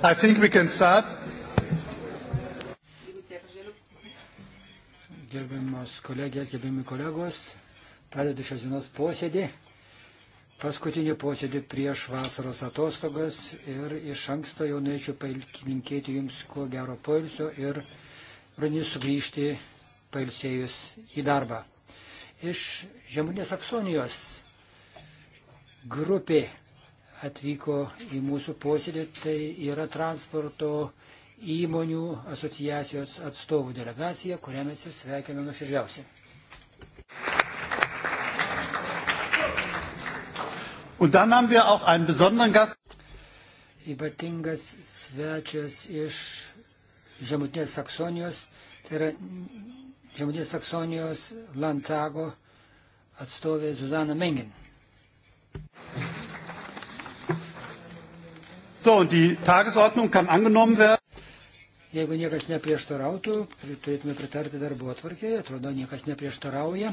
I think we can start. Gerbiamas kolegės, gerbiami kolegos, pradedu šios dienos posėdį, paskutinį posėdį prieš vasaros atostogas ir iš anksto jau norėčiau palinkėti jums kuo gero poilsio ir rudenį sugrįžti pailsėjus į darbą. Iš Žemūnės Aksonijos grupė atvyko į mūsų posėdį, tai yra transporto įmonių asociacijos atstovų delegacija, kurią mes sveikiname nuoširdžiausiai. Und dann haben wir auch einen besonderen Gast. Ypatingas svečias iš Žemutinės Saksonijos, tai yra Žemutinės Saksonijos Lantago atstovė Zuzana Mengin. So, und die Tagesordnung kann angenommen werden. Jeigu niekas neprieštarautų, turėtume pritarti darbo atvarkėje, atrodo, niekas neprieštarauja.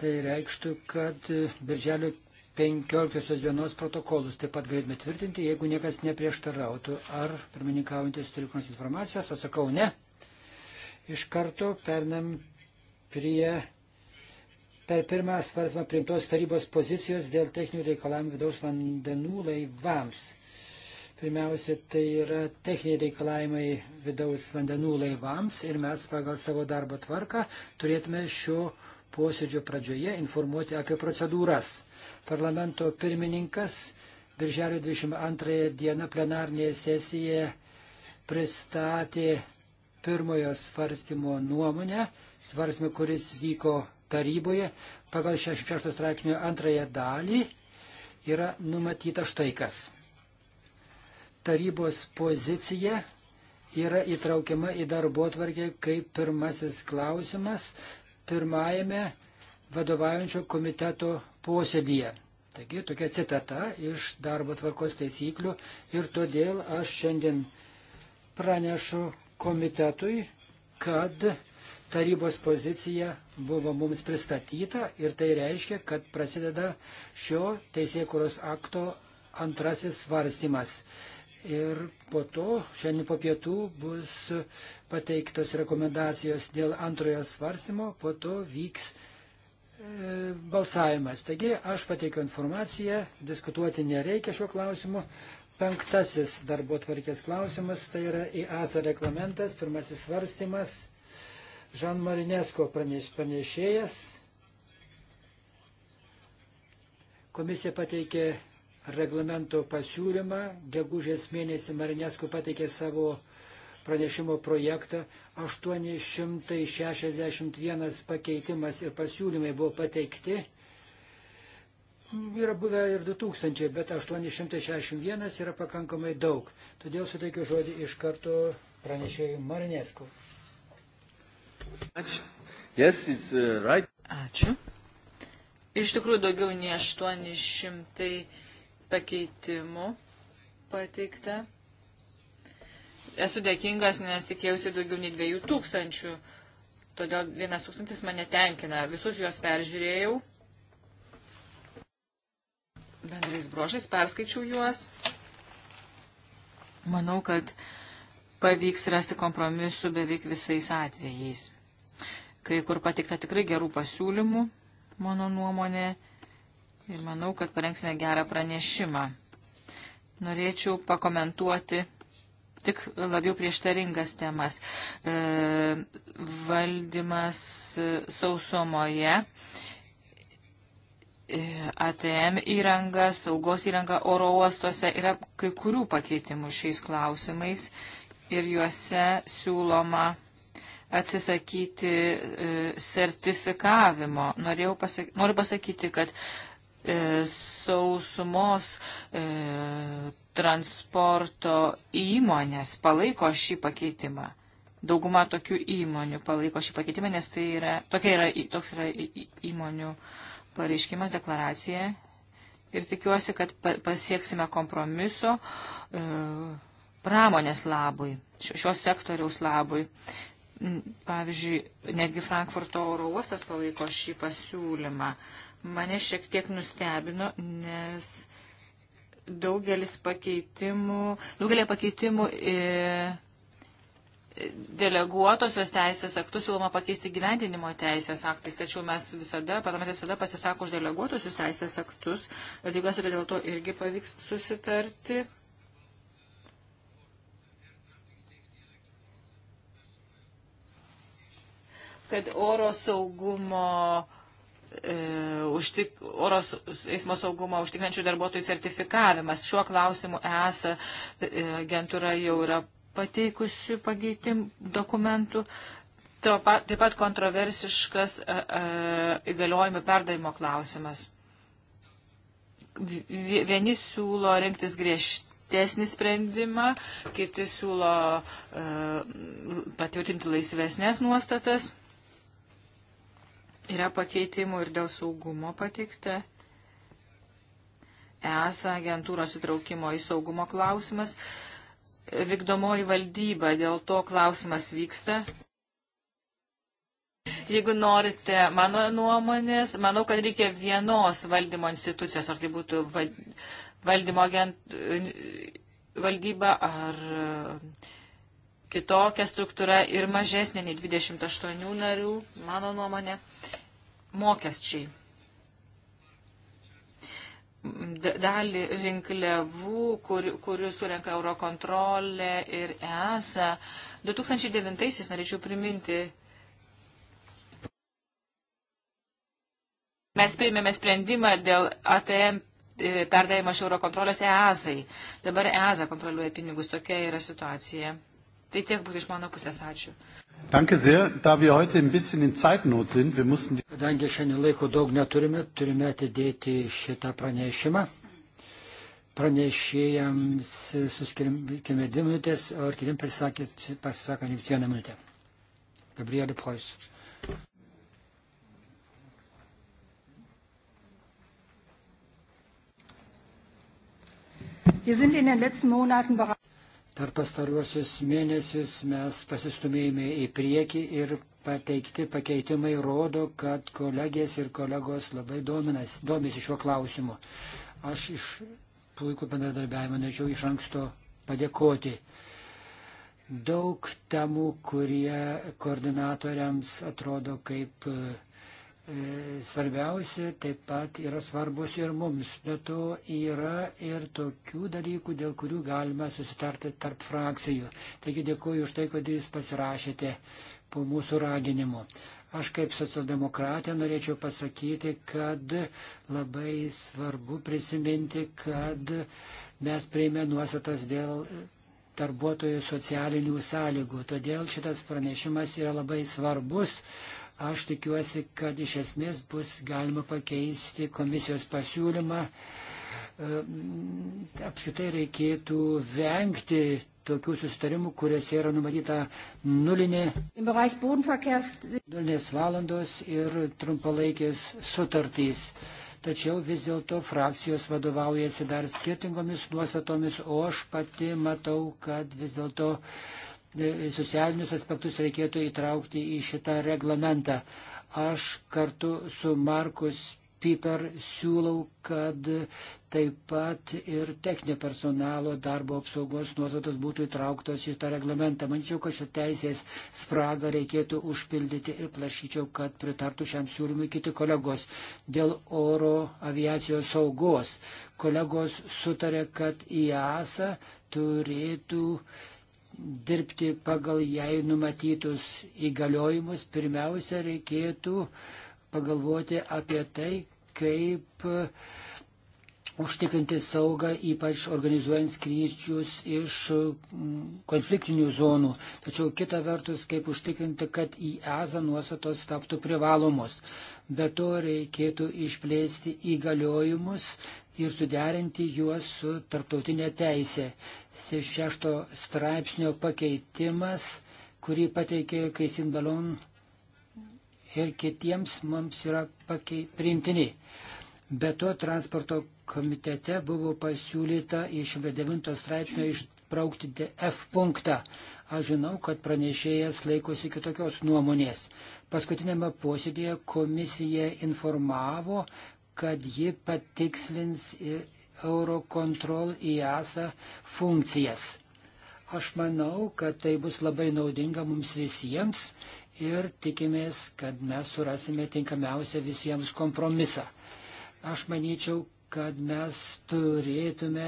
Tai reikštų, kad e, birželio 15 dienos protokolus taip pat galėtume tvirtinti, jeigu niekas neprieštarautų. Ar pirmininkaujantis turi kokios informacijos, atsakau ne. Iš karto pernam prie per pirmą svarstymą priimtos tarybos pozicijos dėl techninių reikalavimų vidaus vandenų laivams. Pirmiausia, tai yra techniniai reikalavimai vidaus vandenų laivams ir mes pagal savo darbo tvarką turėtume šio posėdžio pradžioje informuoti apie procedūras. Parlamento pirmininkas Birželio 22 dieną plenarnėje sesijoje pristatė pirmojo svarstymo nuomonę, svarstymą, kuris vyko taryboje pagal 66 straipsnio antrąją dalį yra numatyta štai kas. Tarybos pozicija yra įtraukiama į darbo tvarkę kaip pirmasis klausimas pirmajame vadovaujančio komiteto posėdyje. Taigi tokia citata iš darbo tvarkos taisyklių ir todėl aš šiandien pranešu komitetui, kad tarybos pozicija buvo mums pristatyta ir tai reiškia, kad prasideda šio teisėkuros akto antrasis svarstymas. Ir po to, šiandien po pietų, bus pateiktos rekomendacijos dėl antrojo svarstymo, po to vyks e, balsavimas. Taigi aš pateikiu informaciją, diskutuoti nereikia šiuo klausimu. Penktasis darbo tvarkės klausimas, tai yra IASA reglamentas, pirmasis svarstymas. Žan Marinesko pranešėjas. Komisija pateikė reglamento pasiūlymą, gegužės mėnesį Marinesko pateikė savo pranešimo projektą, 861 pakeitimas ir pasiūlymai buvo pateikti. Yra buvę ir 2000, bet 861 yra pakankamai daug. Todėl suteikiu žodį iš karto pranešėjui Marinesku. Ačiū. Yes, uh, right. Ačiū. Iš tikrųjų daugiau nei 800 pakeitimų pateikta. Esu dėkingas, nes tikėjausi daugiau nei 2000. Todėl vienas tūkstantis mane tenkina. Visus juos peržiūrėjau. Bendrais brožais perskaičiau juos. Manau, kad pavyks rasti kompromisų beveik visais atvejais kai kur patikta tikrai gerų pasiūlymų, mano nuomonė, ir manau, kad parengsime gerą pranešimą. Norėčiau pakomentuoti tik labiau prieštaringas temas. E, valdymas sausomoje, e, ATM įranga, saugos įranga oro uostuose yra kai kurių pakeitimų šiais klausimais ir juose siūloma atsisakyti e, sertifikavimo. Norėjau pasak noriu pasakyti, kad e, sausumos e, transporto įmonės palaiko šį pakeitimą. Dauguma tokių įmonių palaiko šį pakeitimą, nes tai yra, tokia yra, toks yra įmonių pareiškimas, deklaracija. Ir tikiuosi, kad pasieksime kompromiso e, pramonės labui, šios sektoriaus labui. Mm, pavyzdžiui, netgi Frankfurto oro uostas palaiko šį pasiūlymą. Mane šiek tiek nustebino, nes daugelis pakeitimų, daugelį pakeitimų į e, e, deleguotosios teisės aktus siūloma pakeisti gyvendinimo teisės aktais, tačiau mes visada, parlamentas visada pasisako už deleguotosius teisės aktus, bet tikiuosi, kad dėl to irgi pavyks susitarti. kad oro saugumo e, užtik, oros eismo saugumo užtikrinančių darbuotojų sertifikavimas. Šiuo klausimu ESA e, agentūra jau yra pateikusi pageitim dokumentų. Taip pat kontroversiškas e, e, įgaliojimų perdavimo klausimas. Vieni siūlo rinktis griežtesnį sprendimą, kiti siūlo e, patvirtinti laisvesnės nuostatas Yra pakeitimų ir dėl saugumo pateikta. E ESA agentūros įtraukimo į saugumo klausimas. Vykdomoji valdyba, dėl to klausimas vyksta. Jeigu norite mano nuomonės, manau, kad reikia vienos valdymo institucijos, ar tai būtų valdymo agent, valdyba ar kitokia struktūra ir mažesnė nei 28 narių, mano nuomonė, mokesčiai. Dalį rinkliavų, kur, kurių surenka Eurokontrolė ir ESA. 2009-aisiais, norėčiau priminti, mes priėmėme sprendimą dėl ATM e, perdavimo iš Eurokontrolės EASai. Dabar EASA kontroliuoja pinigus, tokia yra situacija. Tai tiek būtų iš mano pusės. Ačiū. Danke sehr, da wir heute ein bisschen in Zeitnot sind, wir mussten die... Kadangi šiandien laiko daug neturime, turime atidėti šitą pranešimą. Pranešėjams suskirime dvi minutės, o ir kitiems pasisakantiems vieną minutę. Gabrielė Preuss. Wir sind in den letzten Monaten bereits Per pastaruosius mėnesius mes pasistumėjome į priekį ir pateikti pakeitimai rodo, kad kolegės ir kolegos labai dominas, domisi šiuo klausimu. Aš iš puikų bendradarbiavimą norėčiau iš anksto padėkoti. Daug temų, kurie koordinatoriams atrodo kaip uh, svarbiausia taip pat yra svarbus ir mums. Be to yra ir tokių dalykų, dėl kurių galima susitarti tarp frakcijų. Taigi dėkuoju už tai, kad jūs pasirašėte po mūsų raginimu. Aš kaip socialdemokratė norėčiau pasakyti, kad labai svarbu prisiminti, kad mes prieimė nuostatas dėl darbuotojų socialinių sąlygų. Todėl šitas pranešimas yra labai svarbus Aš tikiuosi, kad iš esmės bus galima pakeisti komisijos pasiūlymą. E, apskritai reikėtų vengti tokių susitarimų, kuriuose yra numatyta nulinė, nulinės valandos ir trumpalaikės sutartys. Tačiau vis dėlto frakcijos vadovaujasi dar skirtingomis nuostatomis, o aš pati matau, kad vis dėlto E, socialinius aspektus reikėtų įtraukti į šitą reglamentą. Aš kartu su Markus Piper siūlau, kad taip pat ir techninio personalo darbo apsaugos nuostatos būtų įtrauktos į tą reglamentą. Manyčiau, kad šią teisės spragą reikėtų užpildyti ir prašyčiau, kad pritartų šiam siūlymui kiti kolegos. Dėl oro aviacijos saugos kolegos sutarė, kad IASA e turėtų uh, dirbti pagal jai numatytus įgaliojimus, pirmiausia, reikėtų pagalvoti apie tai, kaip užtikrinti saugą, ypač organizuojant skrydžius iš mm, konfliktinių zonų. Tačiau kita vertus, kaip užtikrinti, kad į EZA nuostatos taptų privalomos. Be to reikėtų išplėsti įgaliojimus ir suderinti juos su tarptautinė teisė. 6 straipsnio pakeitimas, kurį pateikė Kaisin Balon ir kitiems mums yra pakei, priimtini. Be to, transporto komitete buvo pasiūlyta iš 9 straipsnio išbraukti F punktą. Aš žinau, kad pranešėjas laikosi kitokios nuomonės. Paskutinėme posėdėje komisija informavo, kad ji patikslins Eurocontrol įasa funkcijas. Aš manau, kad tai bus labai naudinga mums visiems ir tikimės, kad mes surasime tinkamiausią visiems kompromisą. Aš manyčiau, kad mes turėtume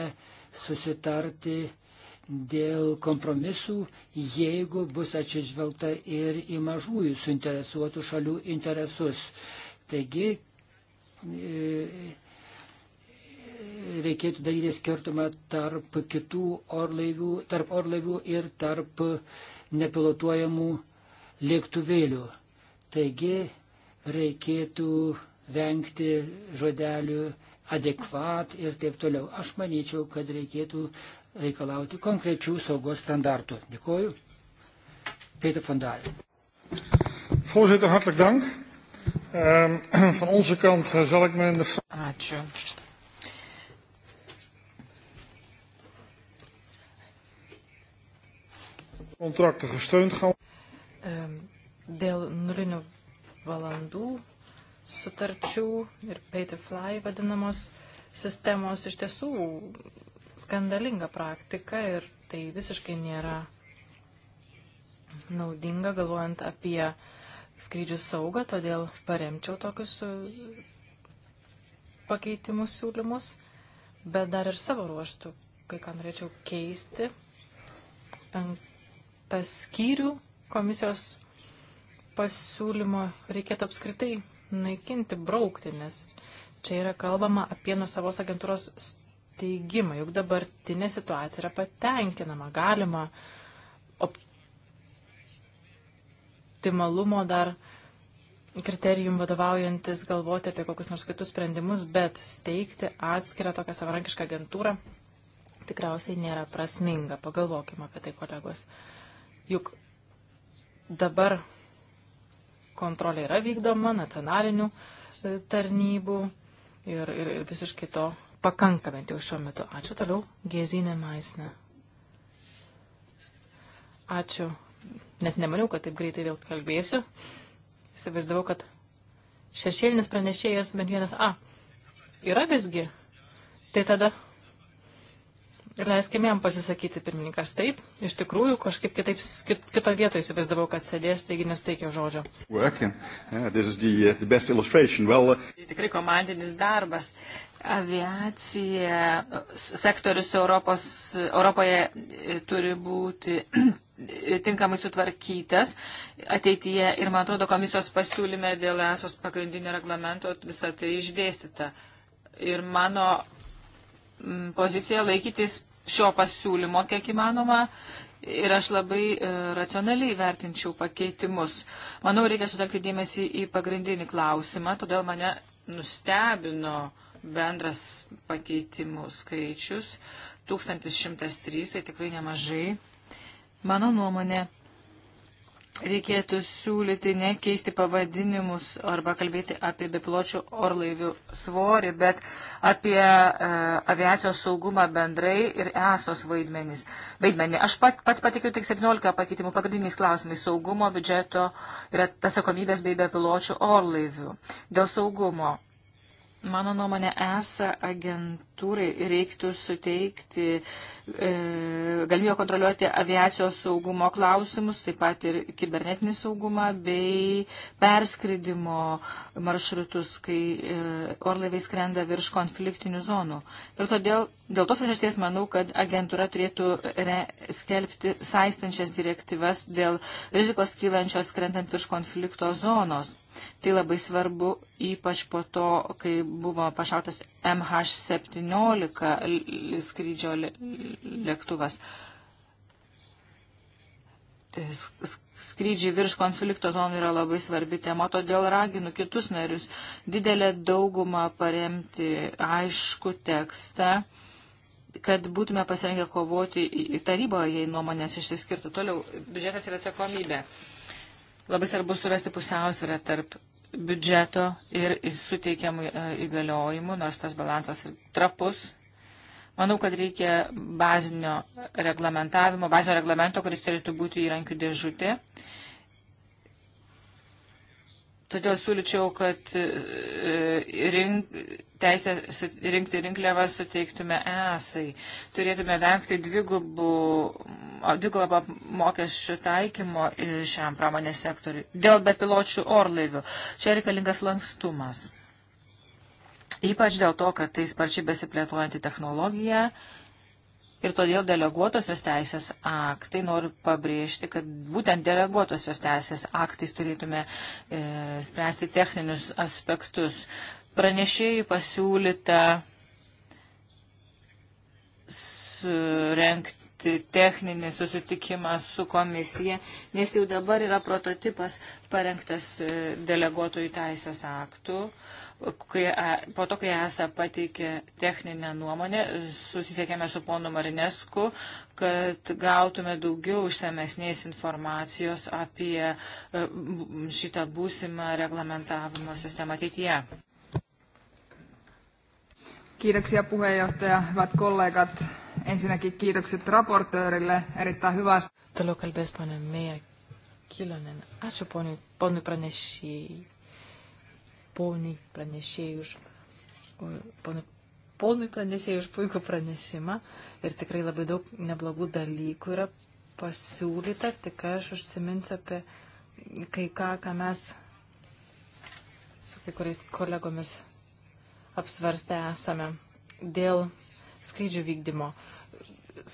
susitarti dėl kompromisų, jeigu bus atsižvelgta ir į mažųjų suinteresuotų šalių interesus. Taigi, E, reikėtų daryti skirtumą tarp kitų orlaivių, tarp orlaivių ir tarp nepilotuojamų lėktuvėlių. Taigi reikėtų vengti žodelių adekvat ir taip toliau. Aš manyčiau, kad reikėtų reikalauti konkrečių saugos standartų. Dėkuoju. Peter von Dahl. Voorzitter, hartelijk dank. Ehm, van onze kant eh, zal ik me in de... Ačiū. Contracten gesteund gaan. Ehm, dėl nulinių valandų sutarčių ir pay to fly vadinamos sistemos iš tiesų skandalinga praktika ir tai visiškai nėra naudinga, galvojant apie uh, skrydžių saugą, todėl paremčiau tokius e, pakeitimų siūlymus, bet dar ir savo ruoštų, kai ką norėčiau keisti. Penktas skyrių komisijos pasiūlymo reikėtų apskritai naikinti, braukti, nes čia yra kalbama apie nuo savos agentūros steigimą, juk dabartinė situacija yra patenkinama, galima optimalumo dar kriterijum vadovaujantis galvoti apie kokius nors kitus sprendimus, bet steigti atskirą tokią savarankišką agentūrą tikriausiai nėra prasminga. Pagalvokime apie tai, kolegos. Juk dabar kontrolė yra vykdoma nacionalinių e, tarnybų ir, ir, ir visiškai to pakanka bent jau šiuo metu. Ačiū toliau, Gezinė Maisne. Ačiū net nemaniau, kad taip greitai vėl kalbėsiu. Įsivaizdavau, kad šešėlinis pranešėjas bent vienas A yra visgi. Tai tada leiskime jam pasisakyti pirmininkas. Taip, iš tikrųjų, kažkaip kitaip, kit, kito vietoje įsivaizdavau, kad sėdės, taigi nesuteikiau žodžio. Working. Uh, the, the well, uh... Tai tikrai komandinis darbas. Aviacija, sektorius Europos, Europoje e, turi būti tinkamai sutvarkytas ateityje ir, man atrodo, komisijos pasiūlyme dėl esos pagrindinio reglamento visą tai išdėstyta. Ir mano mm, pozicija laikytis šio pasiūlymo, kiek įmanoma, ir aš labai e, racionaliai vertinčiau pakeitimus. Manau, reikia sutelkti dėmesį į pagrindinį klausimą, todėl mane nustebino bendras pakeitimų skaičius. 1103, tai tikrai nemažai. Mano nuomonė, reikėtų siūlyti nekeisti pavadinimus arba kalbėti apie bepiločių orlaivių svorį, bet apie e, aviacijos saugumą bendrai ir esos vaidmenis. Vaidmenį. Aš pat, pats patikiu tik 17 pakeitimų pagrindiniais klausimais - saugumo, biudžeto ir atsakomybės bei bepiločių orlaivių. Dėl saugumo. Mano nuomonė, esą agentūrai reiktų suteikti e, galimybę kontroliuoti aviacijos saugumo klausimus, taip pat ir kibernetinį saugumą bei perskridimo maršrutus, kai e, orlaiviai skrenda virš konfliktinių zonų. Ir todėl, dėl tos priežasties manau, kad agentūra turėtų re, skelbti saistančias direktyvas dėl rizikos kylančios skrendant virš konflikto zonos Tai labai svarbu, ypač po to, kai buvo pašautas MH17 skrydžio lėktuvas. Tai skrydžiai virš konflikto zonų yra labai svarbi tema, todėl raginu kitus narius didelę daugumą paremti aišku tekstą, kad būtume pasirengę kovoti į taryboje, jei nuomonės išsiskirtų. Toliau, biudžetas ir atsakomybė. Labai svarbu surasti pusiausvyrą tarp biudžeto ir suteikiamų e, įgaliojimų, nors tas balansas ir trapus. Manau, kad reikia bazinio reglamentavimo, bazinio reglamento, kuris turėtų būti įrankių dėžutė. Uh, Todėl siūlyčiau, kad e, rink, teisę rinkti rinkliavą suteiktume esai. Turėtume vengti dvigubą mokesčių taikymo šiam pramonės sektoriui. Dėl bepiločių orlaivių. Čia reikalingas lankstumas. Ypač dėl to, kad tai sparčiai besiplėtojanti technologija Ir todėl deleguotosios teisės aktai, noriu pabrėžti, kad būtent deleguotosios teisės aktais turėtume e, spręsti techninius aspektus. Pranešėjai pasiūlyta surenkti techninį susitikimą su komisija, nes jau dabar yra prototipas parengtas e, deleguotojų teisės aktų. E, kai, e, po to, kai esą pateikė techninę nuomonę, susisiekėme su ponu Marinesku, kad gautume daugiau išsamesnės informacijos apie e, šitą būsimą reglamentavimo sistemą ateityje. Kiitoksia puheenjohtaja, hyvät kollegat. Ensinnäkin kiitokset raportöörille erittäin hyvästä. Toliau kalbės ponė Meija Kilonen. Ačiū ponui, ponui pranešėjai poniai pranešėjai už, ponu, ponui pranešėjai už puikų pranešimą ir tikrai labai daug neblogų dalykų yra pasiūlyta, tik aš užsiminsiu apie kai ką, ką mes su kai kuriais kolegomis apsvarstę esame dėl skrydžių vykdymo.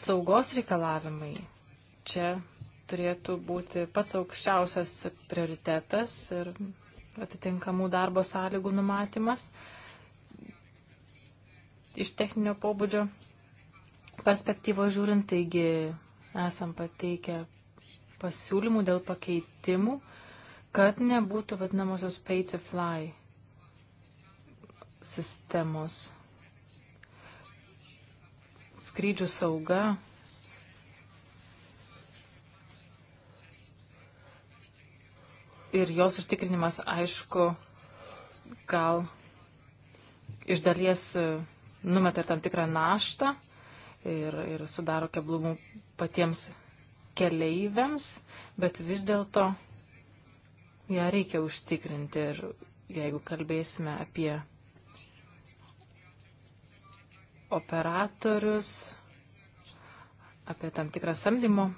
Saugos reikalavimai čia turėtų būti pats aukščiausias prioritetas ir atitinkamų darbo sąlygų numatymas iš techninio pobūdžio perspektyvos žiūrint, taigi esam pateikę pasiūlymų dėl pakeitimų, kad nebūtų vadinamosios pay to fly sistemos. Skrydžių sauga ir jos užtikrinimas, aišku, gal iš dalies e, numeta tam tikrą naštą ir, ir sudaro keblumų patiems keleiviams, bet vis dėlto ją reikia užtikrinti. Ir jeigu kalbėsime apie operatorius, apie tam tikrą samdymo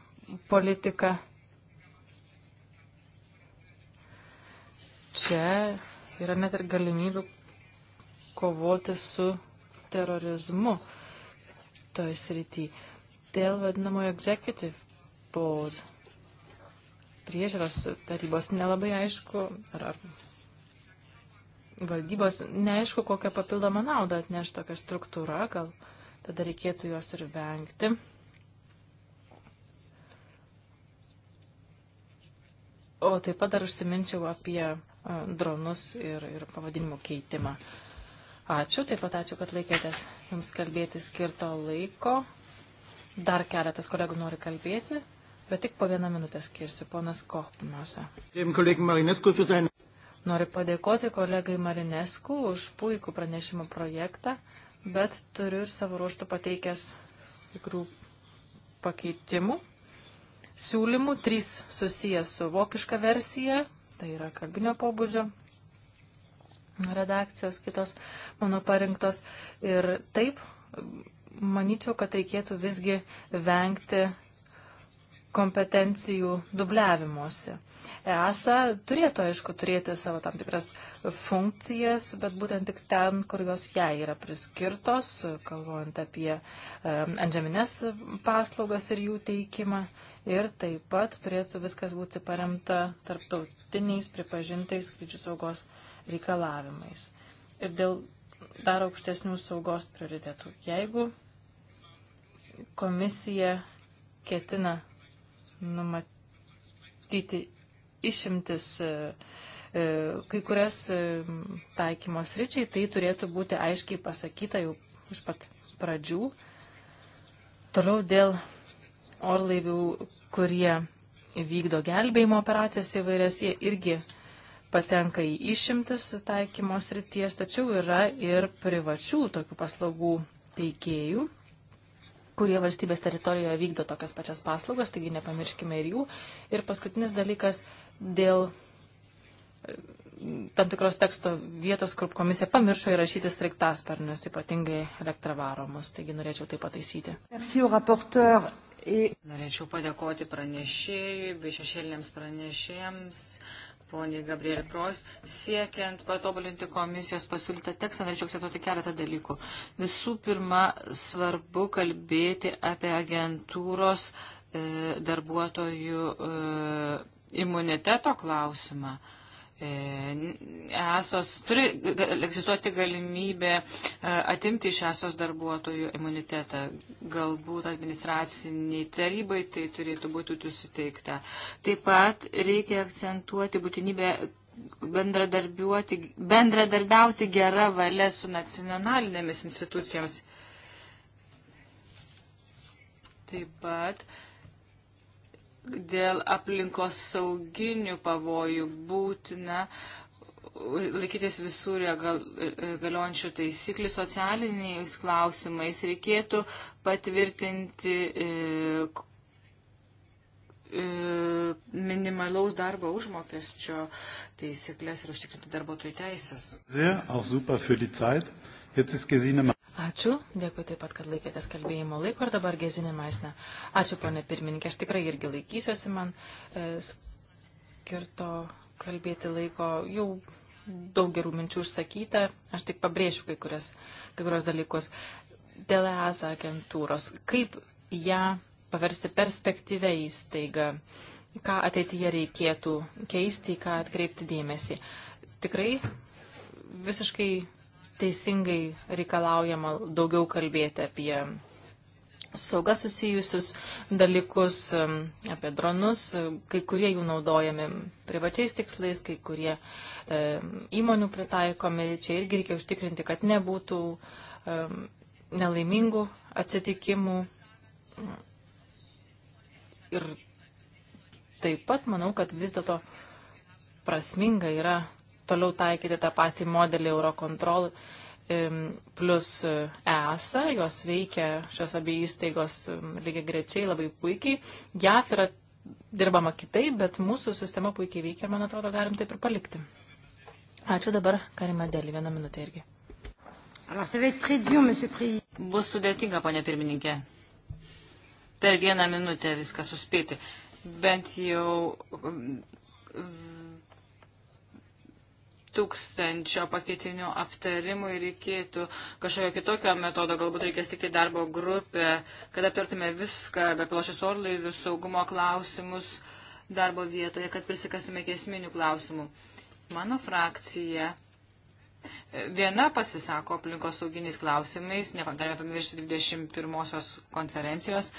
politiką, čia yra net ir galimybių kovoti su terorizmu toj srity. Dėl vadinamojo executive board priežiūros tarybos nelabai aišku, ar, ar valdybos neaišku, kokią papildomą naudą atneš tokia struktūra, gal tada reikėtų jos ir vengti. O taip pat dar užsiminčiau apie dronus ir, ir pavadinimų keitimą. Ačiū, taip pat ačiū, kad laikėtės jums kalbėti skirto laiko. Dar keletas kolegų nori kalbėti, bet tik po vieną minutę skirsiu. Ponas Ko, pirmiausia. Noriu padėkoti kolegai Marinesku už puikų pranešimo projektą, bet turiu ir savo ruoštų pateikęs tikrų pakeitimų, siūlymų, trys susijęs su vokiška versija, tai yra kalbinio pobūdžio redakcijos, kitos mano parinktos. Ir taip, manyčiau, kad reikėtų visgi vengti kompetencijų dubliavimuose. EASA turėtų, aišku, turėti savo tam tikras funkcijas, bet būtent tik ten, kur jos jai yra priskirtos, kalbant apie e, antžeminės paslaugas ir jų teikimą. Ir taip pat turėtų viskas būti paremta tarptautiniais pripažintais skrydžių saugos reikalavimais. Ir dėl dar aukštesnių saugos prioritėtų. Jeigu komisija ketina numatyti išimtis e, e, kai kurias e, taikymos ryčiai, tai turėtų būti aiškiai pasakyta jau iš pat pradžių. Toliau dėl orlaivių, kurie vykdo gelbėjimo operacijas įvairias, jie irgi patenka į išimtis taikymos ryties, tačiau yra ir privačių tokių paslaugų teikėjų, kurie valstybės teritorijoje vykdo tokias pačias paslaugas, taigi nepamirškime ir jų. Ir paskutinis dalykas dėl e, tam tikros teksto vietos, kur komisija pamiršo įrašyti straiktasparnius, ypatingai elektravaromus. Taigi norėčiau tai pataisyti. Norėčiau padėkoti pranešėjui, bei šešėlėms pranešėjams poniai Gabrielė Pros. Siekiant patobulinti komisijos pasiūlytą tekstą, norėčiau akcentuoti keletą dalykų. Visų pirma, svarbu kalbėti apie agentūros e, darbuotojų e, imuniteto klausimą. E, E, esos, turi egzistuoti galimybė e, atimti iš esos darbuotojų imunitetą. Galbūt administraciniai tarybai tai turėtų būti suteikta. Taip pat reikia akcentuoti būtinybę bendradarbiauti gerą valią su nacionalinėmis institucijoms. Taip pat uh, dėl aplinkos sauginių pavojų būtina laikytis visų regal, galiojančių taisyklių socialiniais klausimais. Reikėtų patvirtinti e, e, minimalaus darbo užmokesčio taisyklės ir užtikrinti darbuotojų teisės. Sehr, auch super für die Zeit. Jetzt ist Gesine Ačiū, dėkui taip pat, kad laikėtės kalbėjimo laiko ir dabar gezinė maisne. Ačiū, ponė pirmininkė, aš tikrai irgi laikysiuosi man e, skirto kalbėti laiko. Jau daug gerų minčių užsakyta, aš tik pabrėšiu kai, kurias, kai kurios dalykus. Dėl EASA agentūros, kaip ją paversti perspektyvę įstaigą, ką ateityje reikėtų keisti, ką atkreipti dėmesį. Tikrai visiškai teisingai reikalaujama daugiau kalbėti apie saugą susijusius dalykus, apie dronus. Kai kurie jų naudojami privačiais tikslais, kai kurie e, įmonių pritaikomi. Čia irgi reikia užtikrinti, kad nebūtų e, nelaimingų atsitikimų. Ir taip pat manau, kad vis dėlto prasminga yra toliau taikyti tą patį modelį Eurocontrol plus EASA, e jos veikia šios abie įstaigos lygiai grečiai labai puikiai. JAF yra dirbama kitaip, bet mūsų sistema puikiai veikia ir man atrodo galim taip ir palikti. Ačiū dabar, Karima Dėlį, vieną minutę irgi. Bus sudėtinga, ponė pirmininkė. Per vieną minutę viską suspėti. Bent jau tūkstančio pakeitinių aptarimui reikėtų kažkokio kitokio metodo, galbūt reikės tik į darbo grupę, kad aptartume viską, be pilošius orlaivius, saugumo klausimus darbo vietoje, kad prisikastume iki esminių klausimų. Mano frakcija viena pasisako aplinkos sauginiais klausimais, nepagalime pamiršti 21-osios konferencijos.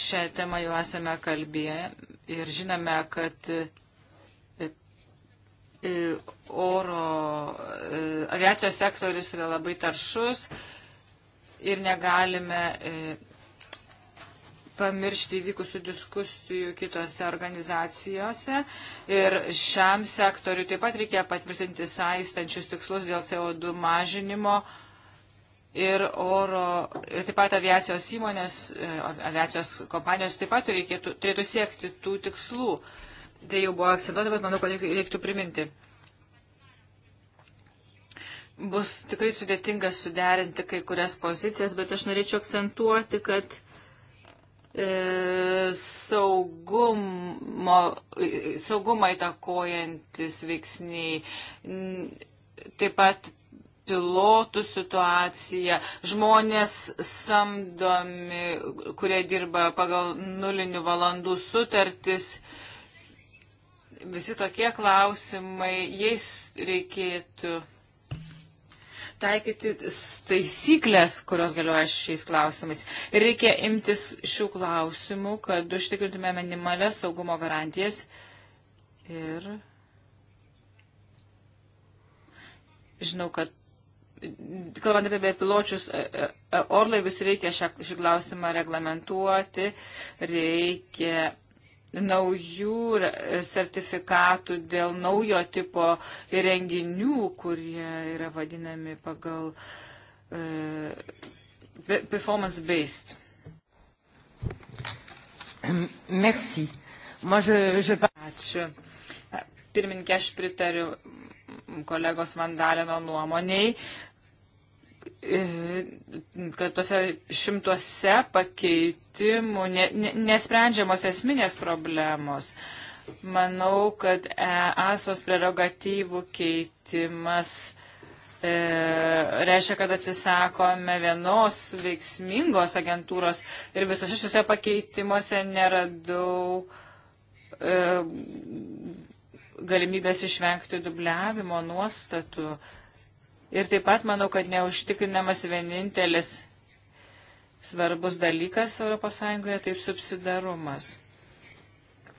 Šią temą jau esame kalbėję ir žinome, kad oro e, aviacijos sektorius yra labai taršus ir negalime e, pamiršti įvykusių diskusijų kitose organizacijose. Ir šiam sektoriu taip pat reikia patvirtinti saistančius tikslus dėl CO2 mažinimo. Ir oro, ir taip pat aviacijos įmonės, e, aviacijos kompanijos taip pat reikėtų, turėtų siekti tų tikslų. Uh, tai jau buvo akcentuota, bet manau, kad reiktų priminti. Bus tikrai sudėtinga suderinti kai kurias pozicijas, bet aš norėčiau akcentuoti, kad e, saugumo, saugumą įtakojantis veiksniai, taip pat pilotų situacija, žmonės samdomi, kurie dirba pagal nulinių valandų sutartis. E, visi tokie klausimai, jais reikėtų taikyti taisyklės, kurios galioja šiais klausimais. Ir reikia imtis šių klausimų, kad užtikrintume minimalias saugumo garantijas ir žinau, kad kalbant apie bepiločius e, e, e, orlaivius, reikia šią, šį klausimą reglamentuoti, reikia naujų sertifikatų dėl naujo tipo įrenginių, kurie yra vadinami pagal e, performance-based. Merci. Moi, je, je... Ačiū. Pirmininkė, aš pritariu kolegos Vandalino nuomoniai. E, E, kad tuose šimtuose pakeitimų ne, ne, nesprendžiamos esminės problemos. Manau, kad EASOS prerogatyvų keitimas e, reiškia, kad atsisakome vienos veiksmingos agentūros ir visose šiuose pakeitimuose neradau e, galimybės išvengti dubliavimo nuostatų. E, Ir taip pat manau, kad neužtikrinamas vienintelis svarbus dalykas ES, taip subsidarumas.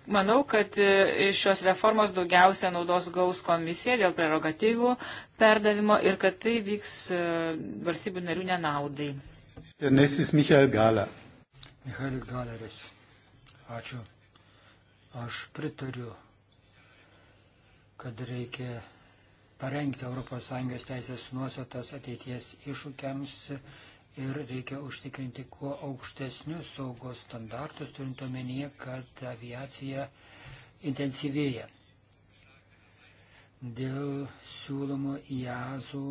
Manau, kad e, iš šios reformos daugiausia naudos gaus komisija dėl prerogatyvų perdavimo ir kad tai vyks e, valstybių narių nenaudai. Nesis Michael Gala. Michaelis Galeris. Ačiū. Aš pritariu, kad reikia parengti ES teisės nuostatas ateities iššūkiams ir reikia užtikrinti kuo aukštesnius saugos standartus, turint omenyje, kad aviacija intensyvėja. Dėl siūlomo JAZų,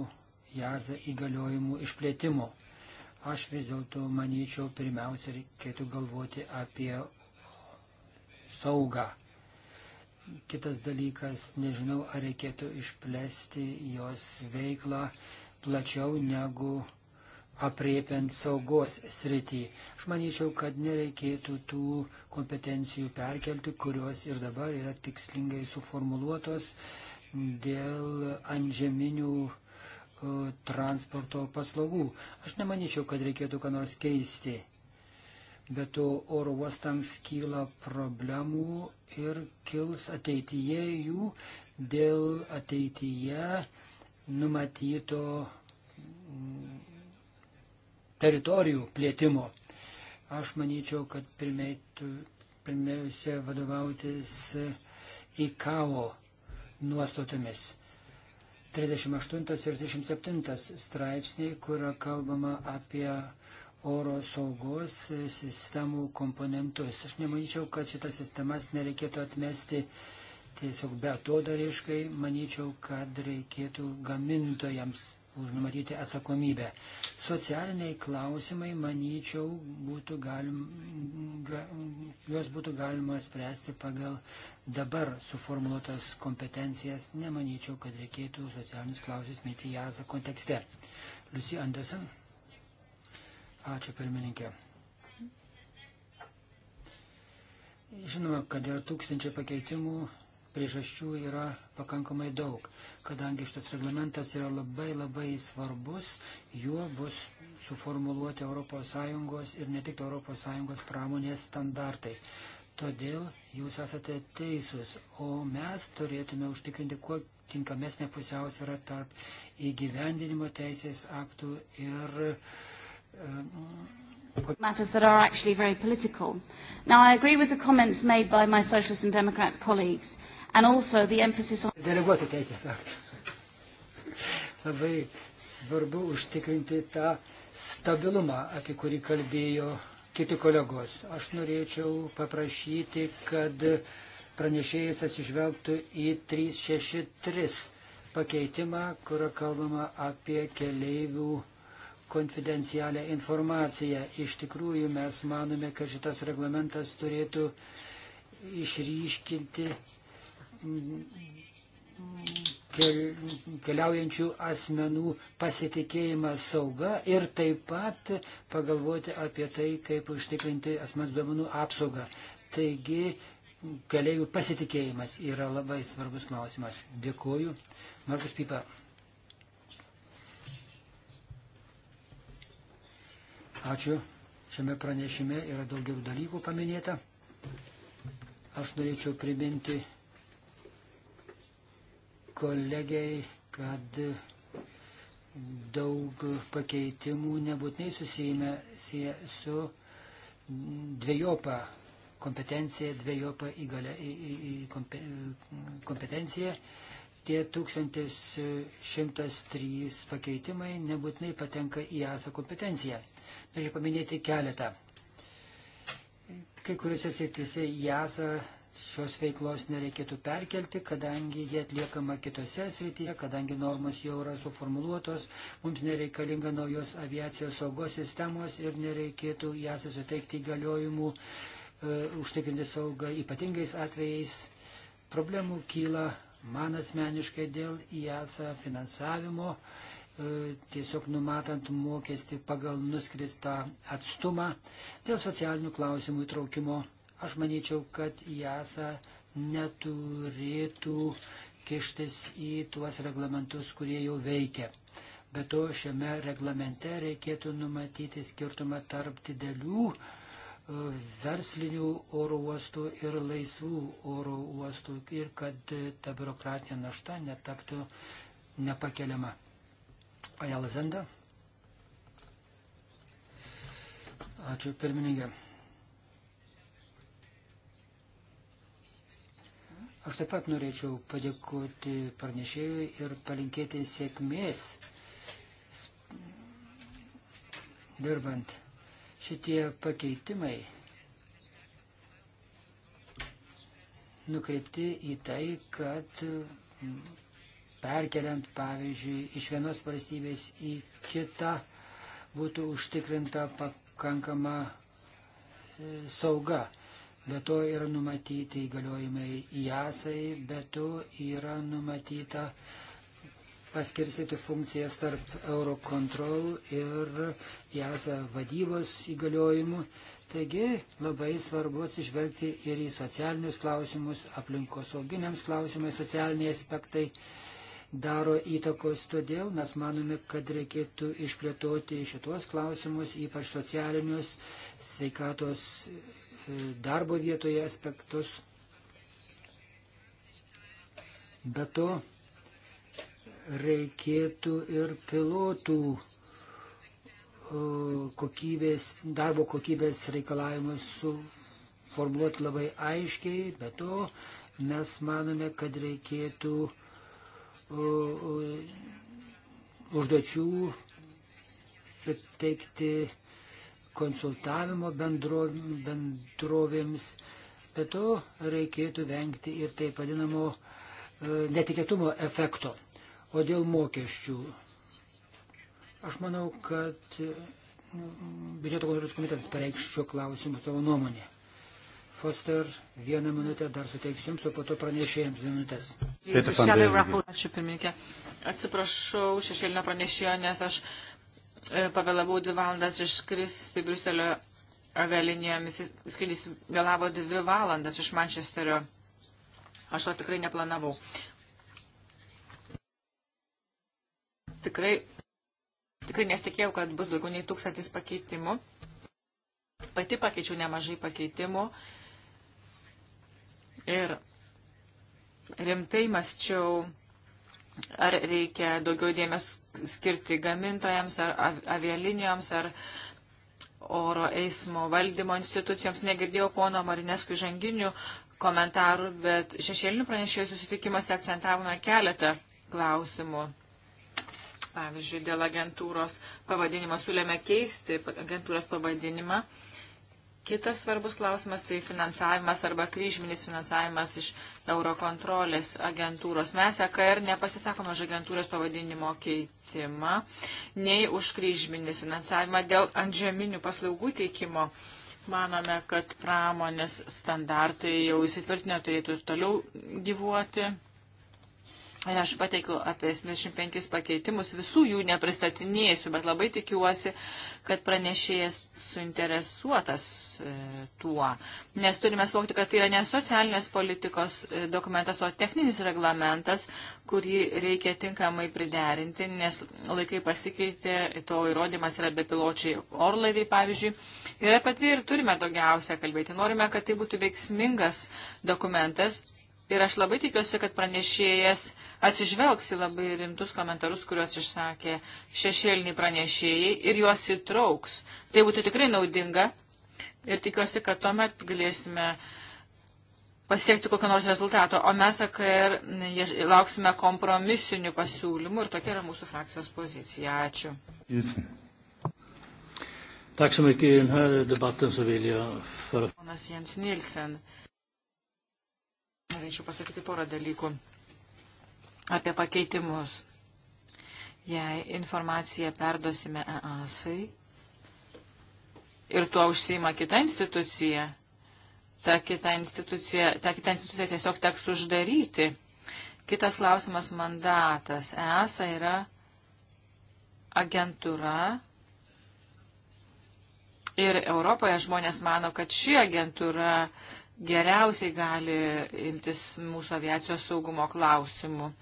JAZą įgaliojimų išplėtimo. Aš vis dėlto manyčiau, pirmiausia, reikėtų galvoti apie saugą Kitas dalykas, nežinau, ar reikėtų išplėsti jos veiklą plačiau negu apriepiant saugos sritį. Aš manyčiau, kad nereikėtų tų kompetencijų perkelti, kurios ir dabar yra tikslingai suformuluotos dėl antžeminių e, transporto paslaugų. Aš nemanyčiau, kad reikėtų ką nors keisti bet to oro uostams kyla problemų ir kils ateityje jų dėl ateityje numatyto mm, teritorijų plėtimo. Aš manyčiau, kad pirmiausia vadovautis IKAO nuostatomis. 38 ir 37 straipsniai, kur kalbama apie oro saugos sistemų komponentus. Aš nemanyčiau, kad šitas sistemas nereikėtų atmesti tiesiog betodariškai, manyčiau, kad reikėtų gamintojams užnumatyti atsakomybę. Socialiniai klausimai, manyčiau, būtų galim, ga, juos būtų galima spręsti pagal dabar suformuoluotas kompetencijas. Nemanyčiau, kad reikėtų socialinius klausimus mėti į ją kontekste. Liusi Andersen. Ačiū pirmininkė. Žinoma, kad yra tūkstančiai pakeitimų, priežasčių yra pakankamai daug, kadangi šitas reglamentas yra labai labai svarbus, juo bus suformuluoti ES ir ne tik ES pramonės standartai. Todėl jūs esate teisūs, o mes turėtume užtikrinti kuo tinkamesnę pusiausvyrą tarp įgyvendinimo teisės aktų ir uh, matters that are actually very political. Now, I agree with the comments made by my Socialist and Democrat colleagues, and also the emphasis on... Deleguotų teisės aktų. Labai svarbu užtikrinti tą stabilumą, apie kurį kalbėjo kiti kolegos. Aš norėčiau paprašyti, kad pranešėjas atsižvelgtų į 363 pakeitimą, kurio kalbama apie keleivių konfidencialią informaciją. Iš tikrųjų mes manome, kad šitas reglamentas turėtų išryškinti keliaujančių asmenų pasitikėjimą sauga ir taip pat pagalvoti apie tai, kaip užtikrinti asmens duomenų apsaugą. Taigi, keliaivių pasitikėjimas yra labai svarbus klausimas. Dėkuoju. Markus Pipa. Ačiū. Šiame pranešime yra daugiau dalykų paminėta. Aš norėčiau priminti kolegiai, kad daug pakeitimų nebūtinai susijime su dviejopa kompetencija, dviejopa įgalia, į, į, į kompetencija. kompetencija Tie 1103 pakeitimai nebūtinai patenka į ESA kompetenciją. Norėčiau paminėti keletą. Kai kuriuose srityse į ESA šios veiklos nereikėtų perkelti, kadangi jie atliekama kitose srityje, kadangi normos jau yra suformuluotos, mums nereikalinga naujos aviacijos saugos sistemos ir nereikėtų jas suteikti įgaliojimų e, užtikrinti saugą ypatingais atvejais. Problemų kyla Man asmeniškai dėl IASA finansavimo, e, tiesiog numatant mokestį pagal nuskristą atstumą, dėl socialinių klausimų įtraukimo, aš manyčiau, kad IASA neturėtų kištis į tuos reglamentus, kurie jau veikia. Be to, šiame reglamente reikėtų numatyti skirtumą tarp didelių uh, verslinių oro uostų ir laisvų oro uostų ir kad ta biurokratinė našta netaptų nepakeliama. Ajala Zenda. Ačiū pirmininkė. Aš taip pat norėčiau padėkoti pranešėjui ir palinkėti sėkmės dirbant Šitie pakeitimai nukreipti į tai, kad perkeliant, pavyzdžiui, iš vienos valstybės į kitą būtų užtikrinta pakankama e, sauga. Be to yra numatyti įgaliojimai įjasai, be to yra numatyta uh, paskirsyti funkcijas tarp Eurocontrol ir JASA vadybos įgaliojimų. Taigi labai svarbu atsižvelgti ir į socialinius klausimus, aplinkosauginiams klausimais, socialiniai aspektai daro įtakos, todėl mes manome, kad reikėtų išplėtoti šitos klausimus, ypač socialinius, sveikatos e, darbo vietoje aspektus. Be to, reikėtų ir pilotų kokybės, darbo kokybės reikalavimus suformuoti labai aiškiai, bet to mes manome, kad reikėtų užduočių suteikti konsultavimo bendrovėms, bet to reikėtų vengti ir taip vadinamo e, netikėtumo efekto. O dėl mokesčių, aš manau, kad nu, biudžeto kontrolės komitetas pareikš šiuo klausimu savo nuomonę. Foster, vieną minutę dar suteiksiu jums, o po to pranešėjams dvi minutės. Ačiū pirmininkė. Atsiprašau šešėlinio pranešėjo, nes aš e, pavėlavau dvi valandas iškristi Briuselio avialinijomis. Skrydis vėlavo dvi valandas iš Mančesterio. Aš to tikrai neplanavau. tikrai, tikrai nesitikėjau, kad bus daugiau nei tūkstantis pakeitimų. Pati pakeičiau nemažai pakeitimų ir rimtai mąsčiau, ar reikia daugiau dėmesio skirti gamintojams, ar avialinijoms, ar oro eismo valdymo institucijoms. Negirdėjau pono Marineskų žanginių komentarų, bet šešėlinių pranešėjų susitikimuose akcentavome keletą klausimų. Pavyzdžiui, dėl agentūros pavadinimo siūlėme keisti agentūros pavadinimą. Kitas svarbus klausimas tai finansavimas arba kryžminis finansavimas iš Eurokontrolės agentūros. Mes EKR nepasisakome už agentūros pavadinimo keitimą, nei už kryžminį finansavimą dėl antžeminių paslaugų teikimo. Manome, kad pramonės standartai jau įsitvirtinę turėtų toliau gyvuoti Ir aš pateikiu apie 75 pakeitimus, visų jų nepristatinėsiu, bet labai tikiuosi, kad pranešėjas suinteresuotas e, tuo. Nes turime suvokti, kad tai yra ne socialinės politikos e, dokumentas, o techninis reglamentas, kurį reikia tinkamai priderinti, nes laikai pasikeitė, to įrodymas yra bepiločiai orlaiviai, pavyzdžiui. Ir apie tai ir turime daugiausia kalbėti. Norime, kad tai būtų veiksmingas dokumentas. Ir aš labai tikiuosi, kad pranešėjas atsižvelgs į labai rimtus komentarus, kuriuos išsakė šešėliniai pranešėjai ir juos įtrauks. Tai būtų tikrai naudinga ir tikiuosi, kad tuomet galėsime pasiekti kokio nors rezultato, o mes AKR lauksime kompromisinių pasiūlymų ir tokia yra mūsų frakcijos pozicija. Ačiū. Jūsų. Tack så mycket. I den här debatten så vill jag för... Jonas Jens Nilsen. Norėčiau pasakyti porą dalykų apie pakeitimus. Jei informaciją perduosime EASai ir tuo užsima kita institucija, ta kita institucija, ta kita institucija tiesiog teks uždaryti. Kitas klausimas - mandatas. EASA yra agentūra. Ir Europoje žmonės mano, kad ši agentūra geriausiai gali imtis mūsų aviacijos saugumo klausimų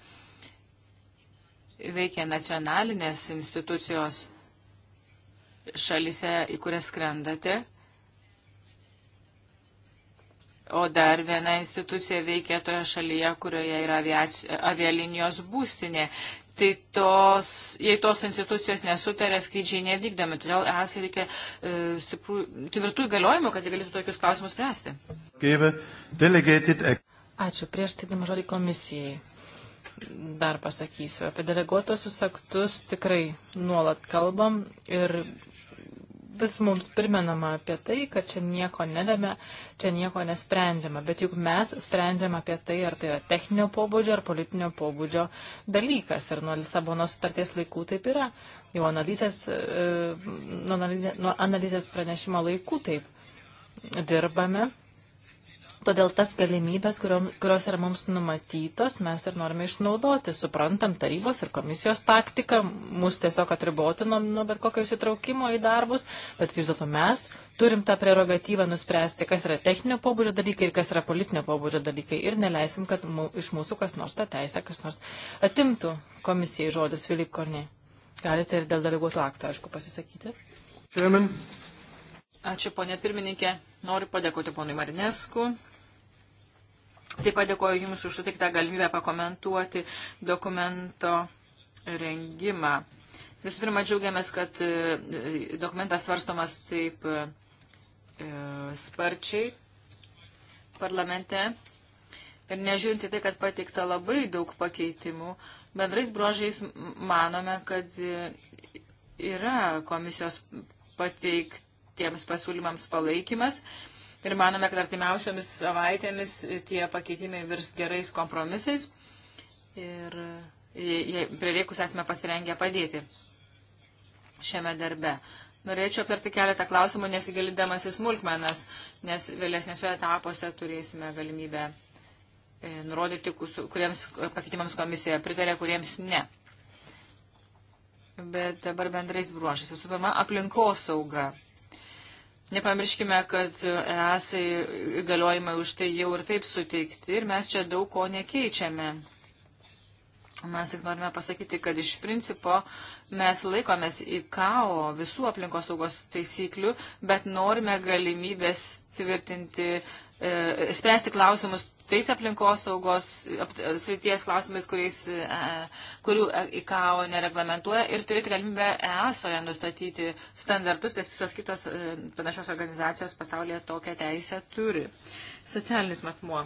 veikia nacionalinės institucijos šalise, į kurias skrendate. O dar viena institucija veikia toje šalyje, kurioje yra avialinijos būstinė. Tai tos, jei tos institucijos nesutarė, skrydžiai nevykdomi. Todėl es reikia e, stiprų, tvirtų įgaliojimų, kad jie galėtų tokius klausimus spręsti. Ačiū. Prieš teikdama žodį komisijai dar pasakysiu. Apie deleguotosius aktus tikrai nuolat kalbam ir vis mums primenama apie tai, kad čia nieko nelėmė, čia nieko nesprendžiama. Bet juk mes sprendžiam apie tai, ar tai yra techninio pobūdžio ar politinio pobūdžio dalykas. Ir nuo Lisabonos sutarties laikų taip yra. Jau analizės, e, nuo analizės pranešimo laikų taip dirbame Todėl tas galimybės, kurios yra mums numatytos, mes ir norime išnaudoti, suprantam tarybos ir komisijos taktiką, mus tiesiog atriboti nuo, nuo bet kokio įsitraukimo į darbus, bet vis dėlto mes turim tą prerogatyvą nuspręsti, kas yra techninio pobūdžio dalykai ir kas yra politinio pobūdžio dalykai ir neleisim, kad mū, iš mūsų kas nors tą teisę, kas nors atimtų komisijai žodis Filip Kornė. Galite ir dėl deleguotų aktų, aišku, pasisakyti. Chairman. Ačiū, ponė pirmininkė. Noriu padėkoti ponui Marinesku Taip pat dėkoju Jums už sutiktą galimybę pakomentuoti dokumento rengimą. Visų pirma, džiaugiamės, kad e, dokumentas svarstomas taip e, sparčiai parlamente. Ir nežiūrint į tai, kad pateikta labai daug pakeitimų, bendrais bruožais manome, kad e, yra komisijos pateiktiems pasiūlymams palaikymas. E, ir manome, kad artimiausiomis savaitėmis tie pakeitimai virs gerais kompromisais ir prireikus esame pasirengę padėti šiame darbe. Norėčiau aptarti keletą klausimų, nesigilindamas į smulkmenas, nes vėlesnėse etapuose turėsime galimybę e, nurodyti, kuriems pakeitimams komisija pritarė, kuriems ne. Bet dabar bendrais bruožais. Visų pirma, aplinkosauga. sauga Nepamirškime, kad esai galiojimai už tai jau ir taip suteikti ir mes čia daug ko nekeičiame. Mes tik norime pasakyti, kad iš principo mes laikomės į KAO visų aplinkos saugos taisyklių, bet norime galimybės tvirtinti, e, spręsti klausimus tais aplinkosaugos srities klausimais, kuriais, e, e, kurių IKAO nereglamentuoja ir turėti galimybę ESOje nustatyti standartus, nes visos kitos e, panašios organizacijos pasaulyje tokią teisę turi. Socialinis matmuo.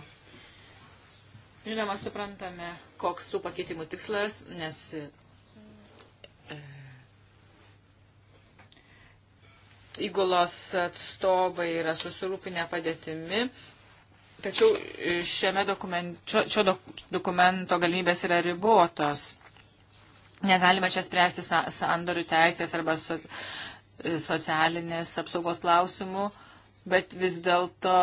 Žinoma, suprantame, koks tų pakeitimų tikslas, nes įgulos atstovai yra susirūpinę padėtimi Tačiau e, šiame dokument, šio, šio dokumento galimybės yra ribotos. Negalime čia spręsti sandorių teisės arba so, e, socialinės apsaugos klausimų, bet vis dėlto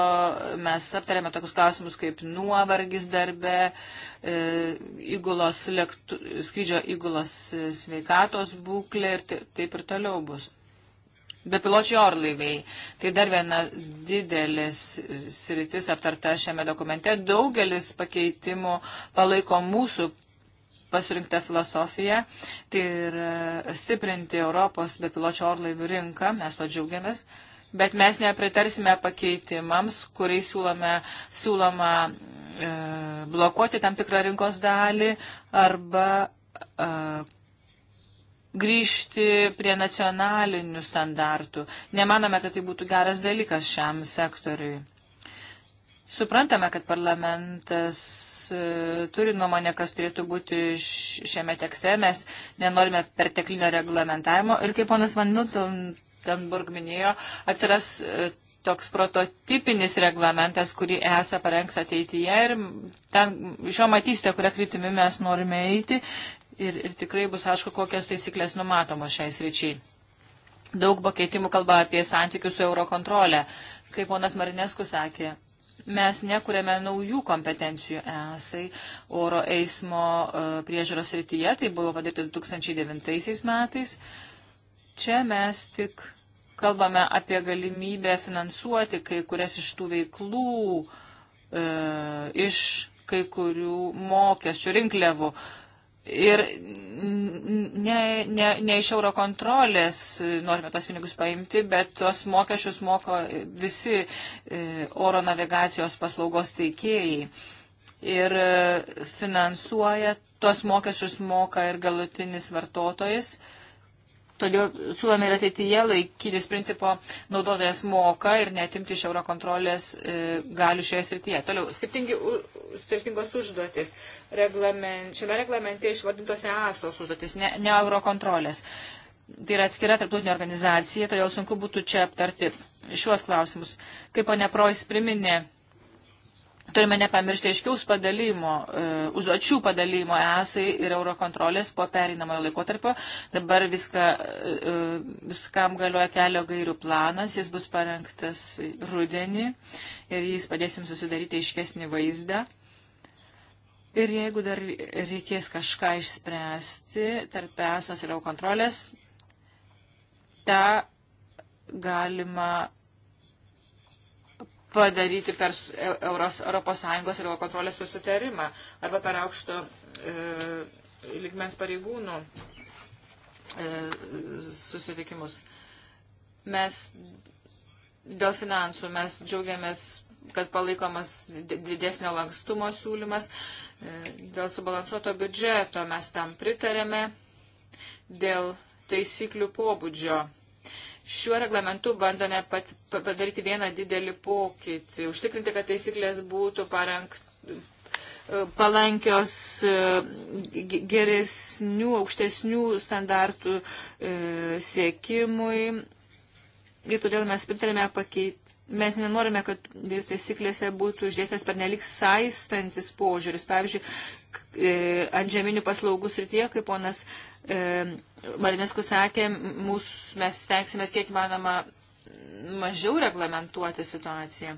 mes aptarėme tokius klausimus kaip nuovargis darbe, e, įgulos, lėktu, skrydžio įgulos sveikatos būklė ir taip ir toliau bus bepiločiai orlaiviai. Tai dar viena didelis sritis aptarta šiame dokumente. Daugelis pakeitimų palaiko mūsų pasirinktą filosofiją, tai ir stiprinti Europos bepiločio orlaivių rinką, mes to džiaugiamės, bet mes nepritarsime pakeitimams, kuriais siūlome, siūloma e, blokuoti tam tikrą rinkos dalį arba e, grįžti prie nacionalinių standartų. Nemanome, kad tai būtų geras dalykas šiam sektoriui. Suprantame, kad parlamentas e, turi nuomonę, kas turėtų būti šiame tekste. Mes nenorime perteklinio reglamentavimo. Ir kaip ponas Van Miltenburg minėjo, atsiras e, toks prototipinis reglamentas, kurį esą parengs ateityje ir ten iš jo matysite, kurią kryptimį mes norime eiti ir, ir tikrai bus aišku, kokios taisyklės numatomos šiais ryčiai. Daug pakeitimų kalba apie santykius su eurokontrolė. Kaip ponas Marinesku sakė, mes nekūrėme naujų kompetencijų esai oro eismo e, priežiūros rytyje, tai buvo padaryta 2009 metais. Čia mes tik kalbame apie galimybę finansuoti kai kurias iš tų veiklų e, iš kai kurių mokesčių rinkliavų. E, Ir ne, ne, ne iš euro kontrolės norime tos pinigus paimti, bet tuos mokesčius moko visi e, oro navigacijos paslaugos teikėjai. Ir e, finansuoja, tuos mokesčius moka ir galutinis vartotojas. E, Todėl siūlome ir ateityje laikytis principo naudotojas moka ir netimti iš eurokontrolės e, galių šioje srityje. Toliau, skirtingi, skirtingos užduotis. Reglament, šiame reglamente išvardintose ASOS užduotis, ne, ne eurokontrolės. Tai yra atskira tarptautinė organizacija, todėl sunku būtų čia aptarti šiuos klausimus. Kaip ponia Prois priminė, Turime nepamiršti aiškiaus padalymo, e, užduočių padalymo esai ir eurokontrolės po pereinamojo laikotarpio. Dabar viską, e, e, viskam galioja kelio gairių planas, jis bus parengtas rudenį ir jis padės jums susidaryti aiškesnį vaizdą. Ir jeigu dar reikės kažką išspręsti tarp esos ir eurokontrolės, tą galima padaryti per Euros, Europos Sąjungos ir kontrolės susitarimą arba per aukšto e, ligmens pareigūnų e, susitikimus. Mes dėl finansų mes džiaugiamės, kad palaikomas didesnio lankstumo siūlymas. E, dėl subalansuoto biudžeto mes tam pritarėme. Dėl taisyklių pobūdžio. E, Šiuo reglamentu bandome pat, padaryti vieną didelį pokytį, užtikrinti, kad taisyklės būtų parengt, e, palankios e, geresnių, aukštesnių standartų e, siekimui. Ir todėl mes pritarėme pakeitimą mes nenorime, kad taisyklėse būtų išdėstęs pernelik saistantis požiūris. Pavyzdžiui, ant žeminių paslaugų srityje, kaip ponas E, Marinesku sakė, mūs, mes stengsimės kiek manoma mažiau reglamentuoti situaciją.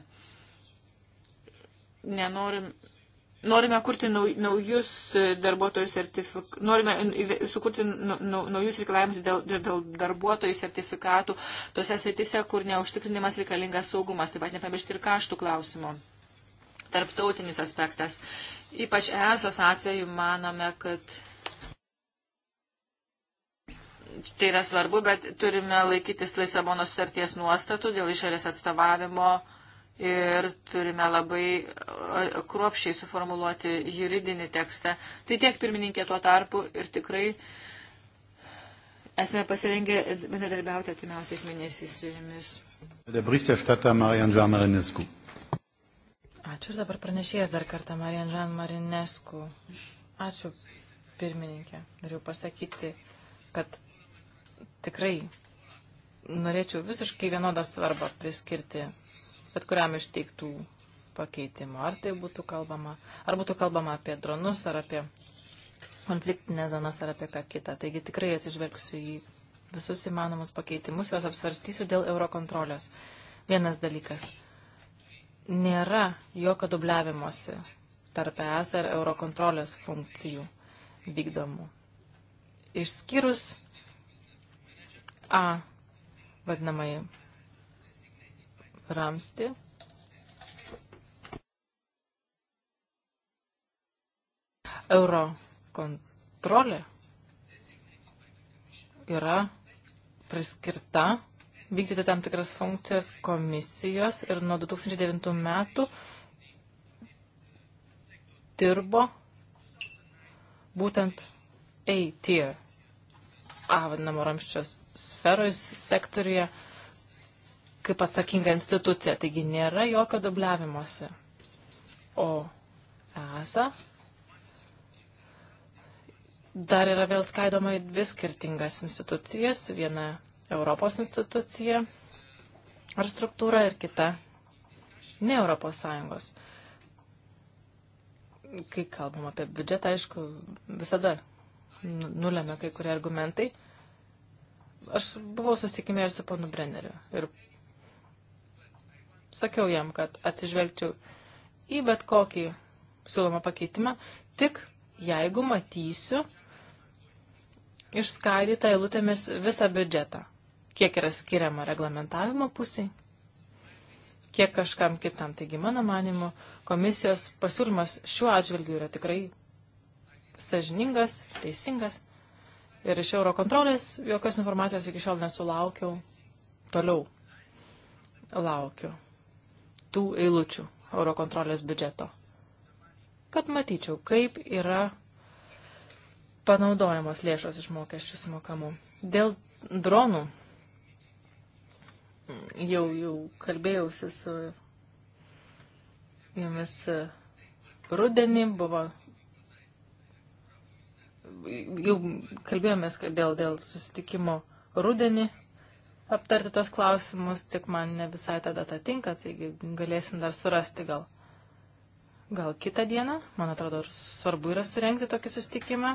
Nenorim, norime kurti naujus darbuotojų sertifikatus, norime sukurti naujus reikalavimus dėl, dėl darbuotojų sertifikatų tose sritise, kur neužtikrinimas reikalingas saugumas, taip pat nepamiršti ir kaštų klausimo. Tarptautinis aspektas. Ypač ESOS atveju manome, kad tai yra svarbu, bet turime laikytis Lisabono sutarties nuostatų dėl išorės atstovavimo ir turime labai e, kruopšiai suformuluoti juridinį tekstą. Tai tiek pirmininkė tuo tarpu ir tikrai esame pasirengę bendradarbiauti atimiausiais mėnesiais su jumis. Ačiū dabar pranešėjas dar kartą Marijan Žan Marinesku. Ačiū pirmininkė. Noriu pasakyti, kad tikrai norėčiau visiškai vienodą svarbą priskirti bet kuriam iš teiktų pakeitimų. Ar tai būtų kalbama, ar būtų kalbama apie dronus, ar apie konfliktinės zonas, ar apie ką kitą. Taigi tikrai atsižvelgsiu į visus įmanomus pakeitimus, juos apsvarstysiu dėl eurokontrolės. Vienas dalykas. Nėra jokio dubliavimuose tarp ES ir eurokontrolės funkcijų vykdomų. Išskyrus A vadinamai ramsti. Euro kontrolė yra priskirta vykdyti tam tikras funkcijas komisijos ir nuo 2009 metų dirbo būtent A tier, A vadinamo ramščios sferoje, sektoriuje, kaip atsakinga institucija. Taigi nėra jokio dubliavimuose. O ESA dar yra vėl skaidoma į dvi skirtingas institucijas. Viena Europos institucija ar struktūra ir kita ne Europos Sąjungos. Kai kalbam apie biudžetą, aišku, visada nu- nulėmė kai kurie argumentai. Aš buvau susitikime ir su ponu Brenneriu ir sakiau jam, kad atsižvelgčiau į bet kokį siūlomą pakeitimą, tik jeigu matysiu išskaidytą eilutėmis visą biudžetą. Kiek yra skiriama reglamentavimo pusiai, kiek kažkam kitam. Taigi, mano manimo, komisijos pasiūlymas šiuo atžvilgiu yra tikrai sažiningas, teisingas. Ir iš Eurokontrolės jokios informacijos iki šiol nesulaukiau. Toliau laukiu tų eilučių Eurokontrolės biudžeto. Kad matyčiau, kaip yra panaudojamos lėšos iš mokesčių sumokamų. Dėl dronų jau, jau kalbėjausi su jumis rudenį, buvo jau kalbėjomės dėl, dėl susitikimo rudenį aptarti tos klausimus, tik man ne visai ta data tinka, taigi galėsim dar surasti gal. Gal kitą dieną, man atrodo, svarbu yra surenkti tokį susitikimą.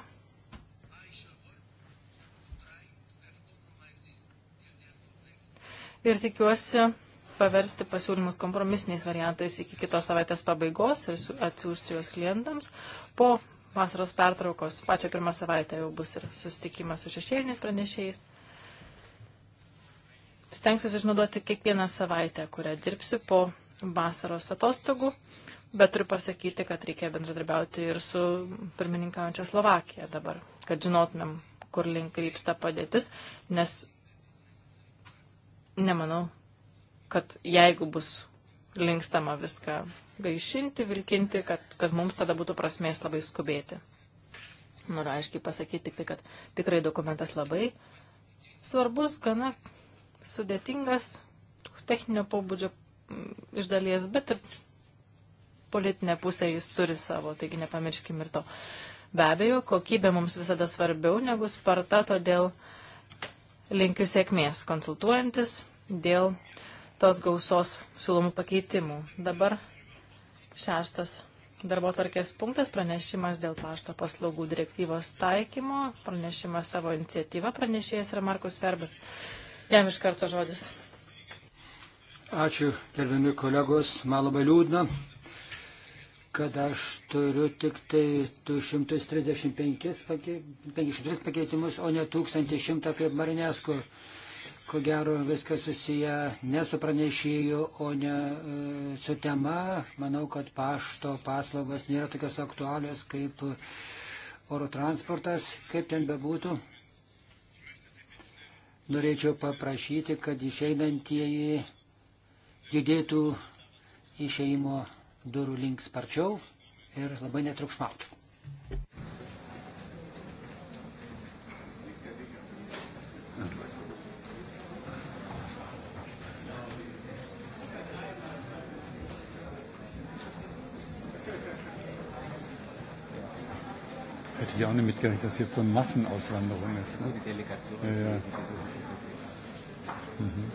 Ir tikiuosi paversti pasiūlymus kompromisiniais variantais iki kitos savaitės pabaigos ir atsiųsti juos klientams. Po vasaros pertraukos. Pačią pirmą savaitę jau bus ir susitikimas su šešėliniais pranešėjais. Stengsiuosi išnaudoti kiekvieną savaitę, kurią dirbsiu po vasaros atostogų, bet turiu pasakyti, kad reikia bendradarbiauti ir su pirmininkaujančia Slovakija dabar, kad žinotumėm, kur link krypsta padėtis, nes nemanau, kad jeigu bus linkstama viską gaišinti, vilkinti, kad, kad mums tada būtų prasmės labai skubėti. Noriu aiškiai pasakyti tik tai, kad tikrai dokumentas labai svarbus, gana sudėtingas, techninio pobūdžio mm, iš dalies, bet ir politinė pusė jis turi savo, taigi nepamirškim ir to. Be abejo, kokybė mums visada svarbiau negu sparta, todėl linkiu sėkmės konsultuojantis dėl tos gausos siūlomų pakeitimų. Dabar Šeštas darbo tvarkės punktas pranešimas dėl pašto paslaugų direktyvos taikymo. Pranešimas savo iniciatyvą pranešėjas yra Markus Ferber. Jam iš karto žodis. Ačiū, gerbiami kolegos. Man labai liūdna, kad aš turiu tik tai 235 pake, pakeitimus, o ne 1100 kaip Marinesko ko gero viskas susiję ne su pranešėju, o ne e, su tema. Manau, kad pašto paslaugos nėra tokios aktualios kaip oro transportas, kaip ten bebūtų. Norėčiau paprašyti, kad išeinantieji judėtų išeimo durų link sparčiau ir labai netrukšmautų. ich auch nicht mitgerechnet, dass jetzt so eine Massenauswanderung ist. Ne? Die Delegation. Ja, ja. Mhm.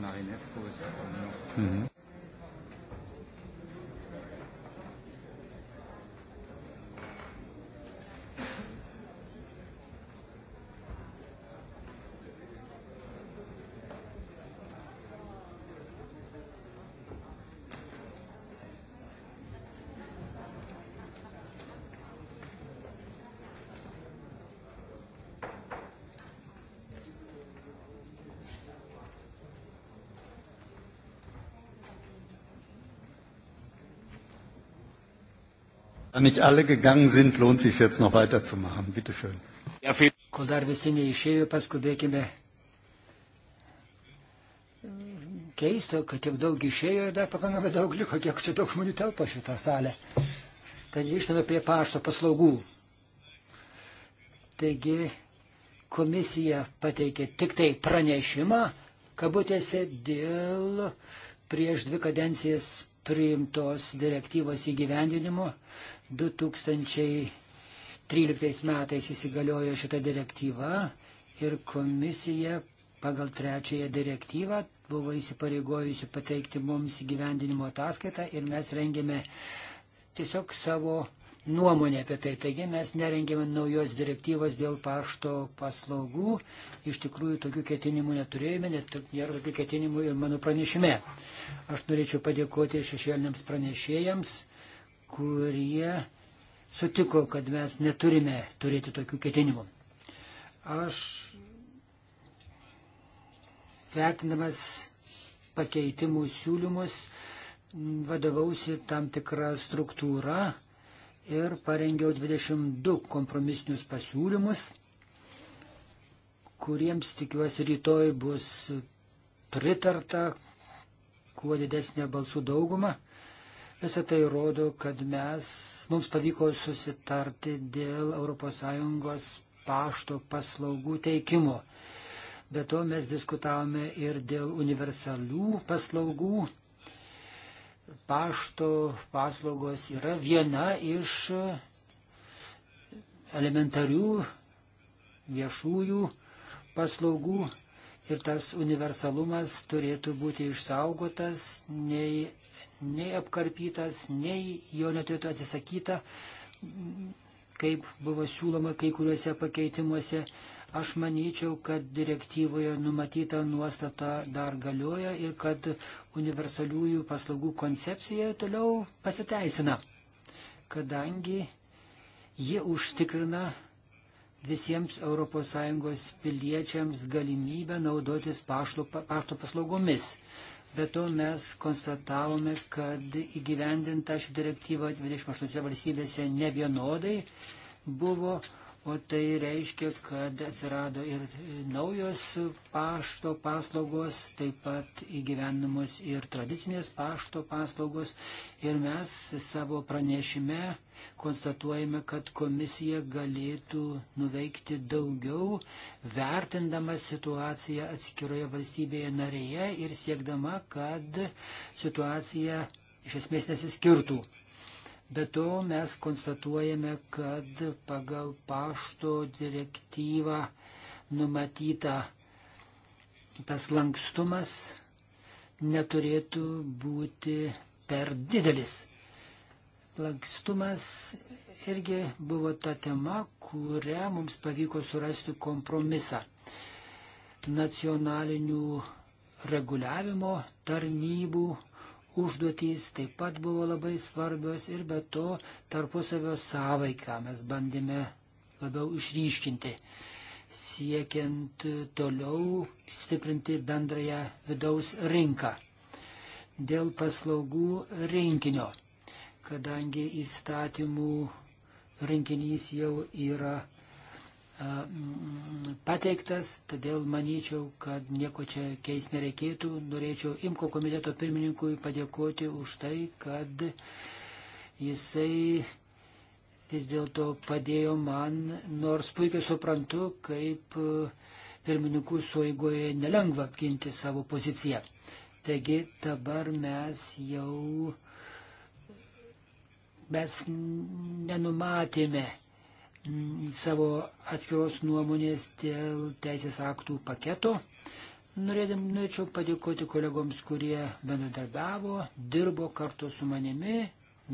Marinesco ist auch noch. Mhm. Da nicht alle gegangen sind, lohnt sich jetzt noch weiterzumachen. Bitte schön. Ja, Kol dar visi neišėjo, paskubėkime. Keista, kad tiek daug išėjo ir dar pakankamai daug liko, kiek čia daug žmonių telpa šitą salę. Tad grįžtame prie pašto paslaugų. Taigi komisija pateikė tik tai pranešimą, kabutėse, dėl prieš dvi kadencijas priimtos direktyvos įgyvendinimo. 2013 metais įsigaliojo šita direktyva ir komisija pagal trečiąją direktyvą buvo įsipareigojusi pateikti mums įgyvendinimo ataskaitą ir mes rengėme tiesiog savo nuomonė apie tai. Taigi mes nerengėme naujos direktyvos dėl pašto paslaugų. Iš tikrųjų, tokių ketinimų neturėjome, net nėra tokių ketinimų ir mano pranešime. Aš norėčiau padėkoti šešėliniams pranešėjams kurie sutiko, kad mes neturime turėti tokių ketinimų. Aš vertinamas pakeitimų siūlymus vadovausi tam tikrą struktūrą ir parengiau 22 kompromisinius pasiūlymus, kuriems tikiuosi rytoj bus pritarta kuo didesnė balsų dauguma. Visą tai rodo, kad mes, mums pavyko susitarti dėl ES pašto paslaugų teikimo. Be to mes diskutavome ir dėl universalių paslaugų. Pašto paslaugos yra viena iš elementarių viešųjų paslaugų ir tas universalumas turėtų būti išsaugotas, nei nei apkarpytas, nei jo neturėtų atsisakyta, kaip buvo siūloma kai kuriuose pakeitimuose. Aš manyčiau, kad direktyvoje numatyta nuostata dar galioja ir kad universaliųjų paslaugų koncepcija toliau pasiteisina, kadangi ji užtikrina visiems ES piliečiams galimybę naudotis pašto paslaugomis. Bet to mes konstatavome, kad įgyvendinta ši direktyva 28 valstybėse ne vienodai buvo, o tai reiškia, kad atsirado ir naujos pašto paslaugos, taip pat įgyvendamos ir tradicinės pašto paslaugos. Ir mes savo pranešime konstatuojame, kad komisija galėtų nuveikti daugiau, vertindama situaciją atskiroje valstybėje narėje ir siekdama, kad situacija iš esmės nesiskirtų. Be to mes konstatuojame, kad pagal pašto direktyvą numatyta tas lankstumas neturėtų būti per didelis. Lankstumas irgi buvo ta tema, kurią mums pavyko surasti kompromisą. Nacionalinių reguliavimo tarnybų užduotys taip pat buvo labai svarbios ir be to tarpusavio sąveiką mes bandėme labiau išryškinti, siekiant toliau stiprinti bendrąją vidaus rinką. Dėl paslaugų rinkinio kadangi įstatymų rinkinys jau yra mm, pateiktas, todėl manyčiau, kad nieko čia keis nereikėtų. Norėčiau Imko komiteto pirmininkui padėkoti už tai, kad jisai vis dėlto padėjo man, nors puikiai suprantu, kaip e, pirmininkų suigoje nelengva apginti savo poziciją. Taigi dabar mes jau Mes nenumatėme savo atskiros nuomonės dėl teisės aktų paketo. Norėdam, norėčiau padėkoti kolegoms, kurie bendradarbiavo, dirbo kartu su manimi.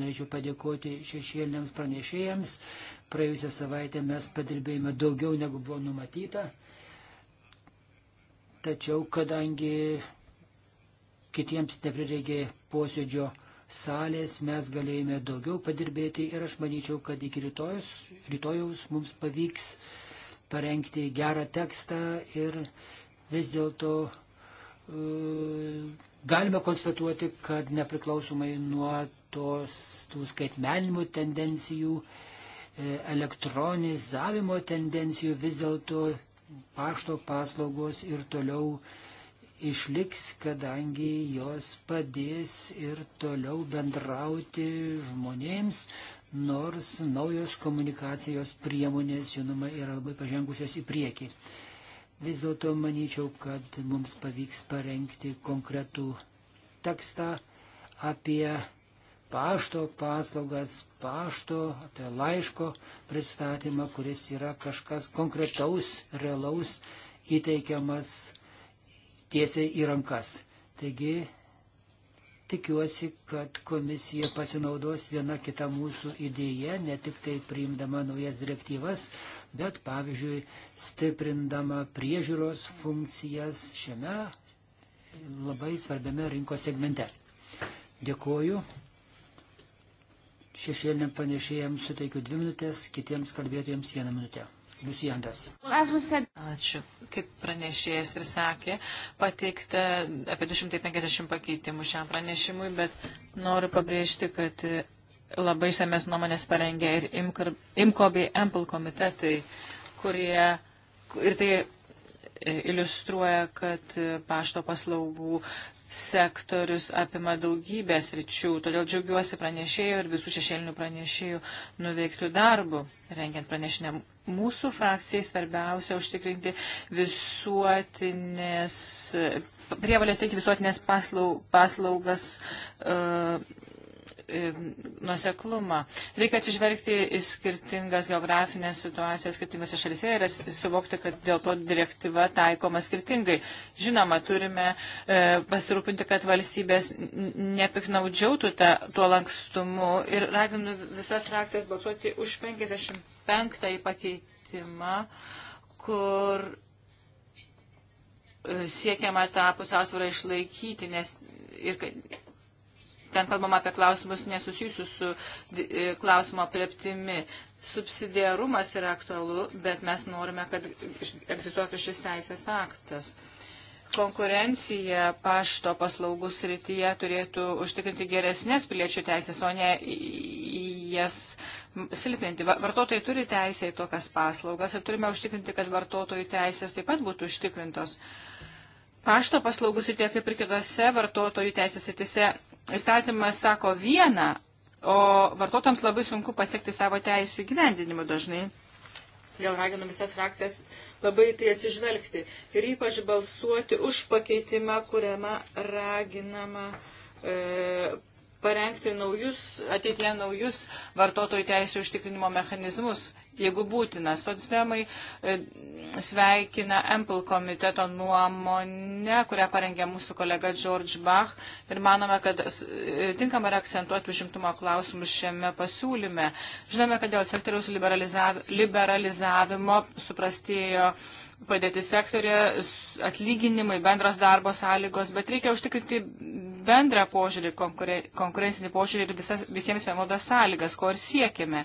Norėčiau padėkoti šešėliniams pranešėjams. Praėjusią savaitę mes padirbėjome daugiau negu buvo numatyta. Tačiau, kadangi kitiems neprireikė posėdžio salės mes galėjome daugiau padirbėti ir aš manyčiau, kad iki rytojus, rytojaus mums pavyks parengti gerą tekstą ir vis dėlto e, galime konstatuoti, kad nepriklausomai nuo tos tų skaitmenimų tendencijų, e, elektronizavimo tendencijų vis dėlto pašto paslaugos ir toliau uh, išliks, kadangi jos padės ir toliau bendrauti žmonėms, nors naujos komunikacijos priemonės, žinoma, yra labai pažengusios į priekį. Vis dėlto manyčiau, kad mums pavyks parengti konkretų tekstą apie pašto paslaugas, pašto, apie laiško pristatymą, kuris yra kažkas konkretaus, realaus, įteikiamas tiesiai į rankas. Taigi tikiuosi, kad komisija pasinaudos viena kita mūsų idėja, ne tik tai priimdama naujas direktyvas, bet pavyzdžiui, stiprindama priežiūros funkcijas šiame labai svarbiame rinkos segmente. Dėkuoju. Šešėliniam pranešėjams suteikiu dvi minutės, kitiems kalbėtojams vieną minutę. Liusijandas. Ačiū. Kaip pranešėjas ir sakė, pateikta apie 250 pakeitimų šiam pranešimui, bet noriu pabrėžti, kad labai išsamės nuomonės parengė ir IMCO bei EMPL komitetai, kurie ir tai e, iliustruoja, kad e, pašto paslaugų sektorius apima daugybės ryčių, todėl džiaugiuosi pranešėjų ir visų šešėlinių pranešėjų nuveiktų darbų. Rengiant pranešinę mūsų frakcijai svarbiausia užtikrinti visuotinės, prievalės teikti visuotinės paslau, paslaugas uh, E, nuoseklumą. Reikia atsižvelgti į skirtingas geografinės situacijas skirtingose šalise ir suvokti, kad dėl to direktyva taikoma skirtingai. Žinoma, turime e, pasirūpinti, kad valstybės nepiknaudžiautų ta, tuo lankstumu ir raginu visas frakcijas balsuoti už 55 pakeitimą, kur e, siekiama tą pusiausvyrą išlaikyti, nes ir ten kalbama apie klausimus nesusijusius su e, klausimo apreptimi. Subsidiarumas yra aktualu, bet mes norime, kad egzistuotų šis teisės aktas. Konkurencija pašto paslaugų srityje turėtų užtikrinti geresnės piliečių teisės, o ne jas silpninti. Vartotojai turi teisę į tokias paslaugas ir turime užtikrinti, kad vartotojų teisės taip pat būtų užtikrintos. Pašto paslaugų srityje, kaip ir kitose vartotojų teisės srityse, įstatymas sako vieną, o vartotojams labai sunku pasiekti savo teisų įgyvendinimu dažnai. Dėl raginu visas frakcijas labai tai atsižvelgti ir ypač balsuoti už pakeitimą, kuriame raginama e, parengti naujus, ateitie naujus vartotojų teisų užtikrinimo mechanizmus jeigu būtina. Socdemai e, sveikina Ample komiteto nuomonę, kurią parengė mūsų kolega George Bach ir manome, kad e, tinkama yra akcentuoti užimtumo klausimus šiame pasiūlyme. Žinome, kad dėl sektoriaus liberalizavimo suprastėjo padėti sektorė, atlyginimai, bendros darbo sąlygos, bet reikia užtikrinti bendrą požiūrį, konkuren, konkurencinį požiūrį ir visas, visiems vienodas sąlygas, ko ir siekime.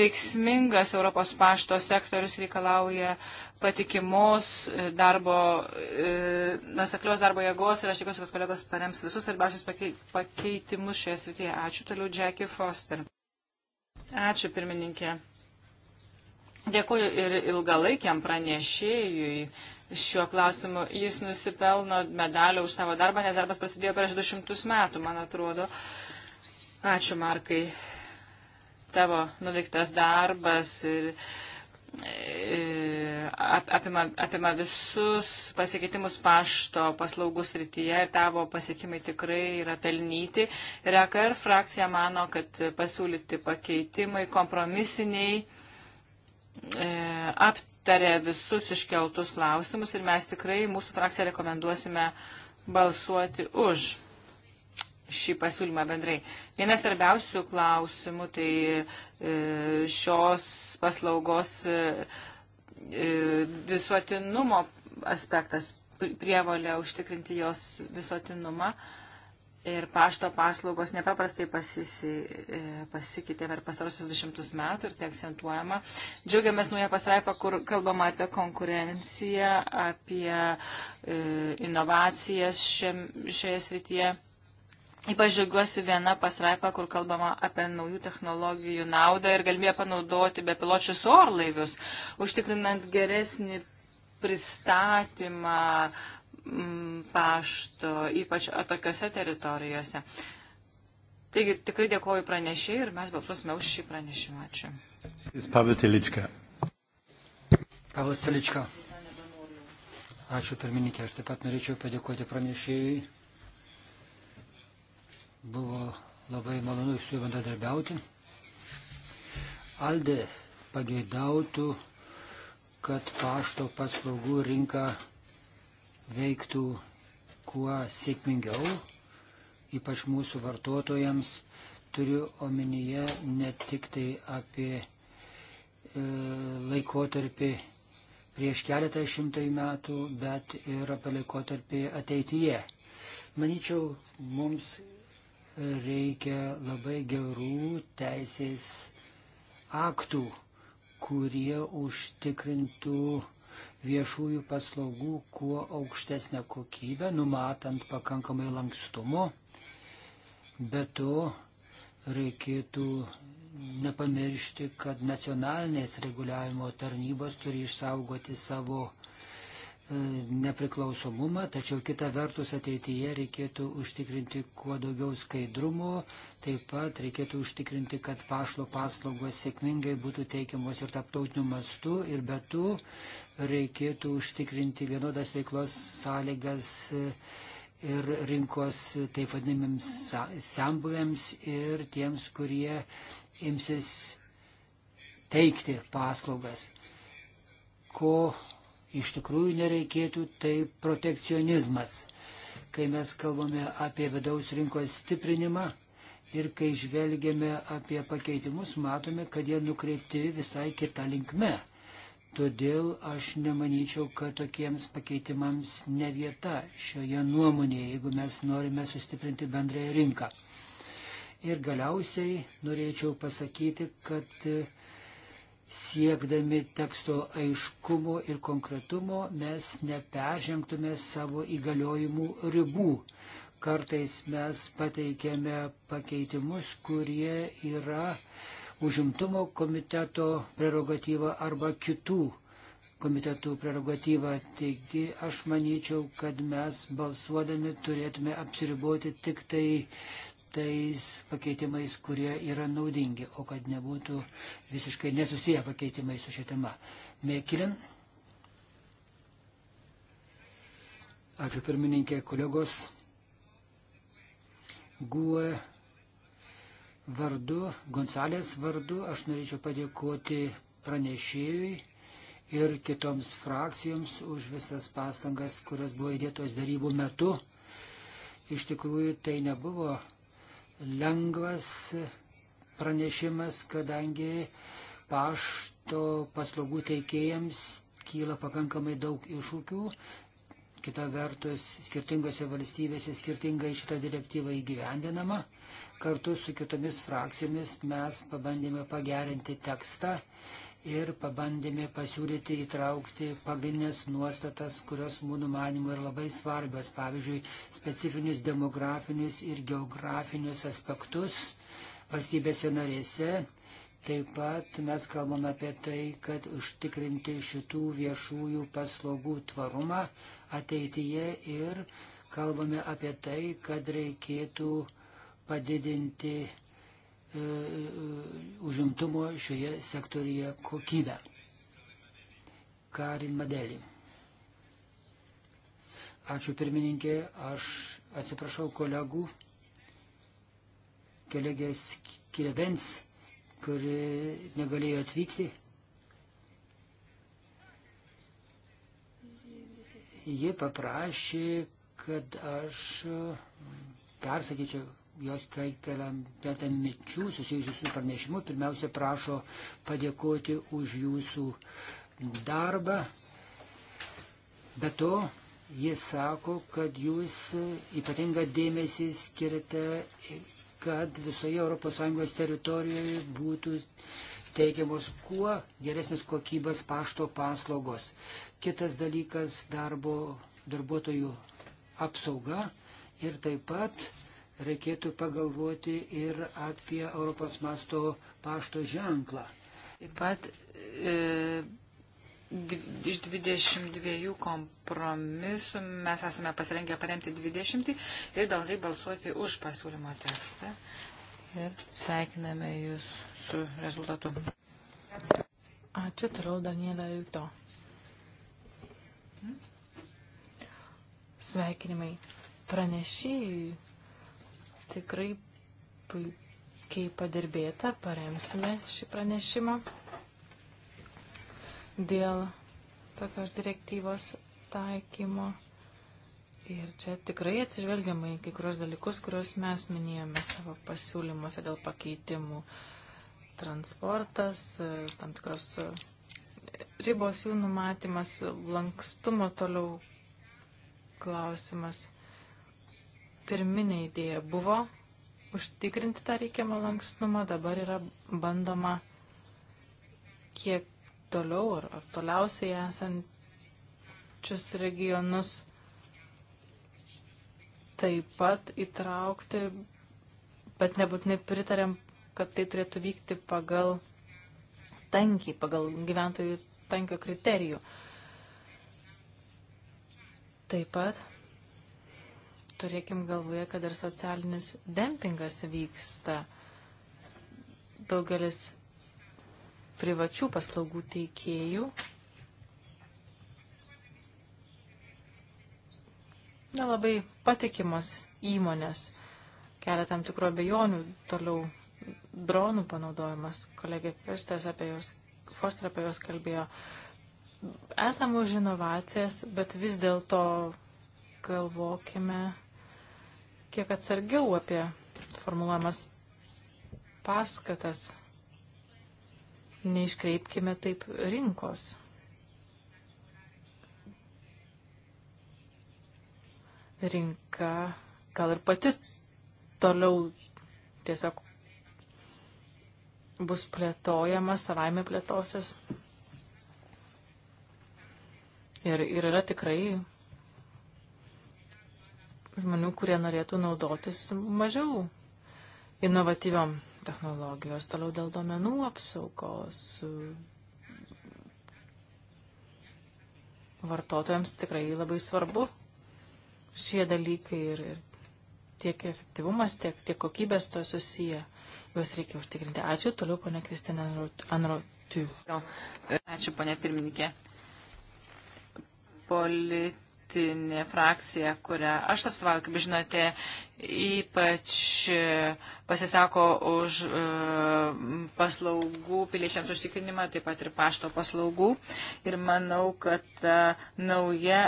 Veiksmingas Europos pašto sektorius reikalauja patikimos e, darbo, e, nusaklios darbo jėgos ir aš tikiuosi, kad kolegos parems visus svarbiausius pakeitimus šioje srityje. Ačiū toliau, Jackie Foster. Ačiū pirmininkė. Dėkuoju ir ilgalaikiam pranešėjui šiuo klausimu. Jis nusipelno medalio už savo darbą, nes darbas prasidėjo prieš 200 metų, man atrodo. Ačiū, Markai. Tavo nuveiktas darbas ir e, apima, apima visus pasikeitimus pašto paslaugų srityje ir tavo pasiekimai tikrai yra pelnyti. Ir AKR e frakcija mano, kad pasiūlyti pakeitimai kompromisiniai E, aptarė visus iškeltus klausimus ir mes tikrai mūsų frakciją rekomenduosime balsuoti už šį pasiūlymą bendrai. Vienas svarbiausių klausimų tai e, šios paslaugos e, visuotinumo aspektas, prievalė užtikrinti jos visuotinumą. E, ir pašto paslaugos nepaprastai pasisi, e, pasikeitė per pastarosius 200 metų ir tai akcentuojama. Džiaugiamės nauja pastraipa, kur kalbama apie konkurenciją, apie e, inovacijas šiam, šioje srityje. Ypač džiaugiuosi viena pastraipa, kur kalbama apie naujų technologijų naudą ir galimybę panaudoti bepiločius orlaivius, užtikrinant geresnį pristatymą, Mm, pašto, ypač atokiose teritorijose. Taigi tikrai dėkoju pranešėjai ir mes balsuosime už šį pranešimą. Ačiū. Pavlas Telička. Pavlas Telička. Ačiū pirmininkė, aš taip pat norėčiau padėkoti pranešėjai. Buvo labai malonu su juo bendradarbiauti. Alde pageidautų, kad pašto paslaugų rinka veiktų kuo sėkmingiau, ypač mūsų vartotojams. Turiu omenyje ne tik tai apie e, laikotarpį prieš keletą šimtai metų, bet ir apie laikotarpį ateityje. Manyčiau, mums reikia labai gerų teisės aktų, kurie užtikrintų viešųjų paslaugų kuo aukštesnę kokybę, numatant pakankamai lankstumo. Be to reikėtų nepamiršti, kad nacionalinės reguliavimo tarnybos turi išsaugoti savo uh, nepriklausomumą, tačiau kita vertus ateityje reikėtų užtikrinti kuo daugiau skaidrumo, taip pat reikėtų užtikrinti, kad pašlo paslaugos sėkmingai būtų teikiamos ir taptautiniu mastu ir be tų reikėtų užtikrinti vienodas veiklos sąlygas e, ir rinkos taip vadinimiems sambuvėms ir tiems, kurie imsis teikti paslaugas. Ko iš tikrųjų nereikėtų, tai protekcionizmas. Kai mes kalbame apie vidaus rinkos stiprinimą ir kai žvelgiame apie pakeitimus, matome, kad jie nukreipti visai kitą linkmę. Todėl aš nemanyčiau, kad tokiems pakeitimams ne vieta šioje nuomonėje, jeigu mes norime sustiprinti bendrąją rinką. Ir galiausiai norėčiau pasakyti, kad uh, siekdami teksto aiškumo ir konkretumo, mes neperžengtume savo įgaliojimų ribų. Kartais mes pateikėme pakeitimus, kurie yra užimtumo komiteto prerogatyva arba kitų komitetų prerogatyva. Taigi aš manyčiau, kad mes balsuodami turėtume apsiriboti tik tai tais pakeitimais, kurie yra naudingi, o kad nebūtų visiškai nesusiję pakeitimai su šia tema. Mėkilin. Ačiū pirmininkė, kolegos. Gue vardu, Gonsalės vardu, aš norėčiau padėkoti pranešėjui ir kitoms frakcijoms už visas pastangas, kurios buvo įdėtos darybų metu. Iš tikrųjų, tai nebuvo lengvas pranešimas, kadangi pašto paslaugų teikėjams kyla pakankamai daug iššūkių. Kita vertus, skirtingose valstybėse skirtingai šitą direktyvą įgyvendinama. Kartu su kitomis frakcijomis mes pabandėme pagerinti tekstą ir pabandėme pasiūlyti įtraukti pagrindinės nuostatas, kurios mūsų manimu yra labai svarbios, pavyzdžiui, specifinius demografinius ir geografinius aspektus valstybėse narėse. Taip pat mes kalbame apie tai, kad užtikrinti šitų viešųjų paslaugų tvarumą ateityje ir kalbame apie tai, kad reikėtų padidinti E, e, užimtumo šioje sektorija kokybę. Karin Madelį. Ačiū pirmininkė, aš atsiprašau kolegų, kolegės Kirevens, kuri negalėjo atvykti. Ji paprašė, kad aš persakyčiau jos keletą minčių susijusių su pranešimu. Pirmiausia, prašo padėkoti už jūsų darbą. Be to, jis sako, kad jūs ypatingą dėmesį skirite, kad visoje ES teritorijoje būtų teikiamos kuo geresnis kokybės pašto paslaugos. Kitas dalykas - darbo darbuotojų apsauga ir taip pat reikėtų pagalvoti ir apie Europos masto pašto ženklą. Taip pat e, iš 22 kompromisų mes esame pasirengę paremti 20 ir bendrai balsuoti už pasiūlymo tekstą. Ir sveikiname Jūs su rezultatu. Ačiū toliau Danielė Juto. Hmm? Sveikinimai pranešėjui tikrai puikiai padirbėta, paremsime šį pranešimą dėl tokios direktyvos taikymo. Ir čia tikrai atsižvelgiamai kai kurios dalykus, kuriuos mes minėjome savo pasiūlymuose dėl pakeitimų. Transportas, tam tikros e, ribos jų numatymas, lankstumo toliau klausimas pirminė idėja buvo užtikrinti tą reikiamą lankstumą, dabar yra bandoma kiek toliau ar, ar toliausiai esančius regionus taip pat įtraukti, bet nebūtinai pritarėm, kad tai turėtų vykti pagal tankį, pagal gyventojų tankio kriterijų. Taip pat turėkim galvoje, kad ir socialinis dempingas vyksta. Daugelis privačių paslaugų teikėjų nelabai patikimos įmonės kelia tam tikro abejonių toliau dronų panaudojimas. Kolegė Kristas apie juos, Foster apie juos kalbėjo. Esam už inovacijas, bet vis dėlto galvokime kiek atsargiau apie formuluojamas paskatas. Neiškreipkime taip rinkos. Rinka gal ir pati toliau tiesiog bus plėtojama, savaime plėtosis. Ir, ir yra tikrai žmonių, kurie norėtų naudotis mažiau inovatyviom technologijos, toliau dėl domenų apsaugos. Vartotojams tikrai labai svarbu šie dalykai ir, ir tiek efektyvumas, tiek, tiek kokybės to susiję. Juos reikia užtikrinti. Ačiū. Toliau, ponė Kristina Anrotiu. Ačiū, ponė pirmininkė. Polit politinė frakcija, kurią aš atstovauju, kaip žinote, ypač e, pasisako už e, paslaugų piliečiams užtikrinimą, taip pat ir pašto paslaugų. Ir manau, kad nauja,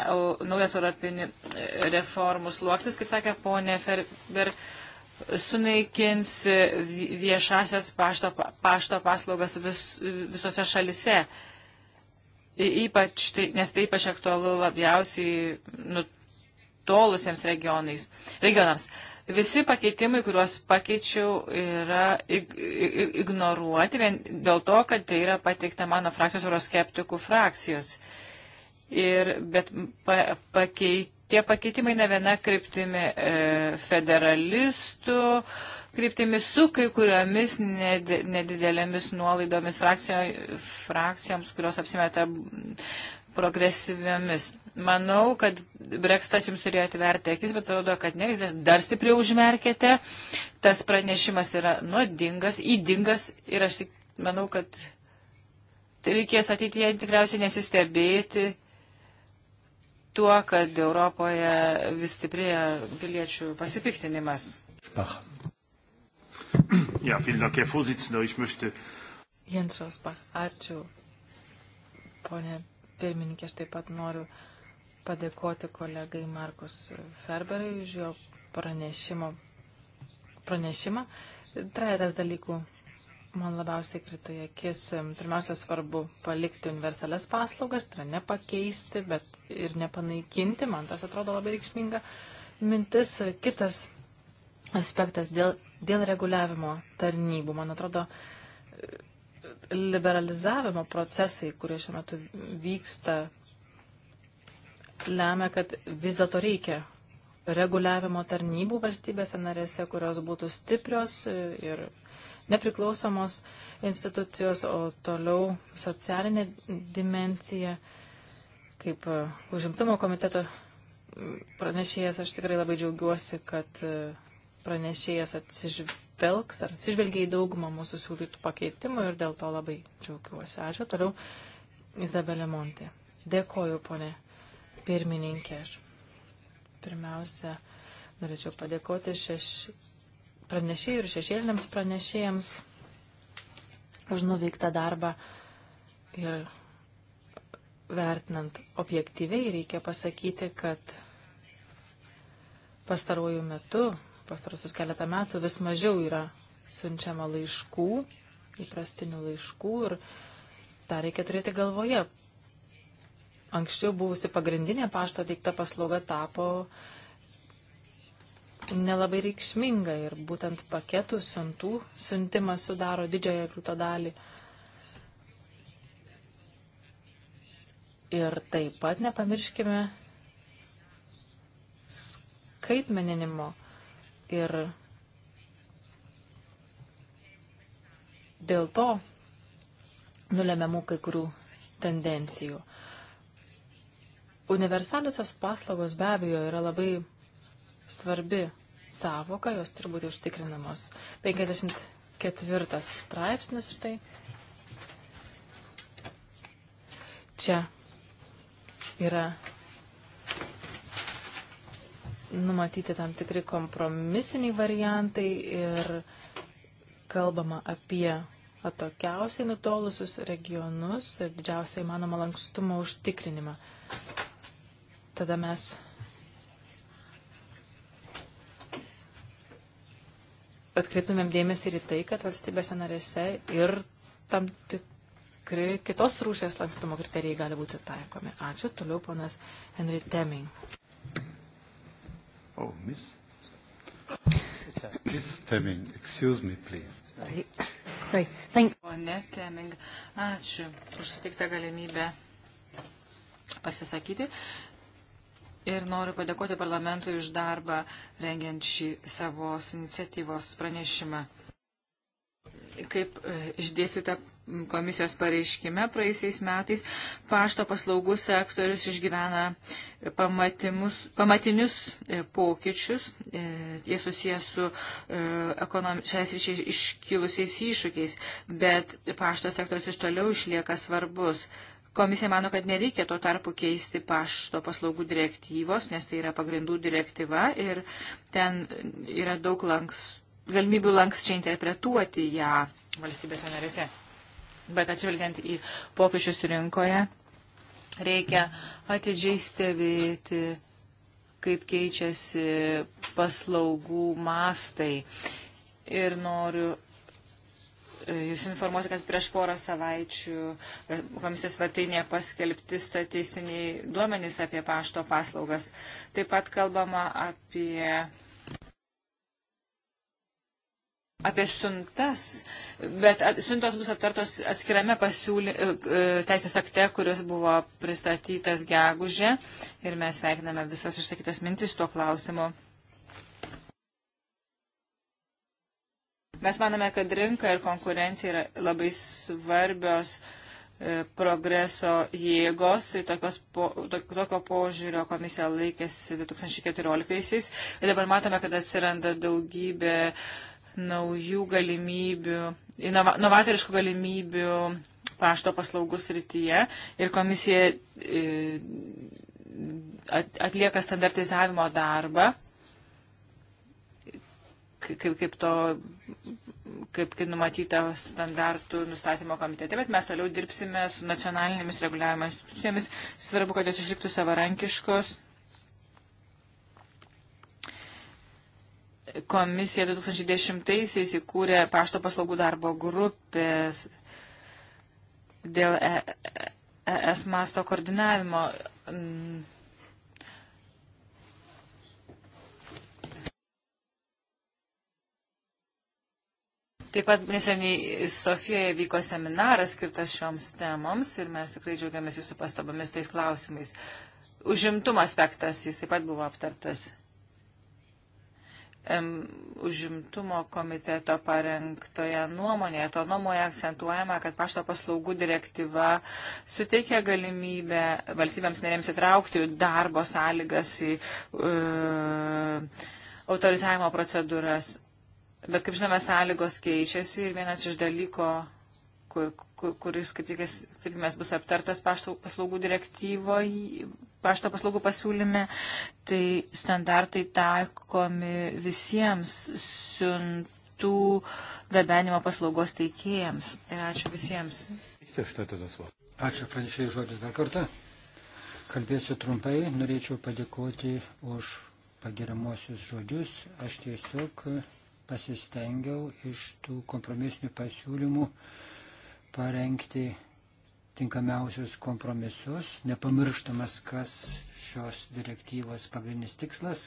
naujas europinį e, reformų sluoksnis, kaip sakė ponė Ferber, sunaikins viešasias pašto, pašto paslaugas vis, visose šalise. Uh, ypač, tai, nes tai ypač aktualu labiausiai nutolusiems regionais, regionams. Visi pakeitimai, kuriuos pakeičiau, yra ignoruoti vien dėl to, kad tai yra pateikta mano frakcijos euroskeptikų frakcijos. Ir, bet pa, pakeit, Tie pakeitimai ne viena kryptimi e, federalistų, kryptimi su kai kuriomis nedidelėmis nuolaidomis frakcijo, frakcijoms, kurios apsimeta progresyviamis. Manau, kad breksitas jums turėjo atverti akis, bet atrodo, kad ne, jūs dar stipriau užmerkėte. Tas pranešimas yra nuodingas, įdingas ir aš tik manau, kad tai reikės ateityje tikriausiai nesistebėti tuo, kad Europoje vis stiprėja piliečių pasipiktinimas. Bach. Ja, vielen Dank, Herr Vorsitzender. Ich möchte. Jens Rosbach, ačiū. Pone pirmininkė, aš taip pat noriu padėkoti kolegai Markus Ferberai už jo pranešimo, pranešimą. Trajetas dalykų man labiausiai krito į akis. Pirmiausia, svarbu palikti universales paslaugas, tai yra nepakeisti, bet ir nepanaikinti. Man tas atrodo labai reikšminga mintis. Kitas aspektas dėl, dėl reguliavimo tarnybų. Man atrodo, liberalizavimo procesai, kurie šiuo metu vyksta, lemia, kad vis dėlto reikia reguliavimo tarnybų valstybėse narėse, kurios būtų stiprios ir nepriklausomos institucijos, o toliau socialinė dimencija, kaip e, užimtumo komiteto pranešėjas, aš tikrai labai džiaugiuosi, kad e, pranešėjas atsižvelgs ar atsižvelgia į daugumą mūsų siūlytų pakeitimų ir dėl to labai džiaugiuosi. Ačiū. Toliau Izabelė Montė. Dėkoju, ponė pirmininkė. Aš pirmiausia norėčiau padėkoti šeš, pranešėjų ir šešėliniams pranešėjams už nuveiktą darbą ir vertinant objektyviai reikia pasakyti, kad pastarojų metų, pastarosius keletą metų vis mažiau yra siunčiama laiškų, įprastinių laiškų ir tą reikia turėti galvoje. Anksčiau buvusi pagrindinė pašto teikta paslauga tapo uh, nelabai reikšminga ir būtent paketų siuntų siuntimas sudaro didžiąją liūto dalį. Ir taip pat nepamirškime skaitmeninimo ir dėl to nulemiamų kai kurių tendencijų. Universaliosios paslaugos be abejo yra labai svarbi savoka, jos turi būti užtikrinamos. 54 straipsnis štai. Čia yra numatyti tam tikri kompromisiniai variantai ir kalbama apie atokiausiai nutolusius regionus ir didžiausiai manoma lankstumo užtikrinimą. Tada mes atkreiptumėm dėmesį ir į tai, kad valstybėse narėse ir tam tikri kitos rūšės lankstumo kriterijai gali būti taikomi. Ačiū. Toliau ponas Henry Teming. Oh, miss. Miss Teming, excuse me, please. Sorry. Sorry. Thank Pone Teming, ačiū už suteiktą galimybę pasisakyti. Uh, ir noriu padėkoti parlamentui už darbą rengiant šį savos iniciatyvos pranešimą. Kaip e, išdėsite komisijos pareiškime praeisiais metais, pašto paslaugų sektorius išgyvena pamatinius e, pokyčius, e, jie susijęs su šiais ryšiais iškilusiais iššūkiais, bet pašto sektorius iš toliau išlieka svarbus. Komisija mano, kad nereikia tuo tarpu keisti pašto paslaugų direktyvos, nes tai yra pagrindų direktyva ir ten yra daug lanks, galimybių lankščiai interpretuoti ją valstybėse narėse. Bet atsižvelgiant į pokyčius rinkoje, reikia atidžiai stebėti, kaip keičiasi paslaugų mastai. Ir noriu Jūs informuoti, kad prieš porą savaičių e, komisijos svetainėje paskelbti statistiniai duomenys apie pašto paslaugas. Taip pat kalbama apie, apie siuntas, bet siuntos bus aptartos atskirame pasiūly, e, e, teisės akte, kuris buvo pristatytas gegužė ir mes sveikiname visas išsakytas mintis tuo klausimu. Mes manome, kad rinka ir konkurencija yra labai svarbios e, progreso jėgos, tokios po, tokio požiūrio komisija laikėsi 2014-aisiais. Ir dabar matome, kad atsiranda daugybė naujų galimybių, inova, novatoriškų galimybių pašto paslaugų srityje ir komisija e, atlieka standartizavimo darbą kaip, kaip to, kaip, kaip numatyta standartų nustatymo komitete, bet mes toliau dirbsime su nacionalinėmis reguliavimo institucijomis. Svarbu, kad jos išliktų savarankiškos. Komisija 2010-aisiais įkūrė pašto paslaugų darbo grupės dėl ES e- e- e masto koordinavimo Taip pat neseniai Sofijoje vyko seminaras skirtas šioms temoms ir mes tikrai džiaugiamės jūsų pastabomis tais klausimais. Užimtumo aspektas, jis taip pat buvo aptartas. Užimtumo komiteto parengtoje nuomonėje, to nuomoje akcentuojama, kad pašto paslaugų direktyva suteikia galimybę valstybėms narėms įtraukti darbo sąlygas į uh, autorizavimo procedūras Bet kaip žinome, sąlygos keičiasi ir vienas iš dalyko, kur, kur, kuris, kaip tikimės, bus aptartas pašto paslaugų direktyvoje, pašto paslaugų pasiūlyme, tai standartai taikomi visiems siuntų gabenimo paslaugos teikėjams. Ir ačiū visiems. Ačiū pranešėjai žodis dar kartą. Kalbėsiu trumpai, norėčiau padėkoti už pagiriamosius žodžius. Aš tiesiog pasistengiau iš tų kompromisinių pasiūlymų parengti tinkamiausius kompromisus, nepamirštamas, kas šios direktyvos pagrindinis tikslas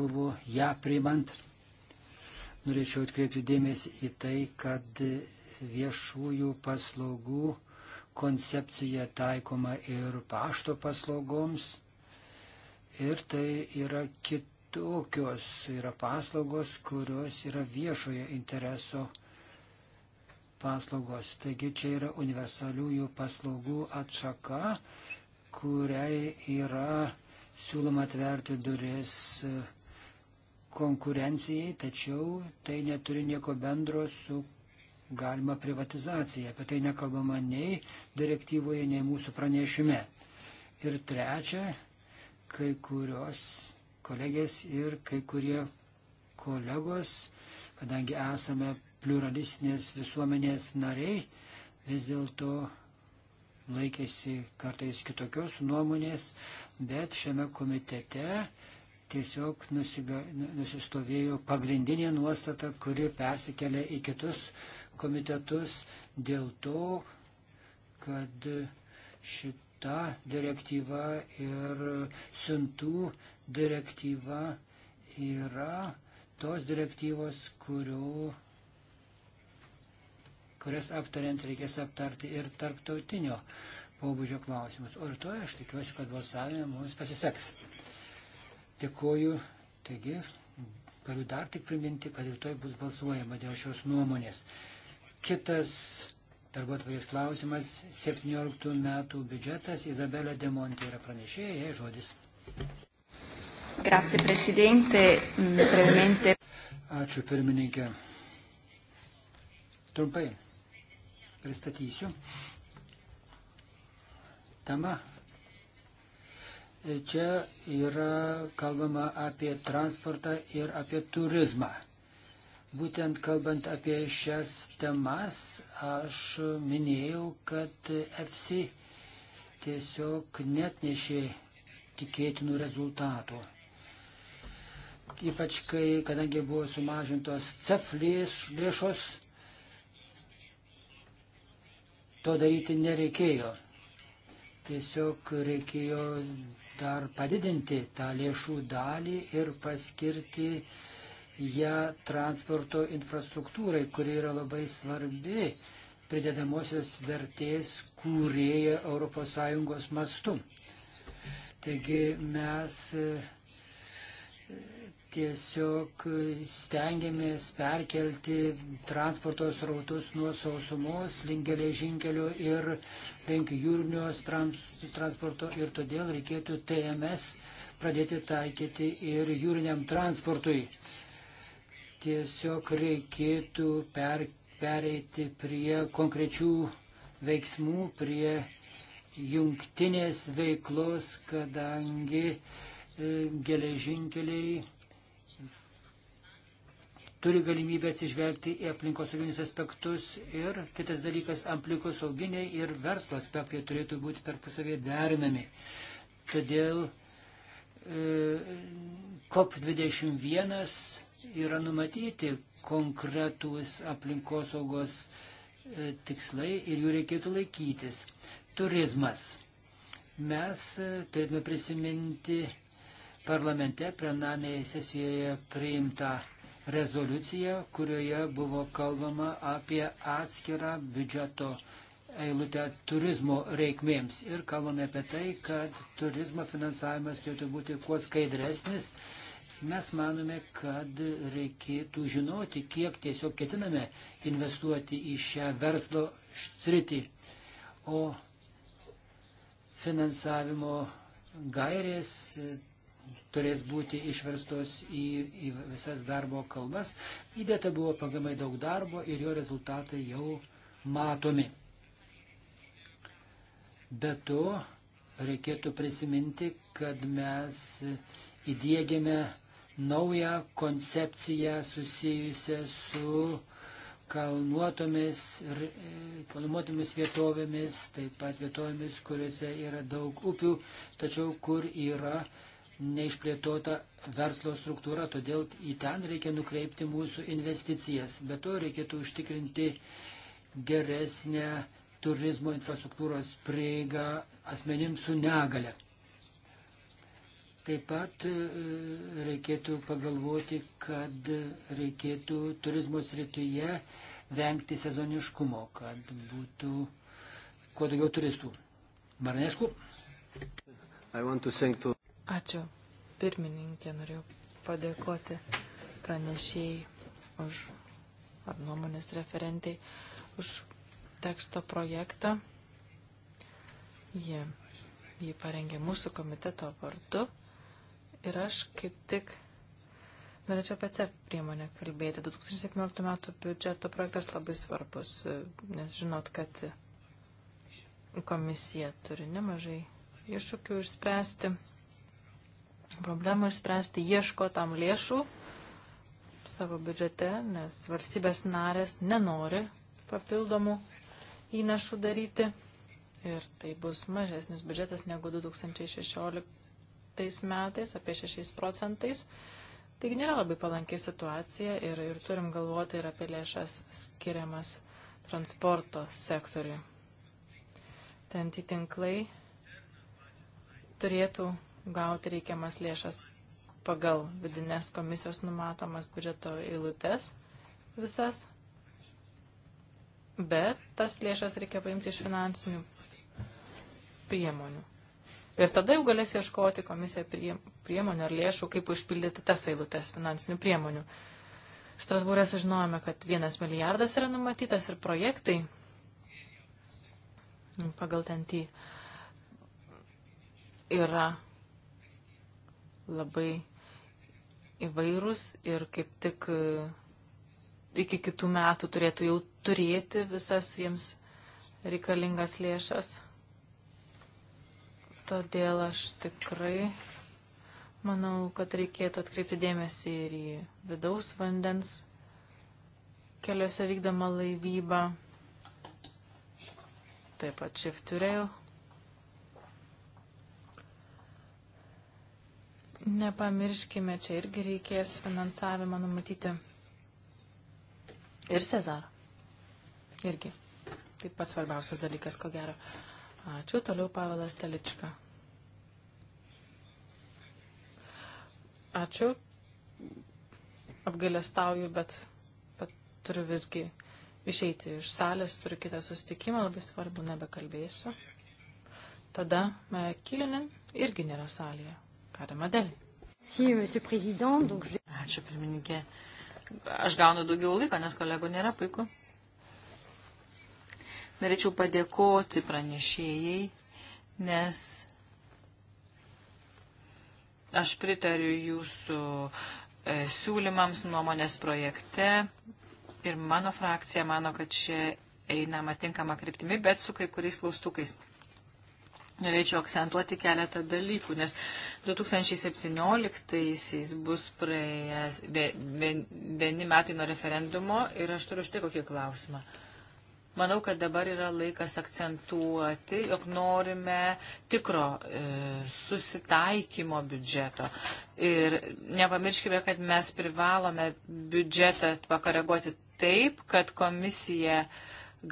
buvo ją priimant. Norėčiau atkreipti dėmesį į tai, kad viešųjų paslaugų koncepcija taikoma ir pašto paslaugoms. Ir tai yra kit tokios yra paslaugos, kurios yra viešojo intereso paslaugos. Taigi čia yra universaliųjų paslaugų atšaka, kuriai yra siūloma atverti duris konkurencijai, tačiau tai neturi nieko bendro su galima privatizacija. Apie tai nekalbama nei direktyvoje, nei mūsų pranešime. Ir trečia, kai kurios kolegės ir kai kurie kolegos, kadangi esame pluralistinės visuomenės nariai, vis dėlto laikėsi kartais kitokios nuomonės, bet šiame komitete tiesiog nusiga, nu, nusistovėjo pagrindinė nuostata, kuri persikelia į kitus komitetus dėl to, kad šit ta direktyva ir siuntų direktyva yra tos direktyvos, kurių, kurias aptariant reikės aptarti ir tarptautinio pobūdžio klausimus. O rytoj aš tikiuosi, kad balsavime mums pasiseks. Dėkuoju. Taigi, galiu dar tik priminti, kad rytoj bus balsuojama dėl šios nuomonės. Kitas Darbo atvarės klausimas, 17 metų biudžetas, Izabelė Demonti yra pranešėja, jai žodis. Grazie, prezidente, mm, brevemente. Ačiū, pirmininkė. Trumpai pristatysiu. Tema. Čia yra kalbama apie transportą ir apie turizmą. Būtent kalbant apie šias temas, aš minėjau, kad FC tiesiog net nešė tikėtinų rezultatų. Ypač kai, kadangi buvo sumažintos CEF lėšos, to daryti nereikėjo. Tiesiog reikėjo dar padidinti tą lėšų dalį ir paskirti uh, ją transporto infrastruktūrai, kuri yra labai svarbi pridedamosios vertės kūrėja ES mastu. Taigi mes e, tiesiog stengiamės perkelti transporto srautus nuo sausumos link geležinkelio ir link jūrinio trans, transporto ir todėl reikėtų TMS pradėti taikyti ir jūriniam transportui. Tiesiog reikėtų per, pereiti prie konkrečių veiksmų, prie jungtinės veiklos, kadangi e, geležinkeliai turi galimybę atsižvelgti į aplinkosauginius aspektus ir kitas dalykas, aplinkosauginiai ir verslo aspektai turėtų būti tarpusavėje derinami. Todėl e, COP21 yra numatyti konkretūs aplinkosaugos e, tikslai ir jų reikėtų laikytis. Turizmas. Mes e, turėtume prisiminti parlamente plenarnėje sesijoje priimtą rezoliuciją, kurioje buvo kalbama apie atskirą biudžeto eilutę turizmo reikmėms. Ir kalbame apie tai, kad turizmo finansavimas turėtų būti kuo skaidresnis, Mes manome, kad reikėtų žinoti, kiek tiesiog ketiname investuoti į šią verslo sritį. O finansavimo gairės turės būti išverstos į, į visas darbo kalbas. Įdėta buvo pagamai daug darbo ir jo rezultatai jau matomi. Be to, reikėtų prisiminti, kad mes įdėgėme naują koncepciją susijusią su kalnuotomis ir e, kalnuotomis vietovėmis, taip pat vietovėmis, kuriuose yra daug upių, tačiau kur yra neišplėtota verslo struktūra, todėl į ten reikia nukreipti mūsų investicijas. Be to reikėtų užtikrinti geresnę turizmo infrastruktūros prieigą asmenims su negale. Taip pat e, reikėtų pagalvoti, kad reikėtų turizmo srityje vengti sezoniškumo, kad būtų kuo daugiau turistų. Marnesku. To... Ačiū. Pirmininkė, norėjau padėkoti pranešėjai už, ar nuomonės referentai, už teksto projektą. Jie jį parengė mūsų komiteto vardu Ir aš kaip tik norėčiau apie CEF priemonę kalbėti. 2017 metų biudžeto projektas labai svarbus, nes žinot, kad komisija turi nemažai iššūkių išspręsti, problemų išspręsti, ieško tam lėšų savo biudžete, nes valstybės narės nenori papildomų įnašų daryti. Ir tai bus mažesnis biudžetas negu 2016 tais metais, apie 6 procentais. Taigi nėra labai palankiai situacija ir, ir turim galvoti ir apie lėšas skiriamas transporto sektoriui. Ten tinklai turėtų gauti reikiamas lėšas pagal vidinės komisijos numatomas biudžeto eilutes visas, bet tas lėšas reikia paimti iš finansinių priemonių. Ir tada jau galės ieškoti komisija priemonių ar lėšų, kaip užpildyti tas eilutes finansinių priemonių. Strasbūrė sužinojome, kad vienas milijardas yra numatytas ir projektai pagal ten tį yra labai įvairūs ir kaip tik e, iki kitų metų turėtų jau turėti visas jiems reikalingas lėšas. Todėl aš tikrai manau, kad reikėtų atkreipti dėmesį ir į vidaus vandens keliuose vykdomą laivybą, taip pat shift to rail. Nepamirškime, čia irgi reikės finansavimą numatyti. Ir Cezarą. Irgi. Tai pats svarbiausias dalykas, ko gero. Ačiū. Toliau Pavelas Telička. Ačiū. Apgailestauju, bet, bet turiu visgi išeiti iš salės, turiu kitą susitikimą, labai svarbu, nebekalbėsiu. Tada Kilinin irgi nėra salėje. Karima Deli. Ačiū, pirmininkė. Aš gaunu daugiau laiko, nes kolegų nėra puiku. Norėčiau padėkoti pranešėjai, nes aš pritariu jūsų e, siūlymams nuomonės projekte ir mano frakcija mano, kad čia einama tinkama kryptimi, bet su kai kuriais klaustukais. Norėčiau akcentuoti keletą dalykų, nes 2017-aisiais bus praėjęs vieni metai nuo referendumo ir aš turiu štai kokį klausimą. Manau, kad dabar yra laikas akcentuoti, jog norime tikro e, susitaikymo biudžeto. Ir nepamirškime, kad mes privalome biudžetą pakoreguoti taip, kad komisija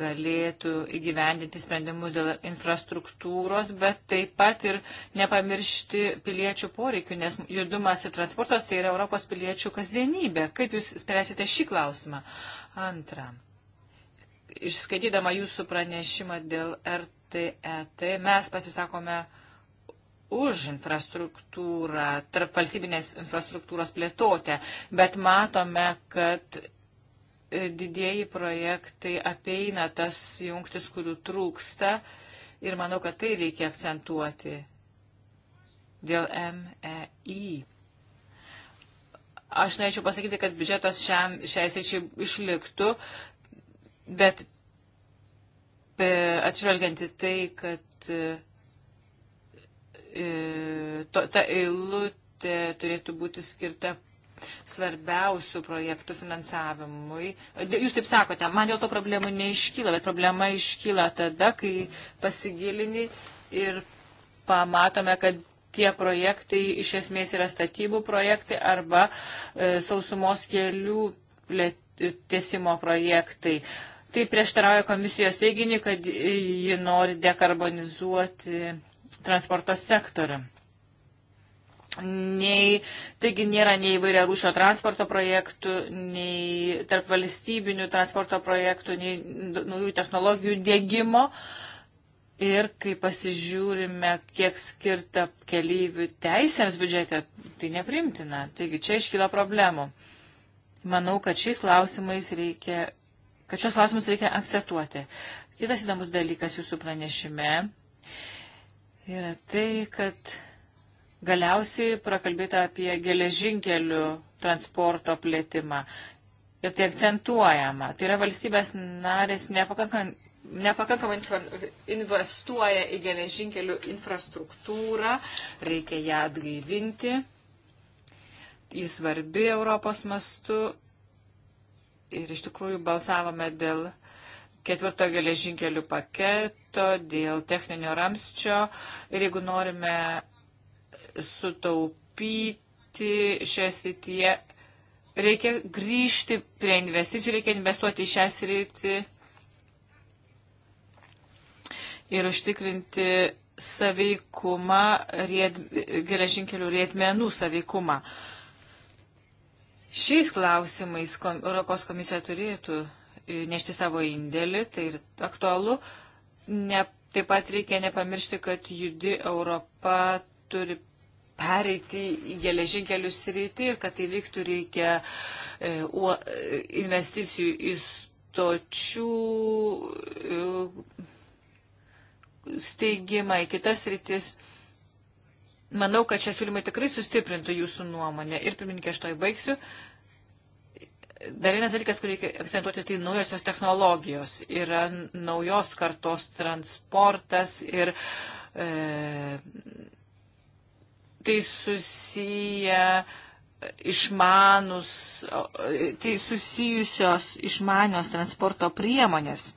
galėtų įgyvendinti sprendimus dėl infrastruktūros, bet taip pat ir nepamiršti piliečių poreikių, nes judumas ir transportas tai yra Europos piliečių kasdienybė. Kaip Jūs spręsite šį klausimą? Antra išskaitydama jūsų pranešimą dėl RTET, e mes pasisakome už infrastruktūrą, tarp valstybinės infrastruktūros plėtotę, bet matome, kad e, didieji projektai apeina tas jungtis, kurių trūksta ir manau, kad tai reikia akcentuoti dėl MEI. Aš norėčiau pasakyti, kad biudžetas šiam, šiai sričiai išliktų, Bet atsižvelgianti tai, kad e, e, to, ta eilutė turėtų būti skirta svarbiausių projektų finansavimui. Jūs taip sakote, man dėl to problemų neiškyla, bet problema iškyla tada, kai pasigilini ir pamatome, kad tie projektai iš esmės yra statybų projektai arba e, sausumos kelių plėtimo projektai. E, Tai prieštarauja komisijos teiginį, kad ji nori dekarbonizuoti transporto sektorių. Nei, taigi nėra nei įvairia rūšio transporto projektų, nei tarp valstybinių transporto projektų, nei naujų technologijų dėgymo. Ir kai pasižiūrime, kiek skirta keleivių teisėms biudžete, tai neprimtina. Taigi čia iškyla problemų. Manau, kad šiais klausimais reikia kad šios klausimus reikia akcentuoti. Kitas įdomus dalykas jūsų pranešime yra tai, kad galiausiai prakalbėta apie geležinkelių transporto plėtimą. Ir tai akcentuojama. Tai yra valstybės narės nepakankamai nepakankamai investuoja į geležinkelių infrastruktūrą, reikia ją atgaivinti, įsvarbi Europos mastu ir iš tikrųjų balsavome dėl ketvirto geležinkelių paketo, dėl techninio ramsčio ir jeigu norime sutaupyti šią srityje, reikia grįžti prie investicijų, reikia investuoti į šią sritį ir užtikrinti saveikumą, ried, geležinkelių riedmenų saveikumą. Uh, Šiais klausimais kom, Europos komisija turėtų e, nešti savo indėlį, tai ir aktualu. Ne, taip pat reikia nepamiršti, kad judi Europa turi pereiti į geležinkelių sritį ir kad tai vyktų reikia e, o, investicijų į stočių e, steigimą į kitas rytis. E, manau, kad šie siūlymai tikrai sustiprintų jūsų nuomonę. Ir pirmininkė, aš to įbaigsiu. Dar vienas dalykas, kurį reikia akcentuoti, tai naujosios technologijos. Yra naujos kartos transportas ir e, tai susiję išmanus, tai susijusios išmanios transporto priemonės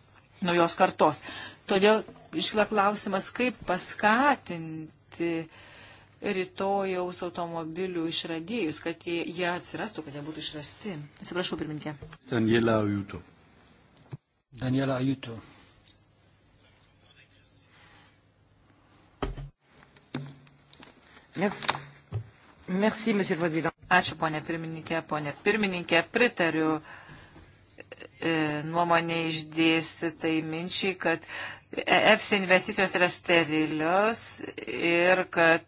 naujos kartos. Todėl iškla klausimas, kaip paskatinti e, rytojaus automobilių išradėjus, kad jie, jie atsirastų, kad jie būtų išrasti. Atsiprašau, pirmininkė. Daniela Ajuto. Daniela Ajuto. Merci. Merci, monsieur le président. Ačiū, ponė pirmininkė. Ponė pirmininkė, pritariu e, nuomonė išdėsti tai minčiai, kad EFSI investicijos yra sterilios ir kad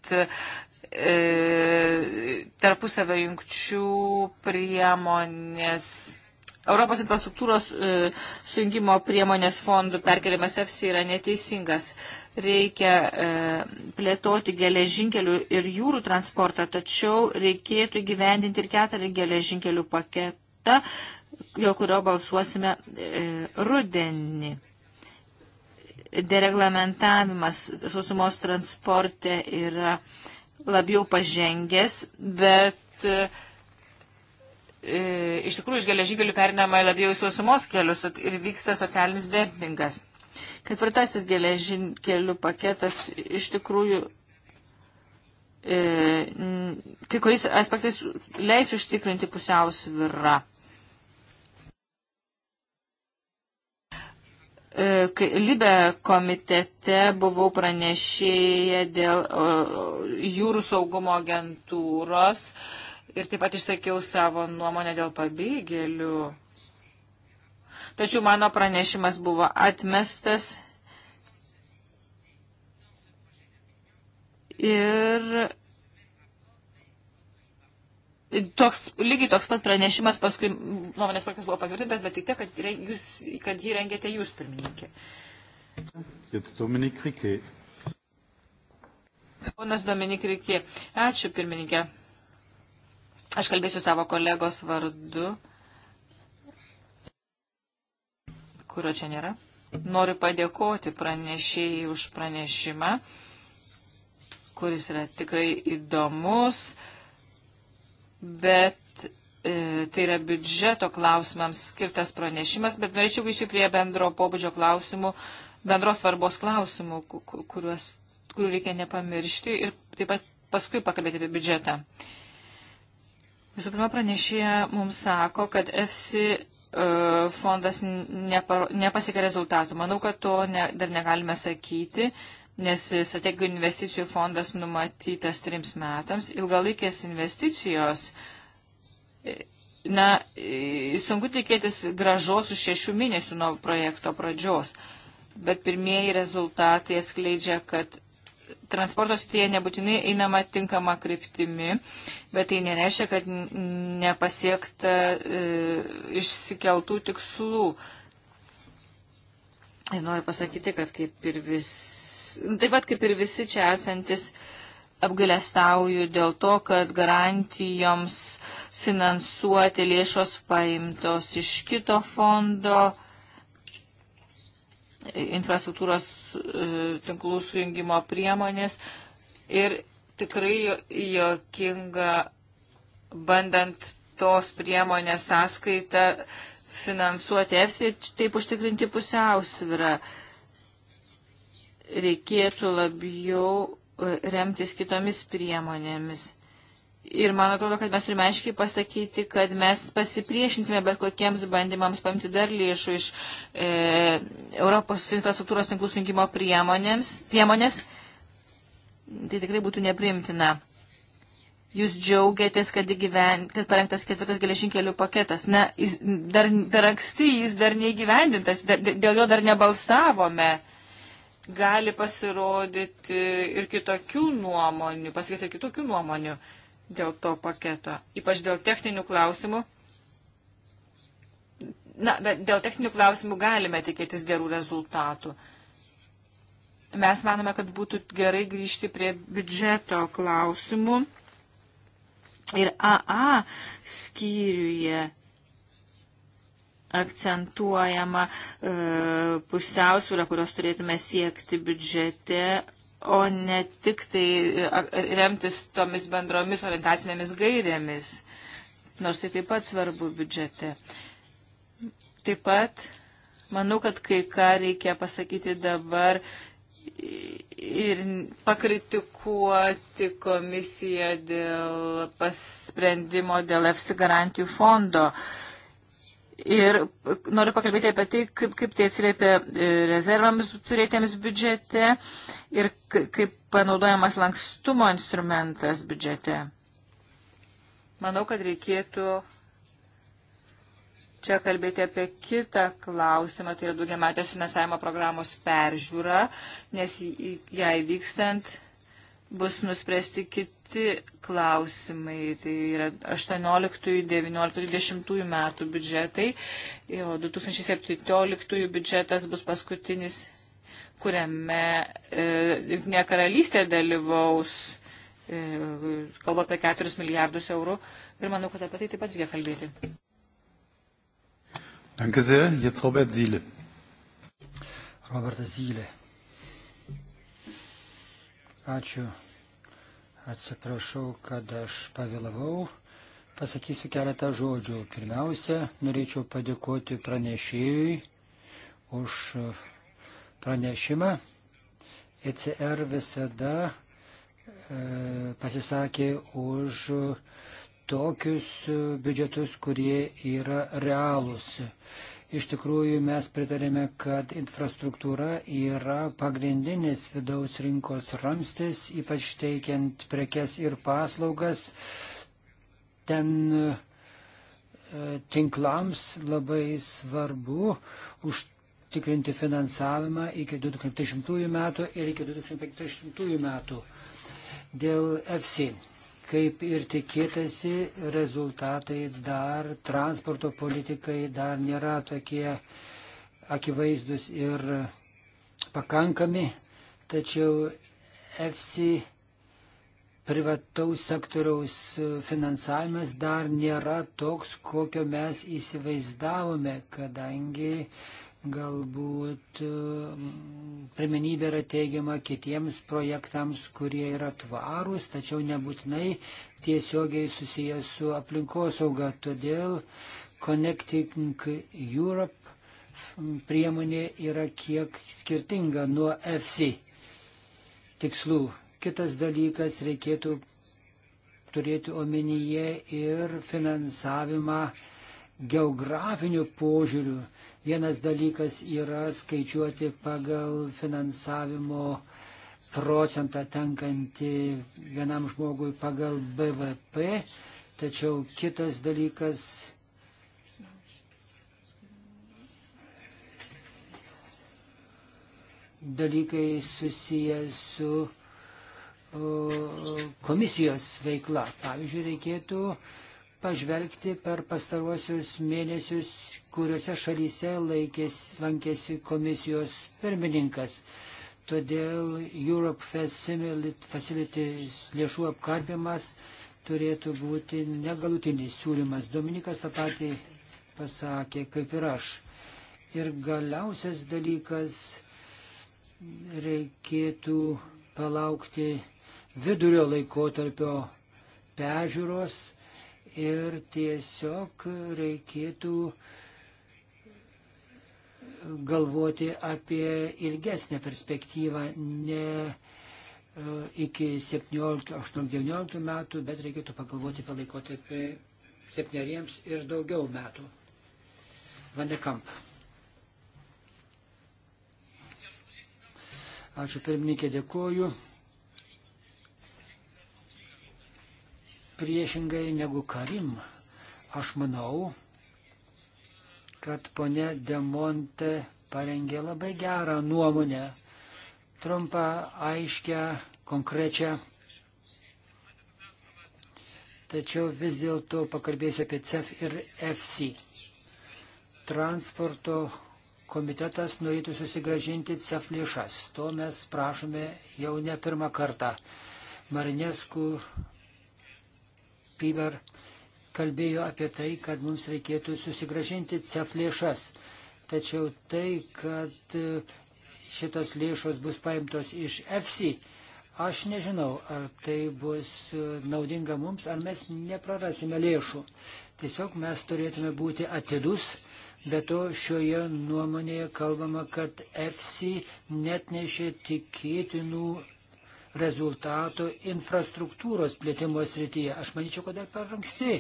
e, tarpusavio jungčių priemonės. Europos infrastruktūros e, sujungimo priemonės fondų perkelimas EFSI yra neteisingas. Reikia e, plėtoti geležinkelių ir jūrų transportą, tačiau reikėtų gyvendinti ir keturių geležinkelių paketą, dėl kurio balsuosime e, rudenį dereglamentavimas sausumos transporte yra labiau pažengęs, bet e, iš tikrųjų iš geležinkelių perinama labiau į sausumos kelius ir vyksta socialinis dempingas. Ketvirtasis geležinkelių paketas iš tikrųjų e, kai kuriais aspektais leis užtikrinti pusiausvyrą. E, Libe komitete buvau pranešėję dėl jūrų saugumo agentūros ir taip pat išsakiau savo nuomonę dėl pabėgėlių. Tačiau mano pranešimas buvo atmestas ir toks, lygiai toks pat pranešimas, paskui nuomonės projektas buvo patvirtintas, bet tik tiek, kad, jūs, kad jį rengėte jūs, pirmininkė. Dominik Rikė. Ponas Dominik Rikė. Ačiū, pirmininkė. Aš kalbėsiu savo kolegos vardu, kurio čia nėra. Noriu padėkoti pranešėjai už pranešimą, kuris yra tikrai įdomus. Uh, bet e, tai yra biudžeto klausimams skirtas pranešimas, bet norėčiau grįžti prie bendro pobūdžio klausimų, bendros svarbos klausimų, kuriuos, kurių reikia nepamiršti ir taip pat paskui pakalbėti apie biudžetą. Visų pirma, pranešėja mums sako, kad EFSI fondas nepa, nepasiekia rezultatų. Manau, kad to ne, dar negalime sakyti nes strateginių investicijų fondas numatytas trims metams. Ilgalaikės investicijos, na, sunku tikėtis gražos už šešių mėnesių nuo projekto pradžios, bet pirmieji rezultatai atskleidžia, kad transporto srityje nebūtinai einama tinkama kryptimi, bet tai nereiškia, kad nepasiekta e, išsikeltų tikslų. Ir noriu pasakyti, kad kaip ir visi taip pat kaip ir visi čia esantis, apgalėstauju dėl to, kad garantijoms finansuoti lėšos paimtos iš kito fondo infrastruktūros e, tinklų sujungimo priemonės ir tikrai jokinga bandant tos priemonės sąskaitą finansuoti EFSI ir taip užtikrinti pusiausvyrą reikėtų labiau e, remtis kitomis priemonėmis. Ir man atrodo, kad mes turime aiškiai pasakyti, kad mes pasipriešinsime bet kokiems bandymams paimti dar lėšų iš e, Europos infrastruktūros tinklų sunkimo priemonės. Tai tikrai būtų neprimtina. Jūs džiaugiatės, kad, įgyven, kad parengtas ketvirtas geležinkelių paketas. Na, jis dar per anksti jis dar neįgyvendintas, dar, dėl jo dar nebalsavome. E, gali pasirodyti ir kitokių nuomonių, pasakys ir kitokių nuomonių dėl to paketo, ypač dėl techninių klausimų. Na, bet dėl techninių klausimų galime tikėtis gerų rezultatų. Mes manome, kad būtų gerai grįžti prie biudžeto klausimų. Ir AA skyriuje akcentuojama e, pusiausvyrą, kurios turėtume siekti biudžete, o ne tik tai e, remtis tomis bendromis orientacinėmis gairėmis, nors tai taip pat svarbu biudžete. Taip pat manau, kad kai ką reikia pasakyti dabar ir pakritikuoti komisiją dėl pasprendimo dėl EFSI garantijų fondo. E, Ir noriu pakalbėti apie tai, kaip, kaip tai atsiliepia e, rezervams turėtiems biudžete ir kaip panaudojamas lankstumo instrumentas biudžete. Manau, kad reikėtų čia kalbėti apie kitą klausimą, tai yra daugiametės finansavimo programos peržiūra, nes jai vykstant bus nuspręsti kiti klausimai. Tai yra 18, 19, 20 metų biudžetai, o 2017 biudžetas bus paskutinis, kuriame Junktinė e, karalystė dalyvaus, e, kalba apie 4 milijardus eurų. Ir manau, kad apie tai taip pat reikia kalbėti. Danke sehr. Jetzt Robert Ziele. Robertas Zylė. Ačiū. Atsiprašau, kad aš pavėlavau. Pasakysiu keletą žodžių. Pirmiausia, norėčiau padėkoti pranešėjui už pranešimą. ECR visada e, pasisakė už tokius biudžetus, kurie yra realūs. E, Iš tikrųjų, mes pritarėme, kad infrastruktūra yra pagrindinis vidaus rinkos ramstis, ypač teikiant prekes ir paslaugas. Ten e, tinklams labai svarbu užtikrinti finansavimą iki 2030 metų ir iki 2050 metų dėl EFSI Kaip ir tikėtasi, rezultatai dar transporto politikai dar nėra tokie akivaizdus ir pakankami, tačiau EFSI privataus sektoriaus finansavimas dar nėra toks, kokio mes įsivaizdavome, kadangi Galbūt mm, pirmenybė yra teigiama kitiems projektams, kurie yra tvarūs, tačiau nebūtinai tiesiogiai susijęs su aplinkosauga. Todėl Connecting Europe mm, priemonė yra kiek skirtinga nuo FC tikslų. Kitas dalykas reikėtų turėti omenyje ir finansavimą geografiniu požiūriu. Vienas dalykas yra skaičiuoti pagal finansavimo procentą tenkantį vienam žmogui pagal BVP, tačiau kitas dalykas dalykai susiję su o, komisijos veikla. Pavyzdžiui, reikėtų uh, pažvelgti per pastaruosius mėnesius, kuriuose šalyse laikės, lankėsi komisijos pirmininkas. Todėl Europe Facility lėšų apkarpimas turėtų būti negalutinis siūlymas. Dominikas tą patį pasakė, kaip ir aš. Ir galiausias dalykas reikėtų palaukti vidurio laikotarpio peržiūros ir tiesiog reikėtų galvoti apie ilgesnę perspektyvą, ne e, iki 17-18 metų, bet reikėtų pagalvoti apie laikotarpį septyneriems ir daugiau metų. Vandekamp. Ačiū pirmininkė, dėkoju. Priešingai negu Karim, aš manau, kad ponė Demonte parengė labai gerą nuomonę, trumpą, aiškę, konkrečią. Tačiau vis dėlto pakalbėsiu apie CEF ir FC. Transporto komitetas norėtų susigražinti CEF lėšas. To mes prašome jau ne pirmą kartą. Marinesku Piber kalbėjo apie tai, kad mums reikėtų susigražinti CEF lėšas. Tačiau tai, kad e, šitos lėšos bus paimtos iš EFSI, aš nežinau, ar tai bus e, naudinga mums, ar mes neprarasime lėšų. Tiesiog mes turėtume būti atidus, bet to šioje nuomonėje kalbama, kad EFSI net nešė tikėtinų rezultatų infrastruktūros plėtimo srityje. Aš manyčiau, kad dar per anksti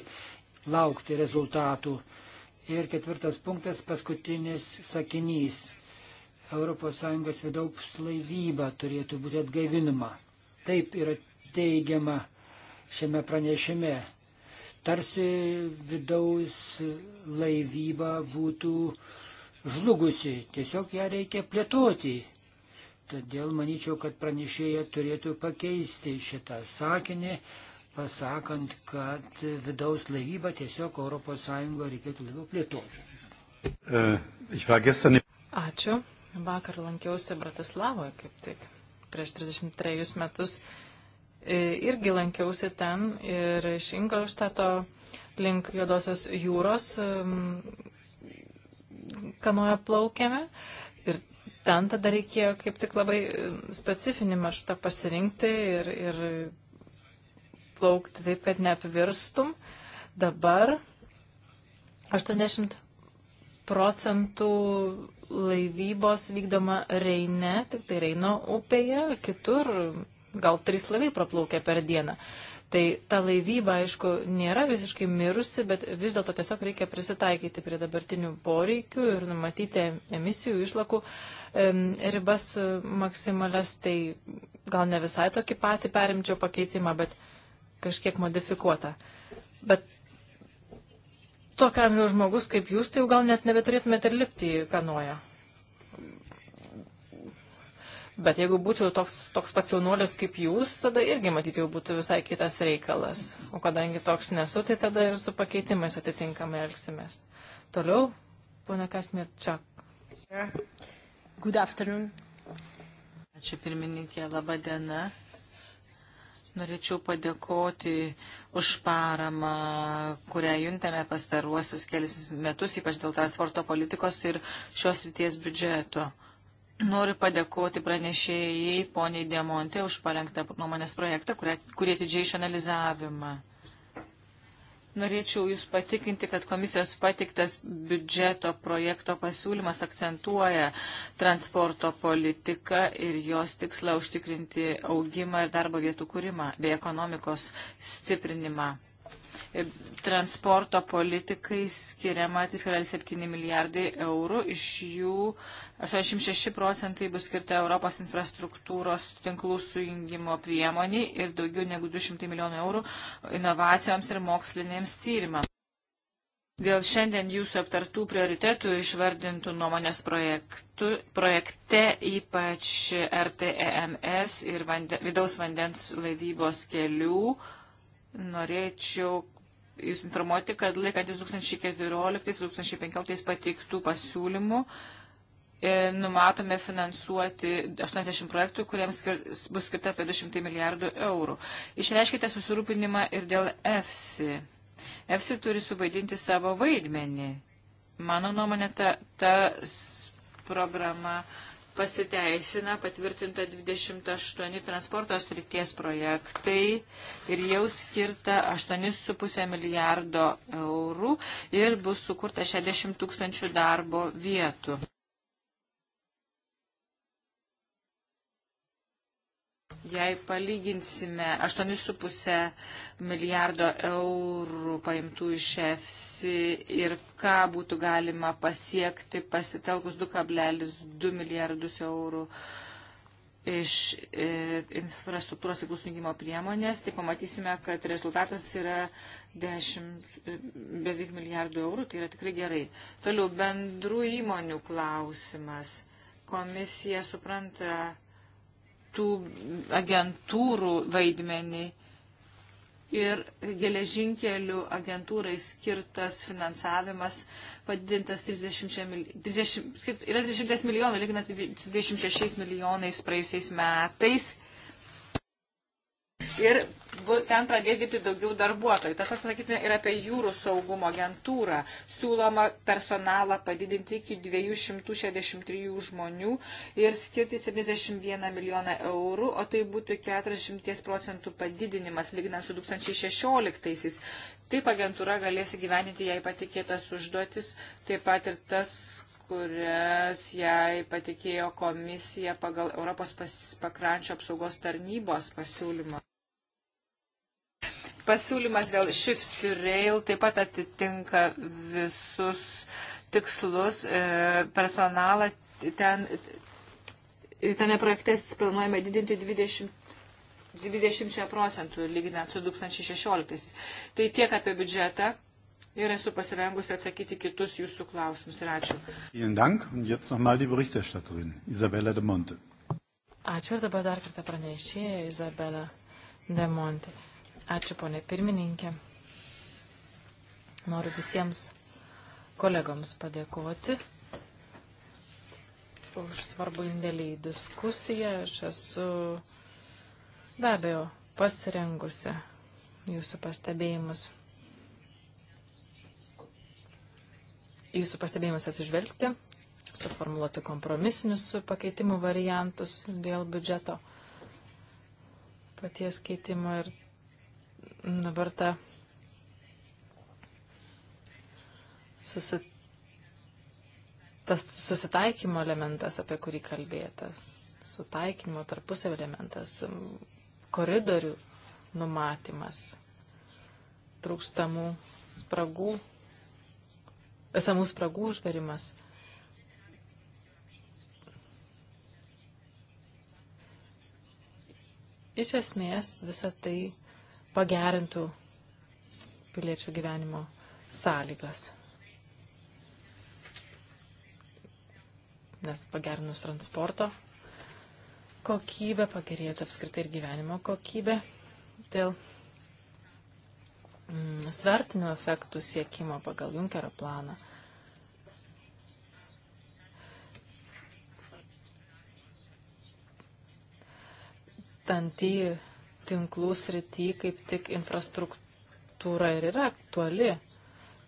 laukti rezultatų. Ir ketvirtas punktas, paskutinis sakinys. ES vidaus laivyba turėtų būti atgaivinama. Taip yra teigiama šiame pranešime. Tarsi vidaus laivyba būtų žlugusi, tiesiog ją reikia plėtoti. Todėl manyčiau, kad pranešėja turėtų pakeisti šitą sakinį, pasakant, kad vidaus laivybą tiesiog ES reikėtų labiau plėtoti. E, Ačiū. Vakar lankiausi Bratislavoje kaip tik. Prieš 33 metus e, irgi lankiausi ten ir iš Ingolštato link Juodosios jūros kanoje plaukėme ten tada reikėjo kaip tik labai e, specifinį maršrutą pasirinkti ir, ir plaukti taip, kad neapvirstum. Dabar 80 procentų laivybos vykdoma Reine, tik tai Reino upėje, kitur gal trys laivai praplaukia per dieną. Tai ta laivyba, aišku, nėra visiškai mirusi, bet vis dėlto tiesiog reikia prisitaikyti prie dabartinių poreikių ir numatyti emisijų išlakų ribas maksimales. Tai gal ne visai tokį patį perimčiau pakeitimą, bet kažkiek modifikuota. Bet tokio amžiaus žmogus kaip jūs, tai jau gal net nebeturėtumėte ir lipti į kanoją. Bet jeigu būčiau toks, toks pats jaunuolis kaip jūs, tada irgi matyti jau būtų visai kitas reikalas. O kadangi toks nesu, tai tada ir su pakeitimais atitinkamai elgsimės. Toliau, ponia Kašmirčiak. Good afternoon. Ačiū pirmininkė, laba diena. Norėčiau padėkoti už paramą, kurią juntame pastaruosius kelis metus, ypač dėl transporto politikos ir šios ryties biudžeto. Uh, Noriu padėkoti pranešėjai poniai Demontė už parengtą nuomonės projektą, kurie atidžiai išanalizavimą. Norėčiau Jūs patikinti, kad komisijos patiktas biudžeto projekto pasiūlymas akcentuoja transporto politiką ir jos tikslą užtikrinti augimą ir darbo vietų kūrimą bei ekonomikos stiprinimą transporto politikai skiriama 3,7 milijardai eurų, iš jų 86 procentai bus skirta Europos infrastruktūros tinklų sujungimo priemoniai ir daugiau negu 200 milijonų eurų inovacijoms ir mokslinėms tyrimams. Dėl šiandien jūsų aptartų prioritetų išvardintų nuomonės projektų, projekte ypač RTEMS ir vande, vidaus vandens laivybos kelių norėčiau, jūs informuoti, kad laikantis 2014-2015 pateiktų pasiūlymų e, numatome finansuoti 80 projektų, kuriems skir bus skirta apie 200 milijardų eurų. Išreiškite susirūpinimą ir dėl EFSI. EFSI turi suvaidinti savo vaidmenį. Mano nuomonė, ta, ta programa pasiteisina patvirtinta 28 transporto srities projektai ir jau skirta 8,5 milijardo eurų ir bus sukurta 60 tūkstančių darbo vietų. Jei palyginsime 8,5 milijardo eurų paimtų iš EFSI ir ką būtų galima pasiekti pasitelkus 2,2 milijardus eurų iš e, infrastruktūros tiklų sujungimo priemonės, tai pamatysime, kad rezultatas yra 10 e, beveik milijardų eurų, tai yra tikrai gerai. Toliau bendrų įmonių klausimas. Komisija supranta tų agentūrų vaidmenį ir geležinkelių agentūrai skirtas finansavimas padidintas 30, mil, 30, yra 30 milijonų, lyginant su 26 milijonais praėjusiais metais ir ten pradės dirbti daugiau darbuotojų. Tas pats pasakytina ir apie jūrų saugumo agentūrą. Siūloma personalą padidinti iki 263 žmonių ir skirti 71 milijoną eurų, o tai būtų 40 procentų padidinimas lyginant su 2016-aisiais. Taip agentūra galės įgyveninti jai patikėtas užduotis, taip pat ir tas kurias jai patikėjo komisija pagal Europos pakrančio apsaugos tarnybos pasiūlymą. Pasiūlymas dėl Shift Rail taip pat atitinka visus tikslus e, personalą. Ten, tame projekte planuojame didinti 20, 20 procentų lyginant su 2016. Tai tiek apie biudžetą. Ir esu pasirengusi atsakyti kitus jūsų klausimus. Ir ačiū. Ačiū ir dabar dar kartą pranešėja Izabela de Monte. Ačiū, ponė pirmininkė. Noriu visiems kolegoms padėkoti už svarbu indėlį į diskusiją. Aš esu be abejo pasirengusi jūsų pastebėjimus. Jūsų pastebėjimus atsižvelgti, suformuoluoti kompromisinius pakeitimų variantus dėl biudžeto paties keitimo ir dabar ta susi, tas susitaikymo elementas, apie kurį kalbėtas, sutaikymo tarpusavio elementas, koridorių numatymas, trūkstamų spragų, esamų spragų užverimas. Iš esmės visą tai pagerintų piliečių gyvenimo sąlygas. Nes pagerinus transporto kokybę, pagerėtų apskritai ir gyvenimo kokybė dėl mm, svertinių efektų siekimo pagal Junkerio planą. Tanty tinklų srity kaip tik infrastruktūra ir yra aktuali.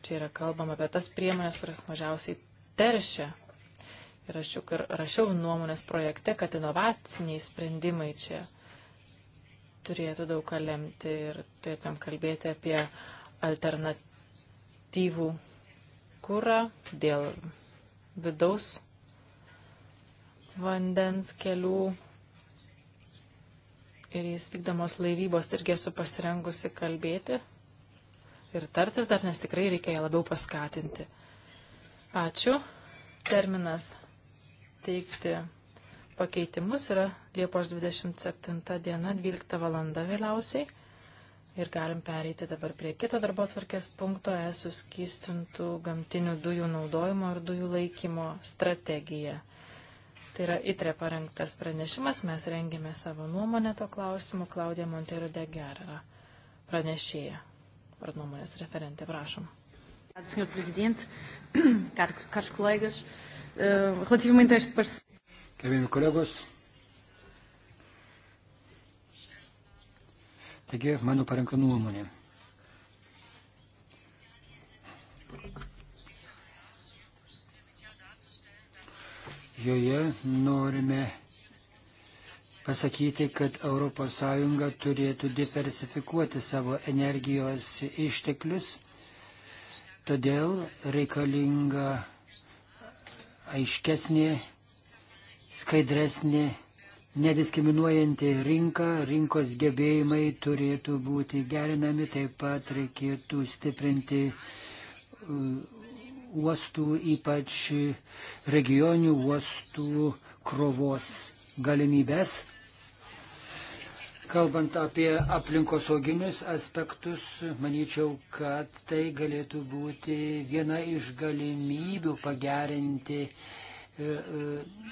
Čia yra kalbama apie tas priemonės, kurias mažiausiai teršia. Ir aš juk ir rašiau nuomonės projekte, kad inovaciniai sprendimai čia turėtų daug ką lemti ir taip jam kalbėti apie alternatyvų kūrą dėl vidaus vandens kelių ir jis vykdomos laivybos irgi esu pasirengusi kalbėti ir tartis dar, nes tikrai reikia ją labiau paskatinti. Ačiū. Terminas teikti pakeitimus yra Liepos 27 diena, 12 valanda vėliausiai. Ir galim pereiti dabar prie kito darbo atvarkės punkto esu skystintų gamtinių dujų naudojimo ir dujų laikymo strategija. Tai yra itre parengtas pranešimas, mes rengėme savo nuomonę to klausimu, Klaudija Montero de Gerra, pranešėja, ar nuomonės referentė, prašom. Sr. Prezident, karš kolegas, relativamente este parceiro. Gerbėjami kolegos, taigi mano parengta nuomonė. Joje norime pasakyti, kad ES turėtų diversifikuoti savo energijos išteklius, todėl reikalinga aiškesnė, skaidresnė, nediskriminuojanti rinka, rinkos gebėjimai turėtų būti gerinami, taip pat reikėtų stiprinti uostų, ypač regioninių uostų krovos galimybės. Kalbant apie aplinkosauginius aspektus, manyčiau, kad tai galėtų būti viena iš galimybių pagerinti e, e,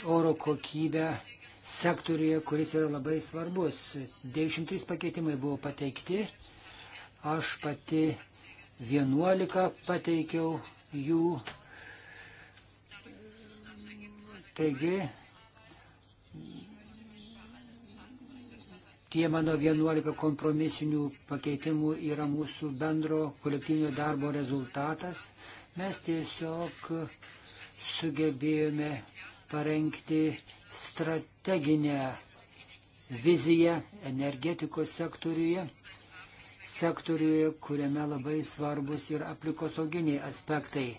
oro kokybę sektoriuje, kuris yra labai svarbus. 93 pakeitimai buvo pateikti, aš pati 11 pateikiau jų. Taigi, tie mano 11 kompromisinių pakeitimų yra mūsų bendro kolektyvinio darbo rezultatas. Mes tiesiog sugebėjome parengti strateginę viziją energetikos sektoriuje sektoriuje, kuriame labai svarbus ir aplikosauginiai aspektai.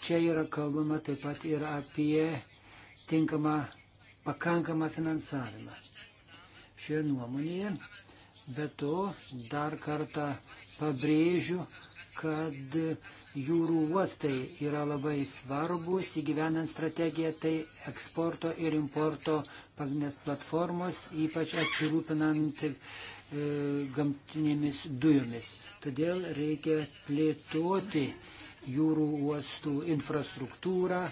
Čia yra kalbama taip pat ir apie tinkamą, pakankamą finansavimą. Šioje nuomonėje, be to, dar kartą pabrėžiu, kad jūrų uostai yra labai svarbus įgyvenant strategiją, tai eksporto ir importo pagrindinės platformos, ypač apsirūpinant E, gamtinėmis dujomis. Todėl reikia plėtoti jūrų uostų infrastruktūrą, e,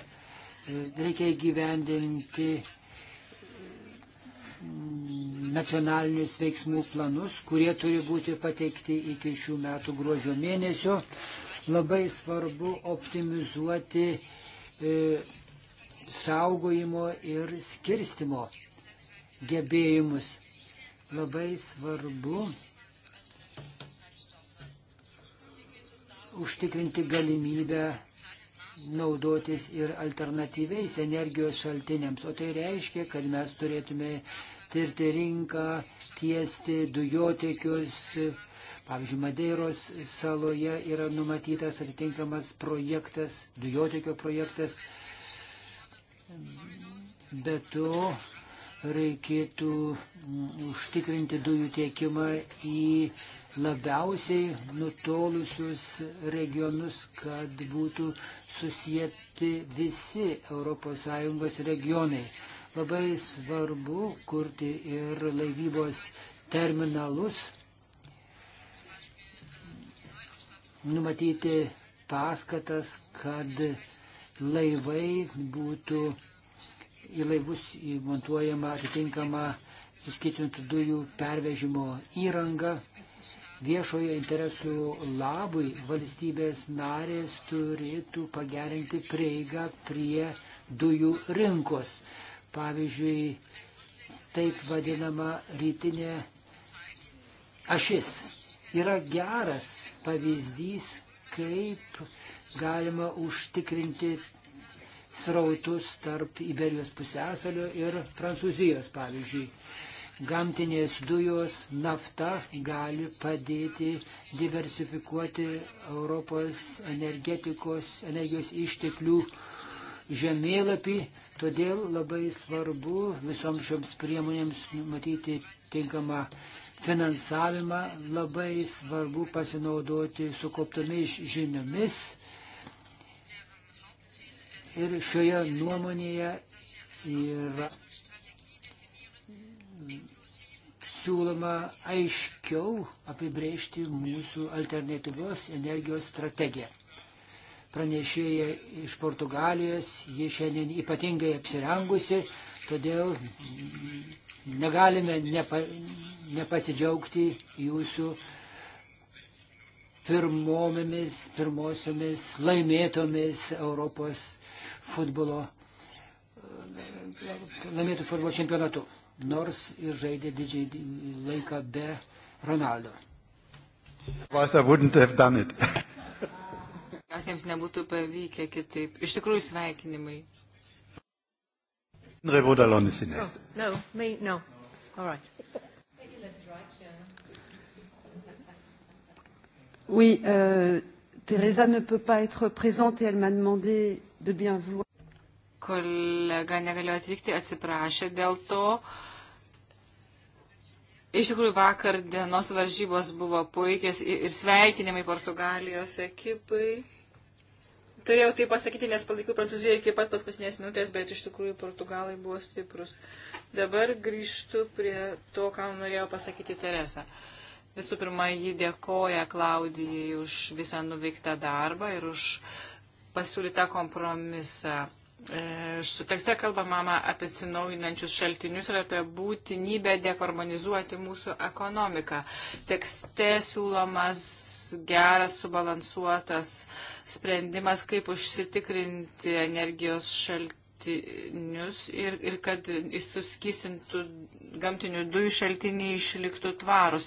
reikia gyvendinti mm, nacionalinius veiksmų planus, kurie turi būti pateikti iki šių metų gruodžio mėnesio. Labai svarbu optimizuoti e, saugojimo ir skirstimo gebėjimus. Labai svarbu užtikrinti galimybę naudotis ir alternatyviais energijos šaltiniams. O tai reiškia, kad mes turėtume tirti rinką, tiesti dujotiekius. Pavyzdžiui, Madeiros saloje yra numatytas atitinkamas projektas, dujotiekio projektas. Be to, reikėtų mm, užtikrinti dujų tiekimą į labiausiai nutolusius regionus, kad būtų susijęti visi ES regionai. Labai svarbu kurti ir laivybos terminalus, numatyti paskatas, kad laivai būtų į laivus įmontuojama atitinkama suskaitintų dujų pervežimo įranga. Viešojo interesų labui valstybės narės turėtų pagerinti prieigą prie dujų rinkos. Pavyzdžiui, taip vadinama rytinė ašis yra geras pavyzdys, kaip galima užtikrinti srautus tarp Iberijos pusėsalio ir Prancūzijos, pavyzdžiui. Gamtinės dujos, nafta gali padėti diversifikuoti Europos energetikos, energijos išteklių žemėlapį, todėl labai svarbu visoms šioms priemonėms matyti tinkamą finansavimą, labai svarbu pasinaudoti sukauptomis žiniomis Ir šioje nuomonėje yra siūloma aiškiau apibrėžti mūsų alternatyvios energijos strategiją. Pranešėja iš Portugalijos, ji šiandien ypatingai apsirengusi, todėl negalime nepa, nepasidžiaugti jūsų pirmomis, pirmosiomis laimėtomis Europos futbolo, laimėtų futbolo čempionatu, nors ir žaidė didžiai laiką be Ronaldo. Vasa wouldn't have done it. Kas jiems nebūtų pavykę kitaip. Iš tikrųjų sveikinimai. Revodalon is in no, oh, no, me, no. All right. Oui, euh, Teresa ne peut pas être présente et elle m'a demandé Kolega negalėjo atvykti, atsiprašė dėl to. Iš tikrųjų, vakar dienos varžybos buvo puikės ir sveikinimai Portugalijos ekipai. Turėjau tai pasakyti, nes palaikiau Prancūziją iki pat paskutinės minutės, bet iš tikrųjų Portugalai buvo stiprus. Dabar grįžtu prie to, ką norėjo pasakyti Teresa. Visų pirma, ji dėkoja Klaudijai už visą nuveiktą darbą ir už uh, pasiūlytą kompromisą. E, su tekste kalbama apie atsinaujinančius šaltinius ir apie būtinybę dekarbonizuoti mūsų ekonomiką. Tekste siūlomas geras, subalansuotas sprendimas, kaip užsitikrinti energijos šaltinius šaltinius ir, ir kad suskysintų gamtinių dujų šaltiniai išliktų tvarus.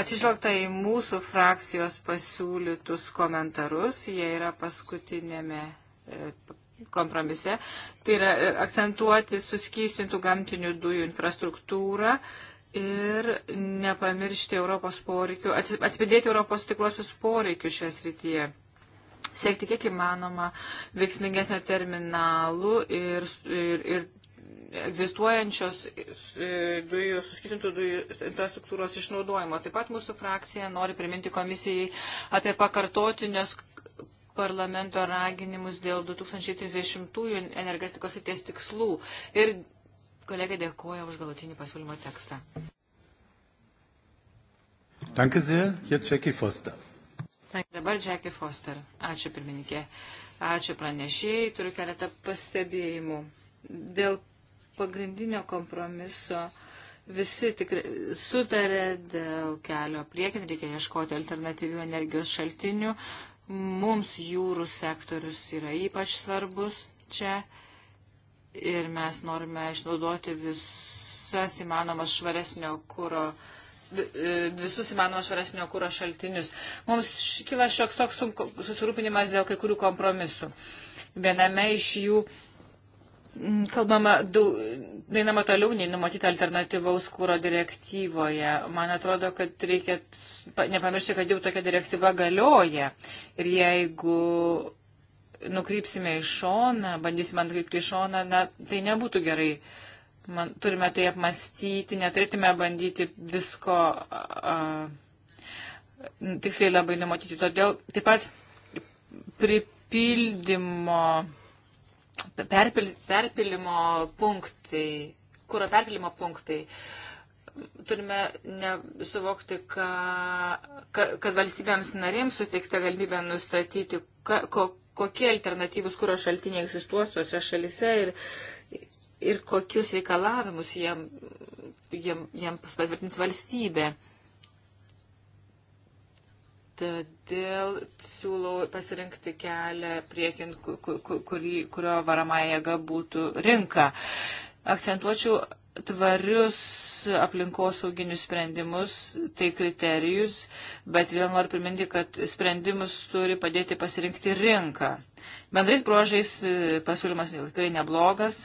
Atsižvelgta į mūsų frakcijos pasiūlytus komentarus, jie yra paskutinėme e, kompromise, tai yra e, akcentuoti suskysintų gamtinių dujų infrastruktūrą ir nepamiršti Europos poreikių, atspėdėti Europos tikruosius poreikius šioje srityje siekti kiek įmanoma veiksmingesnio terminalų ir, ir, ir egzistuojančios e, dujų, suskitintų dujų infrastruktūros išnaudojimo. Taip pat mūsų frakcija nori priminti komisijai apie pakartotinius parlamento raginimus dėl 2030-ųjų energetikos ateities tikslų. Ir kolegė dėkoja už galutinį pasiūlymo tekstą. Danke sehr, hier Jackie Foster. Dabar Jackie Foster. Ačiū pirmininkė. Ačiū pranešėjai. Turiu keletą pastebėjimų. Dėl pagrindinio kompromiso visi tikrai sutarė dėl kelio priekin, reikia ieškoti alternatyvių energijos šaltinių. Mums jūrų sektorius yra ypač svarbus čia ir mes norime išnaudoti visas įmanomas švaresnio kūro uh, E, visus įmanoma švaresnio kūro šaltinius. Mums kyla šioks toks susirūpinimas dėl kai kurių kompromisų. Viename iš jų kalbama, dainama toliau nei numatyta alternatyvaus kūro direktyvoje. Man atrodo, kad reikia nepamiršti, kad jau tokia direktyva galioja. Ir jeigu nukrypsime į šoną, bandysime nukrypti į šoną, na, tai nebūtų gerai. Uh, man, turime tai apmastyti, neturėtume bandyti visko a, a, tiksliai labai numatyti. Todėl taip pat pripildymo, perpil, perpilimo punktai, kūro perpilimo punktai. Turime ne, suvokti, ka, ka, kad valstybėms narėms suteikta galimybė nustatyti, ka, ko, kokie alternatyvus kūro šaltiniai egzistuos tose šalise ir ir kokius reikalavimus jam, jam, jam patvirtins valstybė. Todėl siūlau pasirinkti kelią priekin, kur, kur, kurio varamąją jėga būtų rinka. Akcentuočiau tvarius aplinkosauginius sprendimus, tai kriterijus, bet vėl noriu priminti, kad sprendimus turi padėti pasirinkti rinką. Bendrais bruožais e, pasiūlymas tikrai neblogas,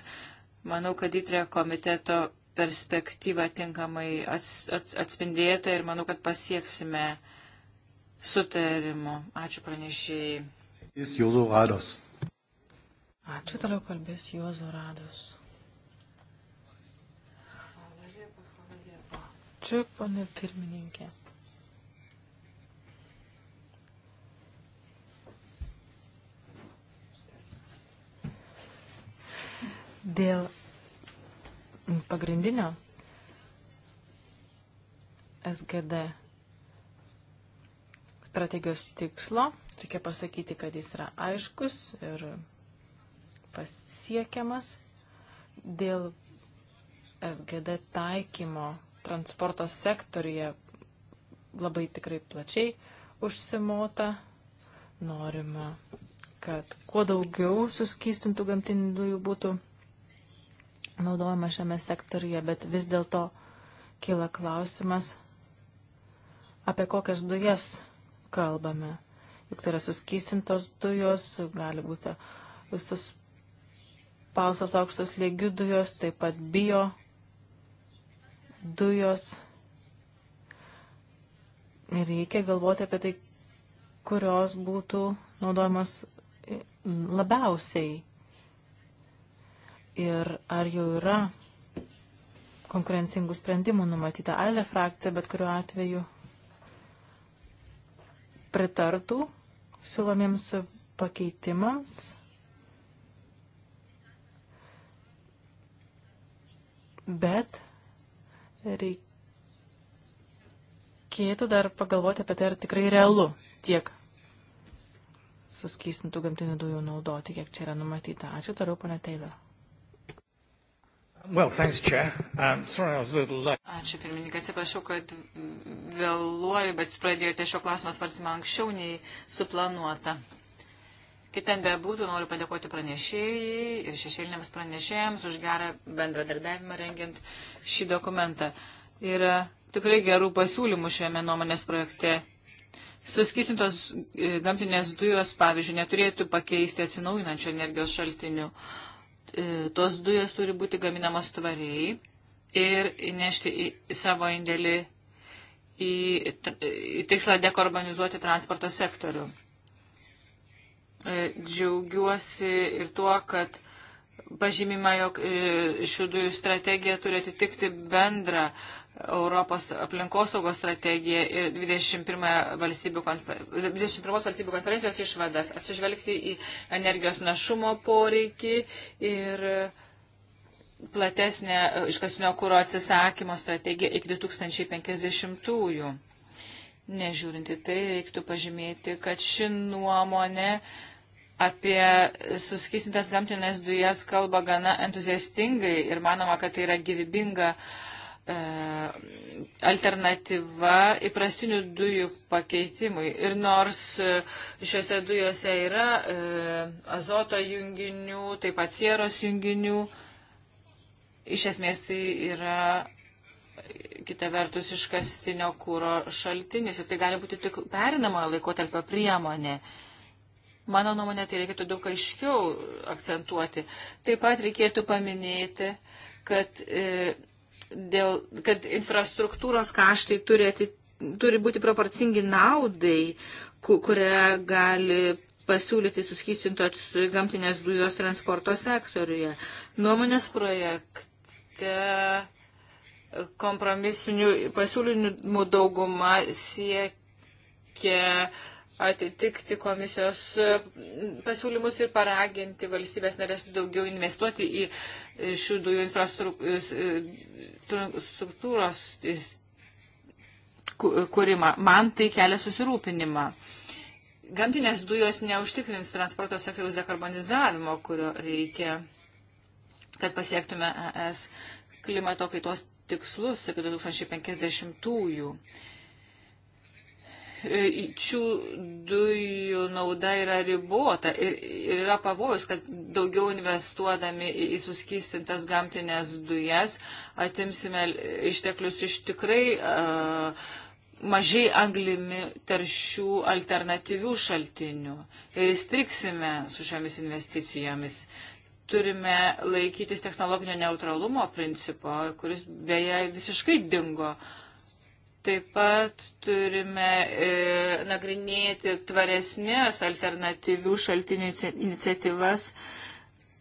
Manau, kad įtrė komiteto perspektyva tinkamai ats, ats, atspindėta ir manau, kad pasieksime sutarimu. Ačiū pranešėjai. Jis Jūzų Rados. Ačiū toliau kalbės Juozo Rados. Ačiū, ponė pirmininkė. Dėl pagrindinio SGD strategijos tikslo reikia pasakyti, kad jis yra aiškus ir pasiekiamas dėl SGD taikymo transporto sektorija labai tikrai plačiai užsimota. Norima, kad kuo daugiau suskystintų gamtinių dujų būtų naudojama šiame sektoriuje, bet vis dėlto kyla klausimas, apie kokias dujas kalbame. Juk tai yra suskystintos dujos, gali būti visus pausos aukštos lėgių dujos, taip pat bio dujos. Reikia galvoti apie tai, kurios būtų naudojamos labiausiai ir ar jau yra konkurencingų sprendimų numatyta. Alde frakcija, bet kuriuo atveju pritartų siūlomiems pakeitimams. Bet reikėtų dar pagalvoti apie tai, ar tikrai realu tiek suskystintų gamtinių dujų naudoti, kiek čia yra numatyta. Ačiū toliau, pana Teilė. Well, thanks, Chair. Um, sorry, I was a little late. Ačiū pirmininkai, atsiprašau, kad vėluoju, bet pradėjote šio klausimo svarstymą anksčiau nei suplanuota. Kaip ten bebūtų, noriu padėkoti pranešėjai ir šešėlinėms pranešėjams už gerą bendradarbiavimą rengiant šį dokumentą. Yra uh, tikrai gerų pasiūlymų šiame nuomonės projekte. Suskysintos e, gamtinės dujos, pavyzdžiui, neturėtų pakeisti atsinaujinančių energijos šaltinių. Uh, E, tos dujos turi būti gaminamos tvariai ir nešti į, į savo indėlį į, į tikslą dekarbonizuoti transporto sektorių. E, džiaugiuosi ir tuo, kad pažymima, jog e, šių dujų strategija turi atitikti bendrą Europos aplinkosaugos strategiją ir 21 valstybių, konfer... 21 valstybių konferencijos išvadas, atsižvelgti į energijos našumo poreikį ir platesnę iškasinio kūro atsisakymo strategiją iki 2050-ųjų. Nežiūrinti tai, reiktų pažymėti, kad ši nuomonė apie suskisintas gamtinės dujas kalba gana entuziastingai ir manoma, kad tai yra gyvybinga uh, E, alternatyva įprastinių dujų pakeitimui. Ir nors e, šiuose dujose yra e, azoto junginių, taip pat sieros junginių, iš esmės tai yra kita vertus iškastinio kūro šaltinis ir tai gali būti tik perinamojo laikotarpio priemonė. Mano nuomonė, tai reikėtų daug aiškiau akcentuoti. Taip pat reikėtų paminėti, kad e, dėl, kad infrastruktūros kaštai turi, ati, turi būti proporcingi naudai, kurią gali pasiūlyti suskystintos gamtinės dujos transporto sektoriuje. Nuomonės projekte kompromisinių pasiūlymų dauguma siekia atitikti komisijos e, pasiūlymus ir paraginti valstybės narės daugiau investuoti į šių dujų infrastruktūros e, kūrimą. Man tai kelia susirūpinimą. Gamtinės dujos neužtikrins transporto sektoriaus dekarbonizavimo, kurio reikia, kad pasiektume ES klimato kaitos tikslus iki 2050-ųjų. E, šių dujų nauda yra ribota ir, ir yra pavojus, kad daugiau investuodami į, į suskystintas gamtinės dujas atimsime išteklius iš tikrai uh, mažai anglimi taršių alternatyvių šaltinių ir įstriksime su šiomis investicijomis. Turime laikytis technologinio neutralumo principo, kuris beje visiškai dingo uh, Taip pat turime e, nagrinėti tvaresnės alternatyvių šaltinių iniciatyvas,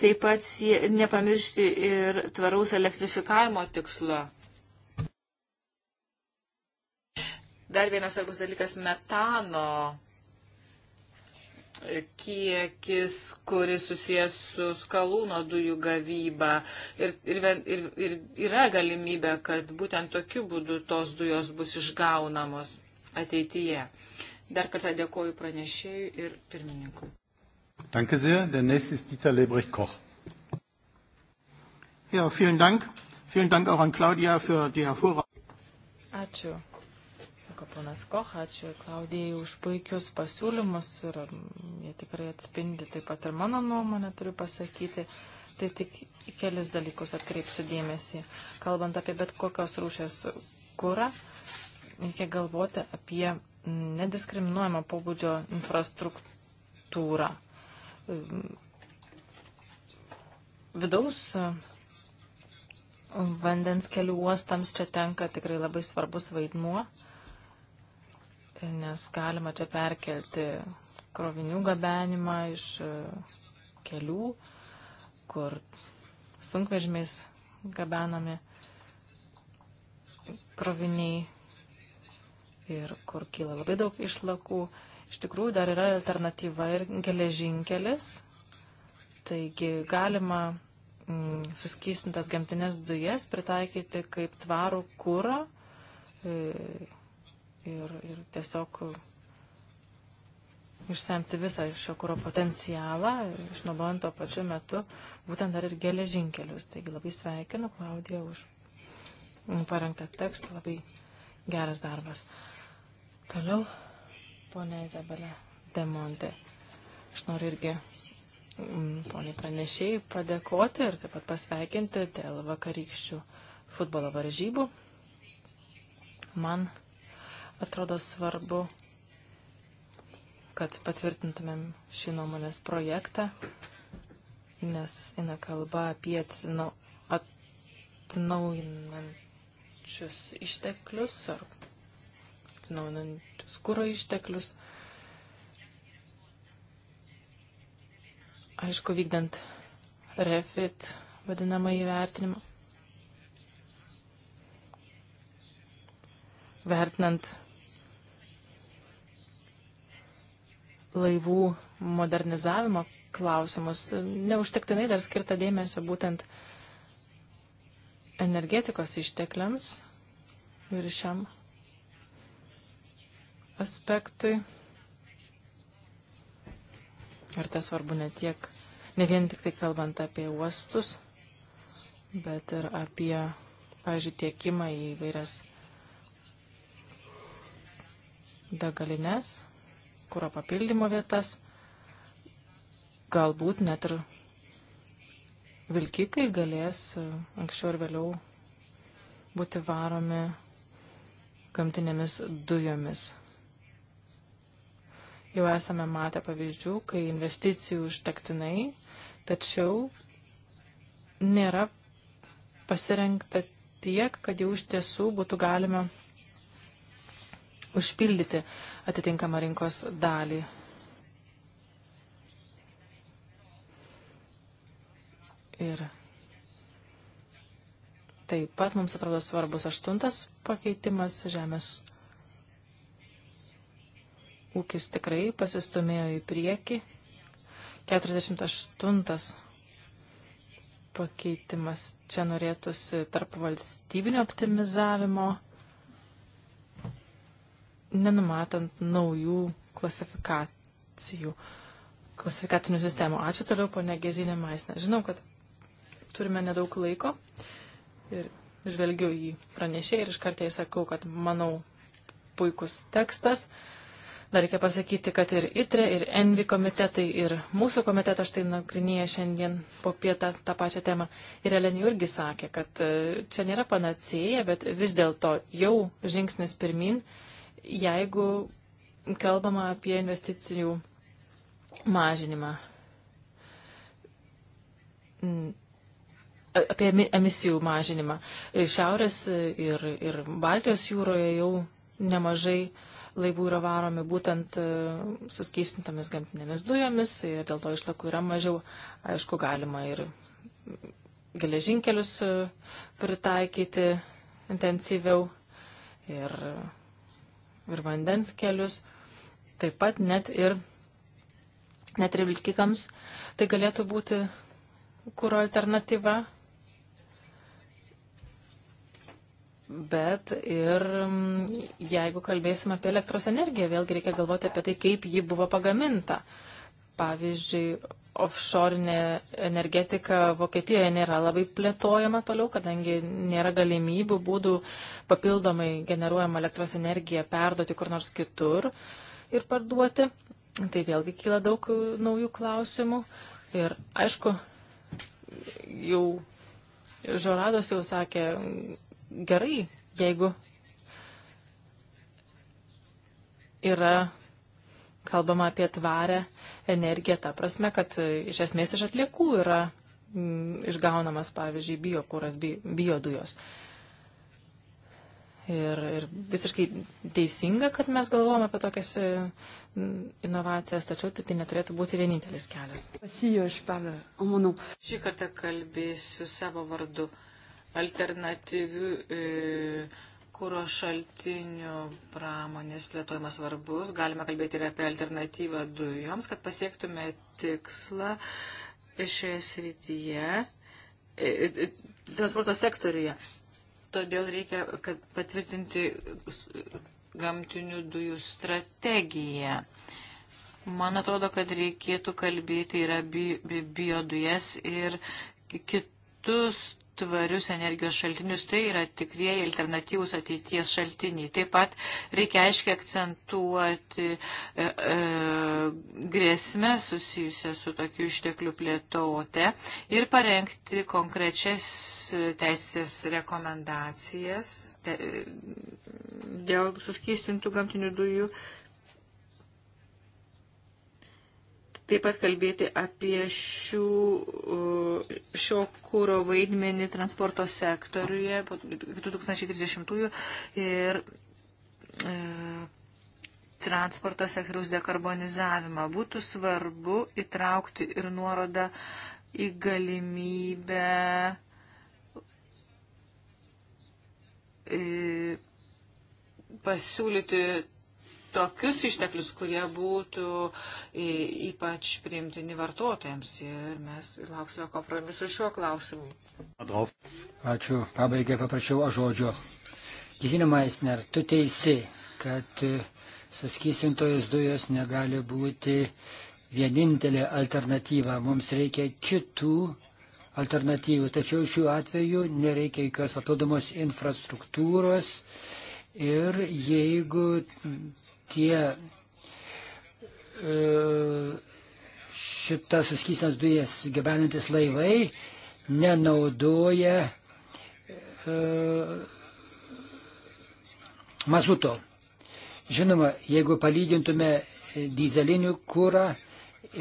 taip pat sie, nepamiršti ir tvaraus elektrifikavimo tikslo. Dar vienas svarbus dalykas - metano kiekis, kuris susijęs su skalūno dujų gavyba. Ir, ir, ir, ir yra galimybė, kad būtent tokiu būdu tos dujos bus išgaunamos ateityje. Dar kartą dėkoju pranešėjui ir pirmininkui. Danke sehr. Der nächste ist Dieter Lebrecht Koch. Ja, vielen Dank. Vielen Dank auch an Claudia für die hervorragende. Ačiū sako ponas Kocha, ačiū Klaudijai už puikius pasiūlymus ir jie tikrai atspindi taip pat ir mano nuomonę turiu pasakyti. Tai tik į kelis dalykus atkreipsiu dėmesį. Kalbant apie bet kokios rūšės kūrą, reikia galvoti apie nediskriminuojamą pobūdžio infrastruktūrą. Vidaus vandens kelių uostams čia tenka tikrai labai svarbus vaidmuo nes galima čia perkelti krovinių gabenimą iš e, kelių, kur sunkvežimiais gabenami kroviniai ir kur kyla labai daug išlakų. Iš tikrųjų, dar yra alternatyva ir geležinkelis. Taigi galima mm, suskystintas gamtinės dujas pritaikyti kaip tvarų kūrą. E, ir, ir tiesiog išsemti visą šio kūro potencialą, išnaudojant tuo pačiu metu būtent dar ir geležinkelius. Taigi labai sveikinu Klaudiją už parengtą tekstą, labai geras darbas. Toliau, ponia Izabelė Demonte. Aš noriu irgi mm, poniai pranešėjai padėkoti ir taip pat pasveikinti dėl vakarykščių futbolo varžybų. Man atrodo svarbu, kad patvirtintumėm šį nuomonės projektą, nes eina kalba apie atsinaujinančius išteklius ar atsinaujinančius kūro išteklius. Aišku, vykdant refit vadinamą įvertinimą, vertinant laivų modernizavimo klausimus. Neužtektinai dar skirta dėmesio būtent energetikos ištekliams ir šiam aspektui. Ir tas svarbu ne tiek, ne vien tik tai kalbant apie uostus, bet ir apie, pažiūrėjau, tiekimą į vairias degalines kūro papildymo vietas, galbūt net ir vilkikai galės e, anksčiau ir vėliau būti varomi gamtinėmis dujomis. Jau esame matę pavyzdžių, kai investicijų užtektinai, tačiau nėra pasirengta tiek, kad jau iš tiesų būtų galima užpildyti atitinkamą rinkos dalį. Ir taip pat mums atrodo svarbus aštuntas pakeitimas žemės ūkis tikrai pasistumėjo į priekį. 48 pakeitimas. Čia norėtųsi tarp valstybinio optimizavimo nenumatant naujų klasifikacijų, klasifikacinių sistemų. Ačiū toliau, ponė Gezinė Maisne. Žinau, kad turime nedaug laiko ir žvelgiu į pranešėją ir iš kartai sakau, kad manau puikus tekstas. Dar reikia pasakyti, kad ir ITRE, ir ENVI komitetai, ir mūsų komitetas štai nagrinėja šiandien po pietą tą pačią temą. Ir Elen irgi sakė, kad e, čia nėra panacėja, bet vis dėlto jau žingsnis pirmin jeigu kalbama apie investicijų mažinimą, apie emisijų mažinimą. E, šiaurės ir, ir Baltijos jūroje jau nemažai laivų yra varomi būtent e, suskystintomis gamtinėmis dujomis ir tai dėl to išlakų yra mažiau. Aišku, galima ir geležinkelius e, pritaikyti intensyviau ir ir vandens kelius, taip pat net ir net ir vilkikams. Tai galėtų būti kūro alternatyva, bet ir mm, jeigu kalbėsim apie elektros energiją, vėlgi reikia galvoti apie tai, kaip ji buvo pagaminta. Uh, Pavyzdžiui, offshore energetika Vokietijoje nėra labai plėtojama toliau, kadangi nėra galimybių būdų papildomai generuojama elektros energija perduoti kur nors kitur ir parduoti. Tai vėlgi kyla daug naujų klausimų. Ir aišku, jau Žorados jau sakė, gerai, jeigu yra kalbama apie tvarę energiją, ta prasme, kad e, iš esmės iš atliekų yra mm, išgaunamas, pavyzdžiui, biokūras, bi, biodujos. Ir, ir visiškai teisinga, kad mes galvojame apie tokias e, inovacijas, tačiau tai, tai neturėtų būti vienintelis kelias. Euh, Šį kartą kalbėsiu savo vardu. Alternatyvių e, kūro šaltinių pramonės plėtojimas svarbus. Galime kalbėti ir apie alternatyvą dujoms, kad pasiektume tikslą šioje srityje, e, e, e, transporto sektoriuje. Todėl reikia patvirtinti gamtinių dujų strategiją. Man atrodo, kad reikėtų kalbėti ir apie biodujas ir kitus tvarius energijos šaltinius, tai yra tikrieji alternatyvus ateities šaltiniai. Taip pat reikia aiškiai akcentuoti e, e, grėsmę susijusią su tokiu išteklių plėtote ir parengti konkrečias teisės rekomendacijas te, dėl suskystintų gamtinių dujų taip pat kalbėti apie šių, šio kūro vaidmenį transporto sektoriuje 2030-ųjų ir e, transporto sektoriaus dekarbonizavimą. Būtų svarbu įtraukti ir nuorodą į galimybę e, pasiūlyti tokius išteklius, kurie būtų ypač priimtini vartotojams. Ir mes lauksime kompromisų šiuo klausimu. Ačiū. Pabaigai paprašiau žodžio. Žinoma, Esner, tu teisi, kad suskysintojus dujos negali būti vienintelė alternatyva. Mums reikia kitų alternatyvų. Tačiau šiuo atveju nereikia jokios papildomos infrastruktūros. Ir jeigu tie e, šitas suskysnas dujas gabenantis laivai nenaudoja e, mazuto. Žinoma, jeigu palygintume dizelinių kūrą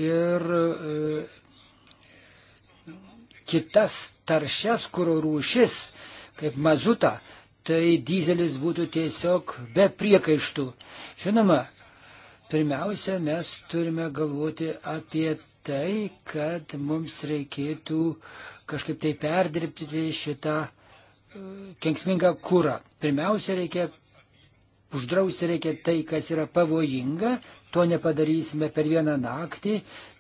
ir e, kitas taršias kūro rūšis, kaip mazutą, tai dizelis būtų tiesiog be priekaištų. Žinoma, pirmiausia, mes turime galvoti apie tai, kad mums reikėtų kažkaip tai perdirbti šitą e, kenksmingą kūrą. Pirmiausia, reikia uždrausti reikia tai, kas yra pavojinga, to nepadarysime per vieną naktį,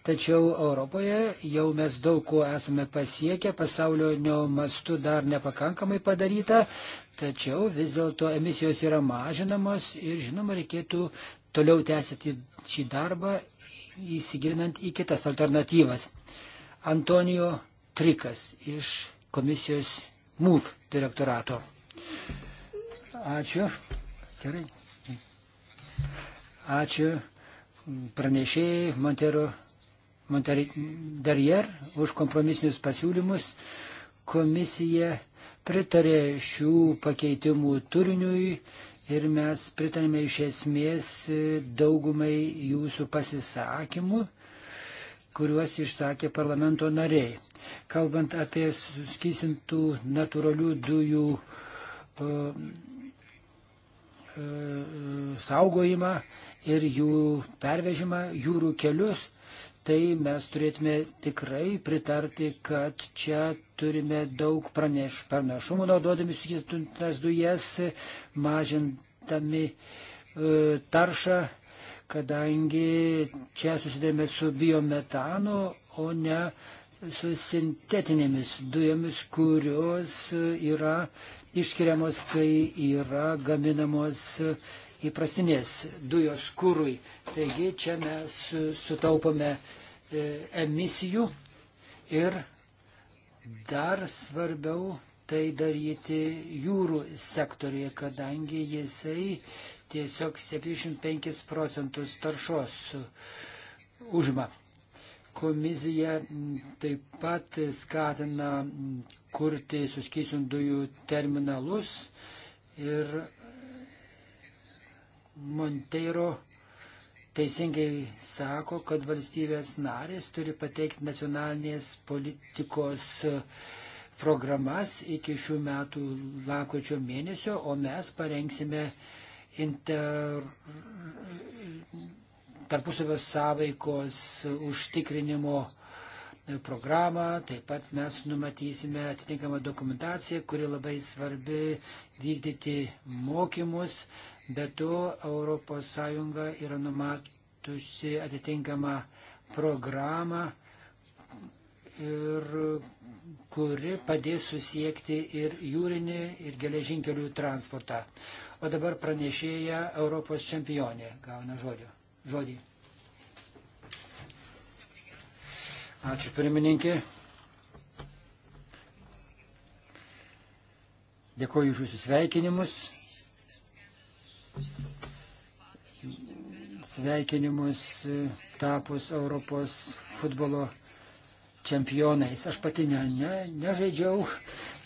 tačiau Europoje jau mes daug ko esame pasiekę, pasaulio mastu dar nepakankamai padaryta, Tačiau vis dėlto emisijos yra mažinamos ir, žinoma, reikėtų toliau tęsėti šį darbą, įsigilinant į kitas alternatyvas. Antonijo Trikas iš komisijos MUF direktorato. Ačiū. Gerai. Ačiū pranešėjai Montero, Montero Darjer už kompromisinius pasiūlymus. Komisija pritarė šių pakeitimų turiniui ir mes pritarėme iš esmės daugumai jūsų pasisakymų, kuriuos išsakė parlamento nariai. Kalbant apie suskysintų natūralių dujų e, e, saugojimą ir jų pervežimą jūrų kelius, tai mes turėtume tikrai pritarti, kad čia turime daug praneš, pranašumų naudodami sukistintas dujas, mažintami e, taršą, kadangi čia susidėmė su biometanu, o ne su sintetinėmis dujomis, kurios yra išskiriamos, kai yra gaminamos įprastinės dujos kūrui. Taigi čia mes sutaupome e, emisijų ir dar svarbiau tai daryti jūrų sektorėje, kadangi jisai tiesiog 75 procentus taršos užma. Komisija taip pat skatina kurti suskysintų dujų terminalus ir Monteiro teisingai sako, kad valstybės narės turi pateikti nacionalinės politikos e, programas iki šių metų lakočio mėnesio, o mes parengsime inter... tarpusavio sąveikos užtikrinimo programą, taip pat mes numatysime atitinkamą dokumentaciją, kuri labai svarbi vykdyti mokymus, Be to, ES yra numatusi atitinkamą programą, ir kuri padės susiekti ir jūrinį, ir geležinkelių transportą. O dabar pranešėja Europos čempionė gauna žodį. žodį. Ačiū pirmininkė. Dėkuoju už jūsų sveikinimus. sveikinimus e, tapus Europos futbolo čempionais. Aš pati ne, ne, nežaidžiau,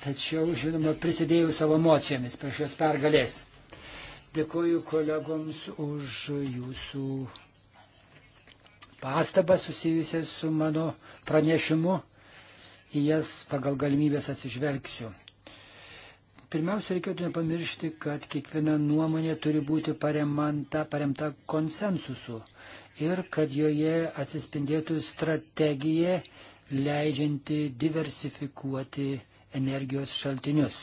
tačiau, žinoma, prisidėjau savo emocijomis prie šios pergalės. Dėkoju kolegoms už jūsų pastabas susijusias su mano pranešimu. Į jas pagal galimybės atsižvelgsiu. Pirmiausia, reikėtų nepamiršti, kad kiekviena nuomonė turi būti paremanta, paremta konsensusu ir kad joje atsispindėtų strategija leidžianti diversifikuoti energijos šaltinius.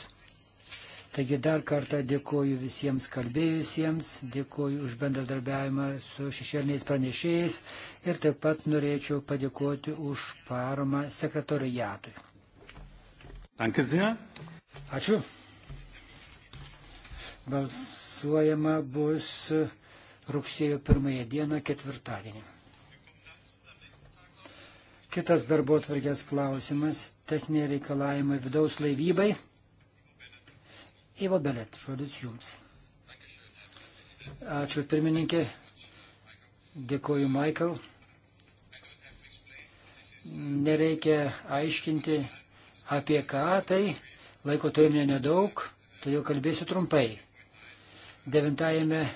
Taigi dar kartą dėkoju visiems kalbėjusiems, dėkoju už bendradarbiavimą su šešėliniais pranešėjais ir taip pat norėčiau padėkoti už paramą sekretoriatui. Ačiū. Balsuojama bus rugsėjo pirmąją dieną ketvirtadienį. Kitas darbo atvarkės klausimas - techniniai reikalavimai vidaus laivybai. Ivo Belet, žodis jums. Ačiū pirmininkė. Dėkoju, Michael. Nereikia aiškinti, apie ką tai. Laiko turime nedaug, todėl kalbėsiu trumpai. Devintajame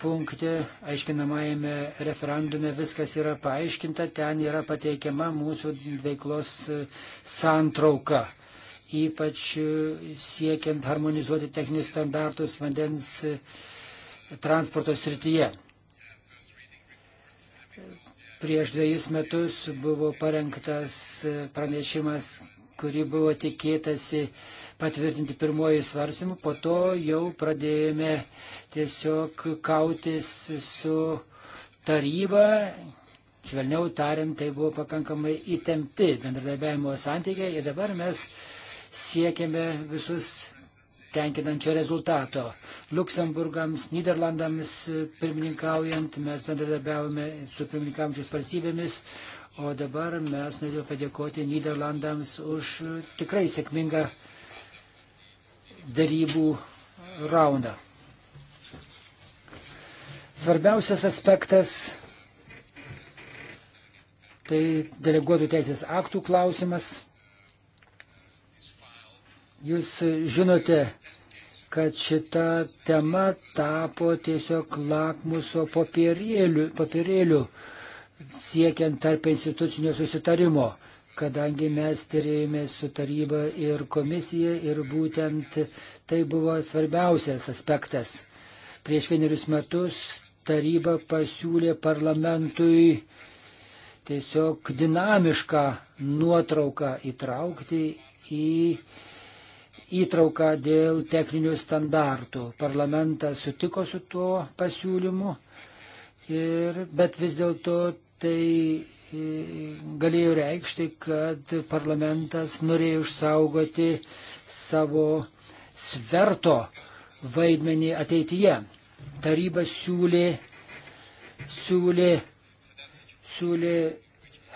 punkte, aiškinamajame referendume viskas yra paaiškinta, ten yra pateikiama mūsų veiklos e, santrauka ypač e, siekiant harmonizuoti techninius standartus vandens e, transporto srityje. Prieš dviejus metus buvo parengtas pranešimas kuri buvo tikėtasi patvirtinti pirmojų svarstymų, po to jau pradėjome tiesiog kautis su taryba. Švelniau tariant, tai buvo pakankamai įtempti bendradarbiavimo santykiai ir dabar mes siekiame visus tenkinančio rezultato. Luksemburgams, Niderlandams pirmininkaujant mes bendradarbiavome su pirmininkaujančios valstybėmis, O dabar mes norėjome padėkoti Niderlandams už tikrai sėkmingą darybų raundą. Svarbiausias aspektas tai deleguotų teisės aktų klausimas. Jūs žinote, kad šita tema tapo tiesiog lakmuso papirėliu, papirėliu siekiant tarp institucinio susitarimo, kadangi mes turėjome su taryba ir komisija ir būtent tai buvo svarbiausias aspektas. Prieš vienerius metus taryba pasiūlė parlamentui tiesiog dinamišką nuotrauką įtraukti į įtrauką dėl techninių standartų. Parlamentas sutiko su tuo pasiūlymu, ir, bet vis dėlto tai e, galėjo reikšti, kad parlamentas norėjo išsaugoti savo sverto vaidmenį ateityje. Taryba siūlė, siūlė, siūlė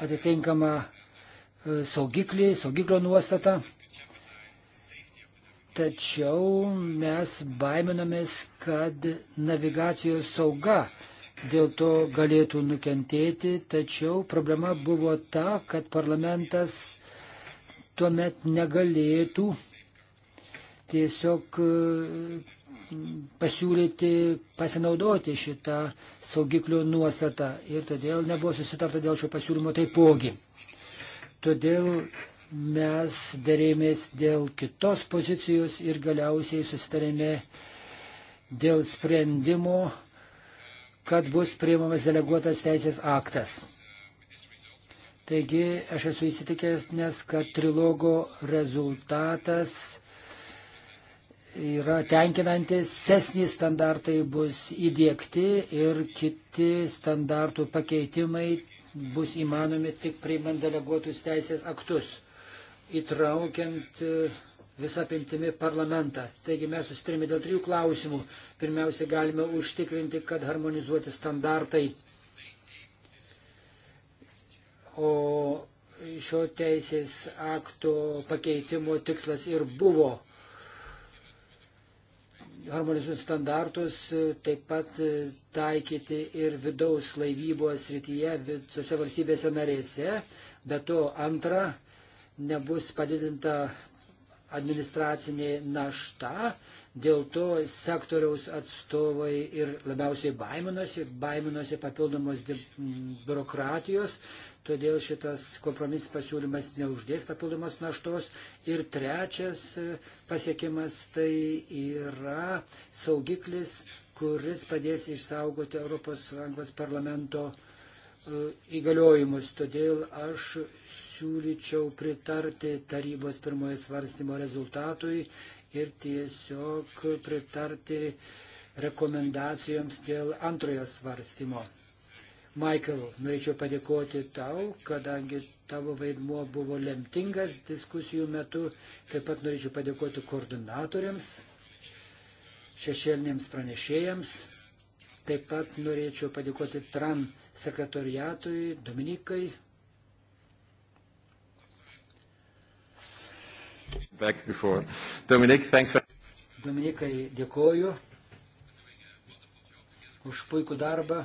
atitinkamą e, saugiklį, saugiklio nuostatą. Tačiau mes baiminamės, kad navigacijos sauga dėl to galėtų nukentėti, tačiau problema buvo ta, kad parlamentas tuomet negalėtų tiesiog e, pasiūlyti pasinaudoti šitą saugiklio nuostatą ir todėl nebuvo susitarta dėl šio pasiūlymo taipogi. Todėl mes dėrėmės dėl kitos pozicijos ir galiausiai susitarėme dėl sprendimo kad bus priimamas deleguotas teisės aktas. Taigi aš esu įsitikęs, nes kad trilogo rezultatas yra tenkinantis, sesni standartai bus įdėkti ir kiti standartų pakeitimai bus įmanomi tik priimant deleguotus teisės aktus, įtraukiant visą pimtimi parlamentą. Taigi mes susitarėme dėl trijų klausimų. Pirmiausia, galime užtikrinti, kad harmonizuoti standartai. O šio teisės akto pakeitimo tikslas ir buvo harmonizuoti standartus, taip pat taikyti ir vidaus laivybos srityje visose valstybėse narėse. Be to, antra, nebus padidinta administracinė našta, dėl to sektoriaus atstovai ir labiausiai baiminosi, baiminosi papildomos biurokratijos, todėl šitas kompromisas pasiūlymas neuždės papildomos naštos. Ir trečias e, pasiekimas tai yra saugiklis, kuris padės išsaugoti ES parlamento e, įgaliojimus. Todėl aš siūlyčiau pritarti tarybos pirmojo svarstymo rezultatui ir tiesiog pritarti rekomendacijoms dėl antrojo svarstymo. Michael, norėčiau padėkoti tau, kadangi tavo vaidmuo buvo lemtingas diskusijų metu. Taip pat norėčiau padėkoti koordinatoriams, šešėlinėms pranešėjams. Taip pat norėčiau padėkoti TRAN sekretoriatui Dominikai back before. Dominik, thanks for... Dominikai, dėkoju už puikų darbą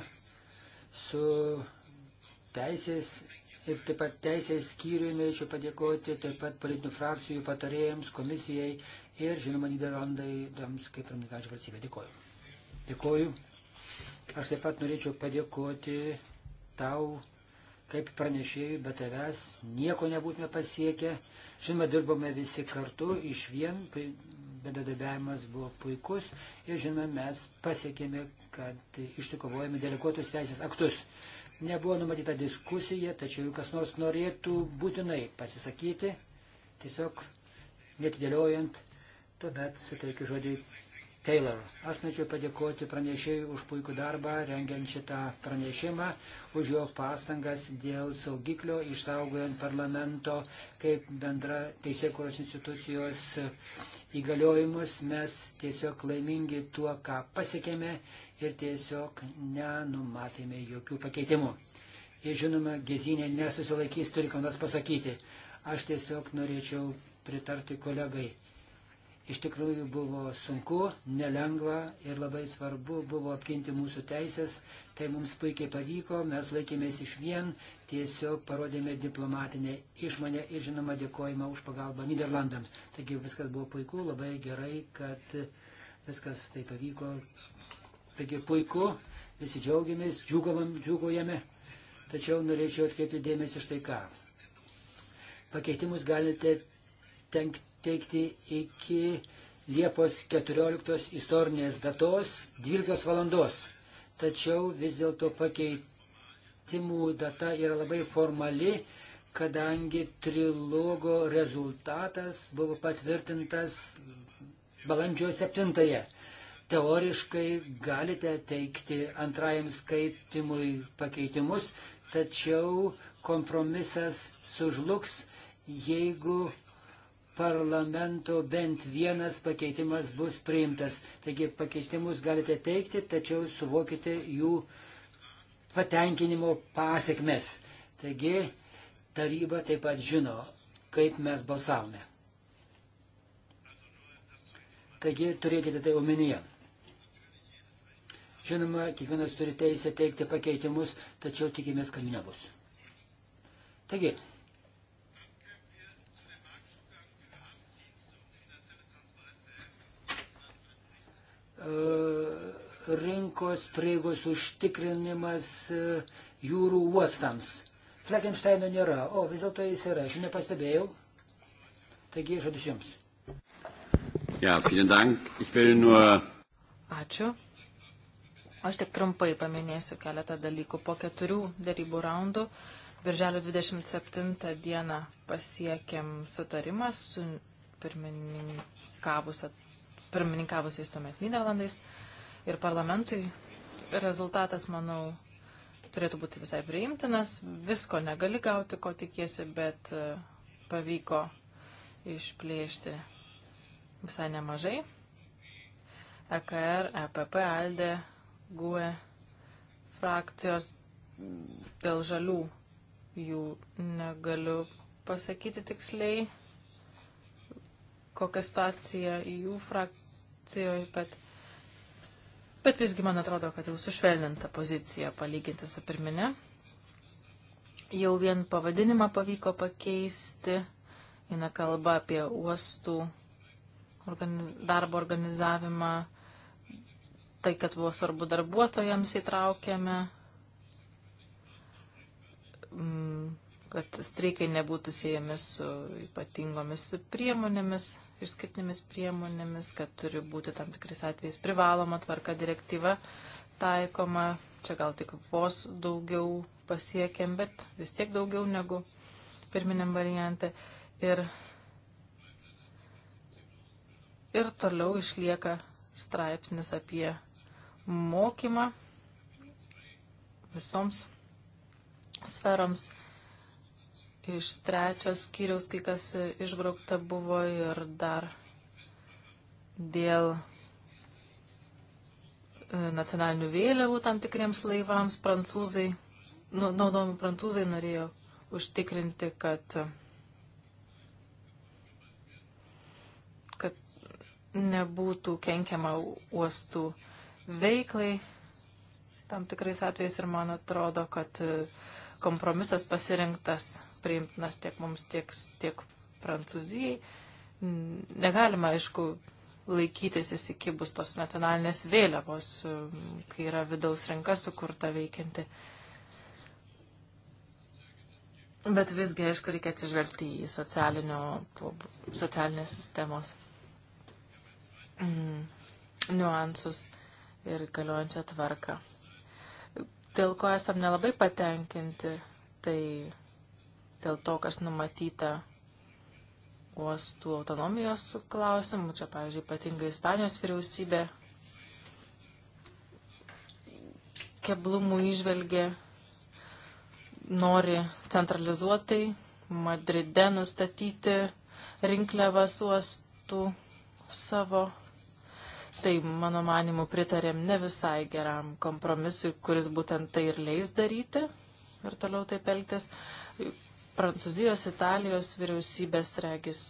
su teisės ir taip pat teisės skyriui norėčiau padėkoti, taip pat politinių frakcijų patarėjams, komisijai ir, žinoma, Niderlandams kaip Ramikačių valstybė. Dėkoju. Dėkoju. Aš taip pat norėčiau padėkoti tau kaip pranešėjai, be tavęs nieko nebūtume pasiekę. Žinoma, dirbome visi kartu, iš vien, bedadarbiavimas buvo puikus ir žinoma, mes pasiekėme, kad išsikovojame deleguotus teisės aktus. Nebuvo numatyta diskusija, tačiau kas nors norėtų būtinai pasisakyti, tiesiog netidėliojant, tuomet suteikiu žodį Taylor. Aš norėčiau padėkoti pranešėjui už puikų darbą, rengiant šitą pranešimą, už jo pastangas dėl saugiklio, išsaugojant parlamento kaip bendra teisėkuros institucijos įgaliojimus. Mes tiesiog laimingi tuo, ką pasiekėme ir tiesiog nenumatėme jokių pakeitimų. Ir žinoma, Gezinė nesusilaikys, turi ką nors pasakyti. Aš tiesiog norėčiau pritarti kolegai Iš tikrųjų buvo sunku, nelengva ir labai svarbu buvo apginti mūsų teisės. Tai mums puikiai pavyko, mes laikėmės iš vien, tiesiog parodėme diplomatinę išmonę ir žinoma dėkojimą už pagalbą Niderlandams. Taigi viskas buvo puiku, labai gerai, kad viskas tai pavyko. Taigi puiku, visi džiaugiamės, džiugavam, džiugojame. Tačiau norėčiau atkreipti dėmesį štai ką. Pakeitimus galite tenkti teikti iki Liepos 14 istorinės datos 12 valandos. Tačiau vis dėlto pakeitimų data yra labai formali, kadangi trilogo rezultatas buvo patvirtintas balandžio 7-ąją. Teoriškai galite teikti antrajam skaitimui pakeitimus, tačiau kompromisas sužlugs, jeigu parlamento bent vienas pakeitimas bus priimtas. Taigi pakeitimus galite teikti, tačiau suvokite jų patenkinimo pasiekmes. Taigi taryba taip pat žino, kaip mes balsavome. Taigi turėkite tai omenyje. Žinoma, kiekvienas turi teisę teikti pakeitimus, tačiau tikimės, kad jų nebus. Taigi, E, rinkos prieigos užtikrinimas e, jūrų uostams. Fleckensteino nėra, o vis dėlto jis yra, aš nepastebėjau. Taigi, žodis jums. Ja, dank. Ich will nur... Ačiū. Aš tik trumpai paminėsiu keletą dalykų. Po keturių darybų raundų Birželio 27 dieną pasiekėm sutarimas su pirmininkavusią pirmininkavusiais tuomet Niderlandais ir parlamentui. Rezultatas, manau, turėtų būti visai priimtinas. Visko negali gauti, ko tikiesi, bet e, pavyko išplėšti visai nemažai. EKR, EPP, ALDE, GUE frakcijos dėl žalių jų negaliu pasakyti tiksliai, kokia situacija jų frak frakcijoje, bet, bet visgi man atrodo, kad jau sušvelninta pozicija palyginti su pirminė. Jau vien pavadinimą pavyko pakeisti, eina kalba apie uostų organiz, darbo organizavimą, tai, kad buvo svarbu darbuotojams įtraukėme kad streikai nebūtų siejami su ypatingomis priemonėmis, išskirtinėmis priemonėmis, kad turi būti tam tikrais atvejais privaloma tvarka direktyva taikoma. Čia gal tik vos daugiau pasiekėm, bet vis tiek daugiau negu pirminiam variante. Ir, ir toliau išlieka straipsnis apie mokymą visoms sferoms Iš trečios skyriaus kai kas išbraukta buvo ir dar dėl e, nacionalinių vėliavų tam tikriems laivams prancūzai, nu, naudojami prancūzai norėjo užtikrinti, kad, kad nebūtų kenkiama uostų veiklai tam tikrais atvejais ir man atrodo, kad e, kompromisas pasirinktas priimtinas tiek mums, tiek, tiek Prancūzijai. Negalima, aišku, laikytis įsikibus tos nacionalinės vėliavos, kai yra vidaus rinka sukurta veikianti. Bet visgi, aišku, reikia atsižvelgti į socialinės sistemos mm, niuansus ir galiojančią tvarką. Dėl ko esam nelabai patenkinti, tai dėl to, kas numatyta uostų autonomijos klausimų. Čia, pavyzdžiui, ypatingai Ispanijos vyriausybė keblumų išvelgė, nori centralizuotai Madride nustatyti rinkliavas uostų savo. Tai, mano manimu, pritarėm ne visai geram kompromisui, kuris būtent tai ir leis daryti ir toliau taip elgtis. Uh, Prancūzijos, Italijos vyriausybės regis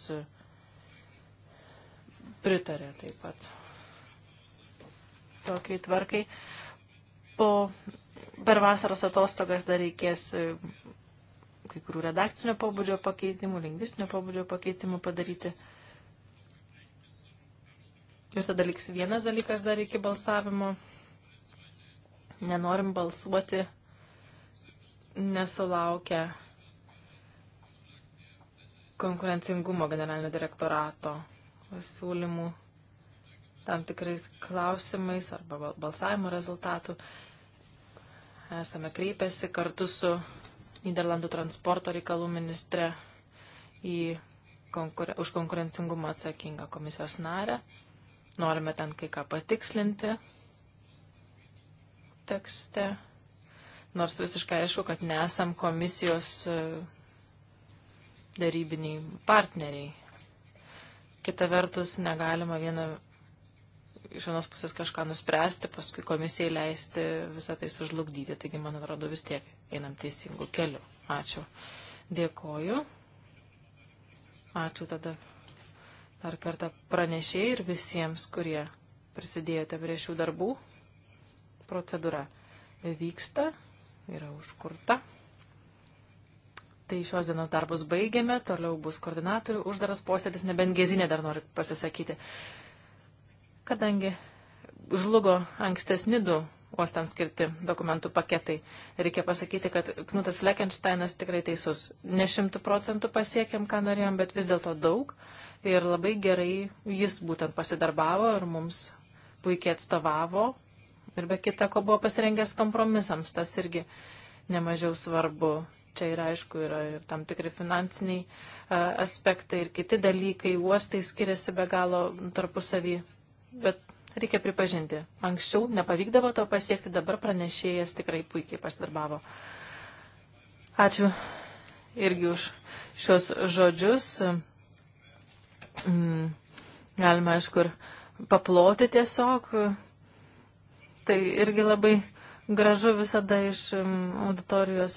pritarė taip pat tokiai tvarkai. Po per vasaros atostogas dar reikės e, kai kurių redakcinio pobūdžio pakeitimų, lingvistinio pobūdžio pakeitimų padaryti. Ir tada liks vienas dalykas dar iki balsavimo. Nenorim balsuoti nesulaukę konkurencingumo generalinio direktorato siūlymų tam tikrais klausimais arba balsavimo rezultatų. Esame kreipęsi kartu su Niderlandų transporto reikalų ministre į konkuren už konkurencingumą atsakingą komisijos narę. Norime ten kai ką patikslinti tekste. Nors visiškai aišku, kad nesam komisijos uh, darybiniai partneriai. Kita vertus, negalima vieną iš vienos pusės kažką nuspręsti, paskui komisijai leisti visą tai sužlugdyti. Taigi, man atrodo, vis tiek einam teisingų kelių. Ačiū. Dėkoju. Ačiū tada dar kartą pranešėjai ir visiems, kurie prisidėjote prie šių darbų. Procedūra vyksta, yra užkurta. Tai šios dienos darbus baigėme, toliau bus koordinatorių uždaras posėdis, nebent Gezinė dar nori pasisakyti. Kadangi žlugo ankstesni du uostams skirti dokumentų paketai. Reikia pasakyti, kad Knutas Fleckensteinas tikrai teisus. Ne šimtų procentų pasiekėm, ką norėjom, bet vis dėlto daug. Ir labai gerai jis būtent pasidarbavo ir mums puikiai atstovavo. Ir be kita, ko buvo pasirengęs kompromisams, tas irgi nemažiau svarbu. Čia yra, aišku, yra ir tam tikri finansiniai e, aspektai ir kiti dalykai. Uostai skiriasi be galo tarpusavį, bet reikia pripažinti, anksčiau nepavykdavo to pasiekti, dabar pranešėjas tikrai puikiai pasidarbavo. Ačiū irgi už šios žodžius. Mm, galima, aišku, ir paploti tiesiog. Tai irgi labai gražu visada iš mm, auditorijos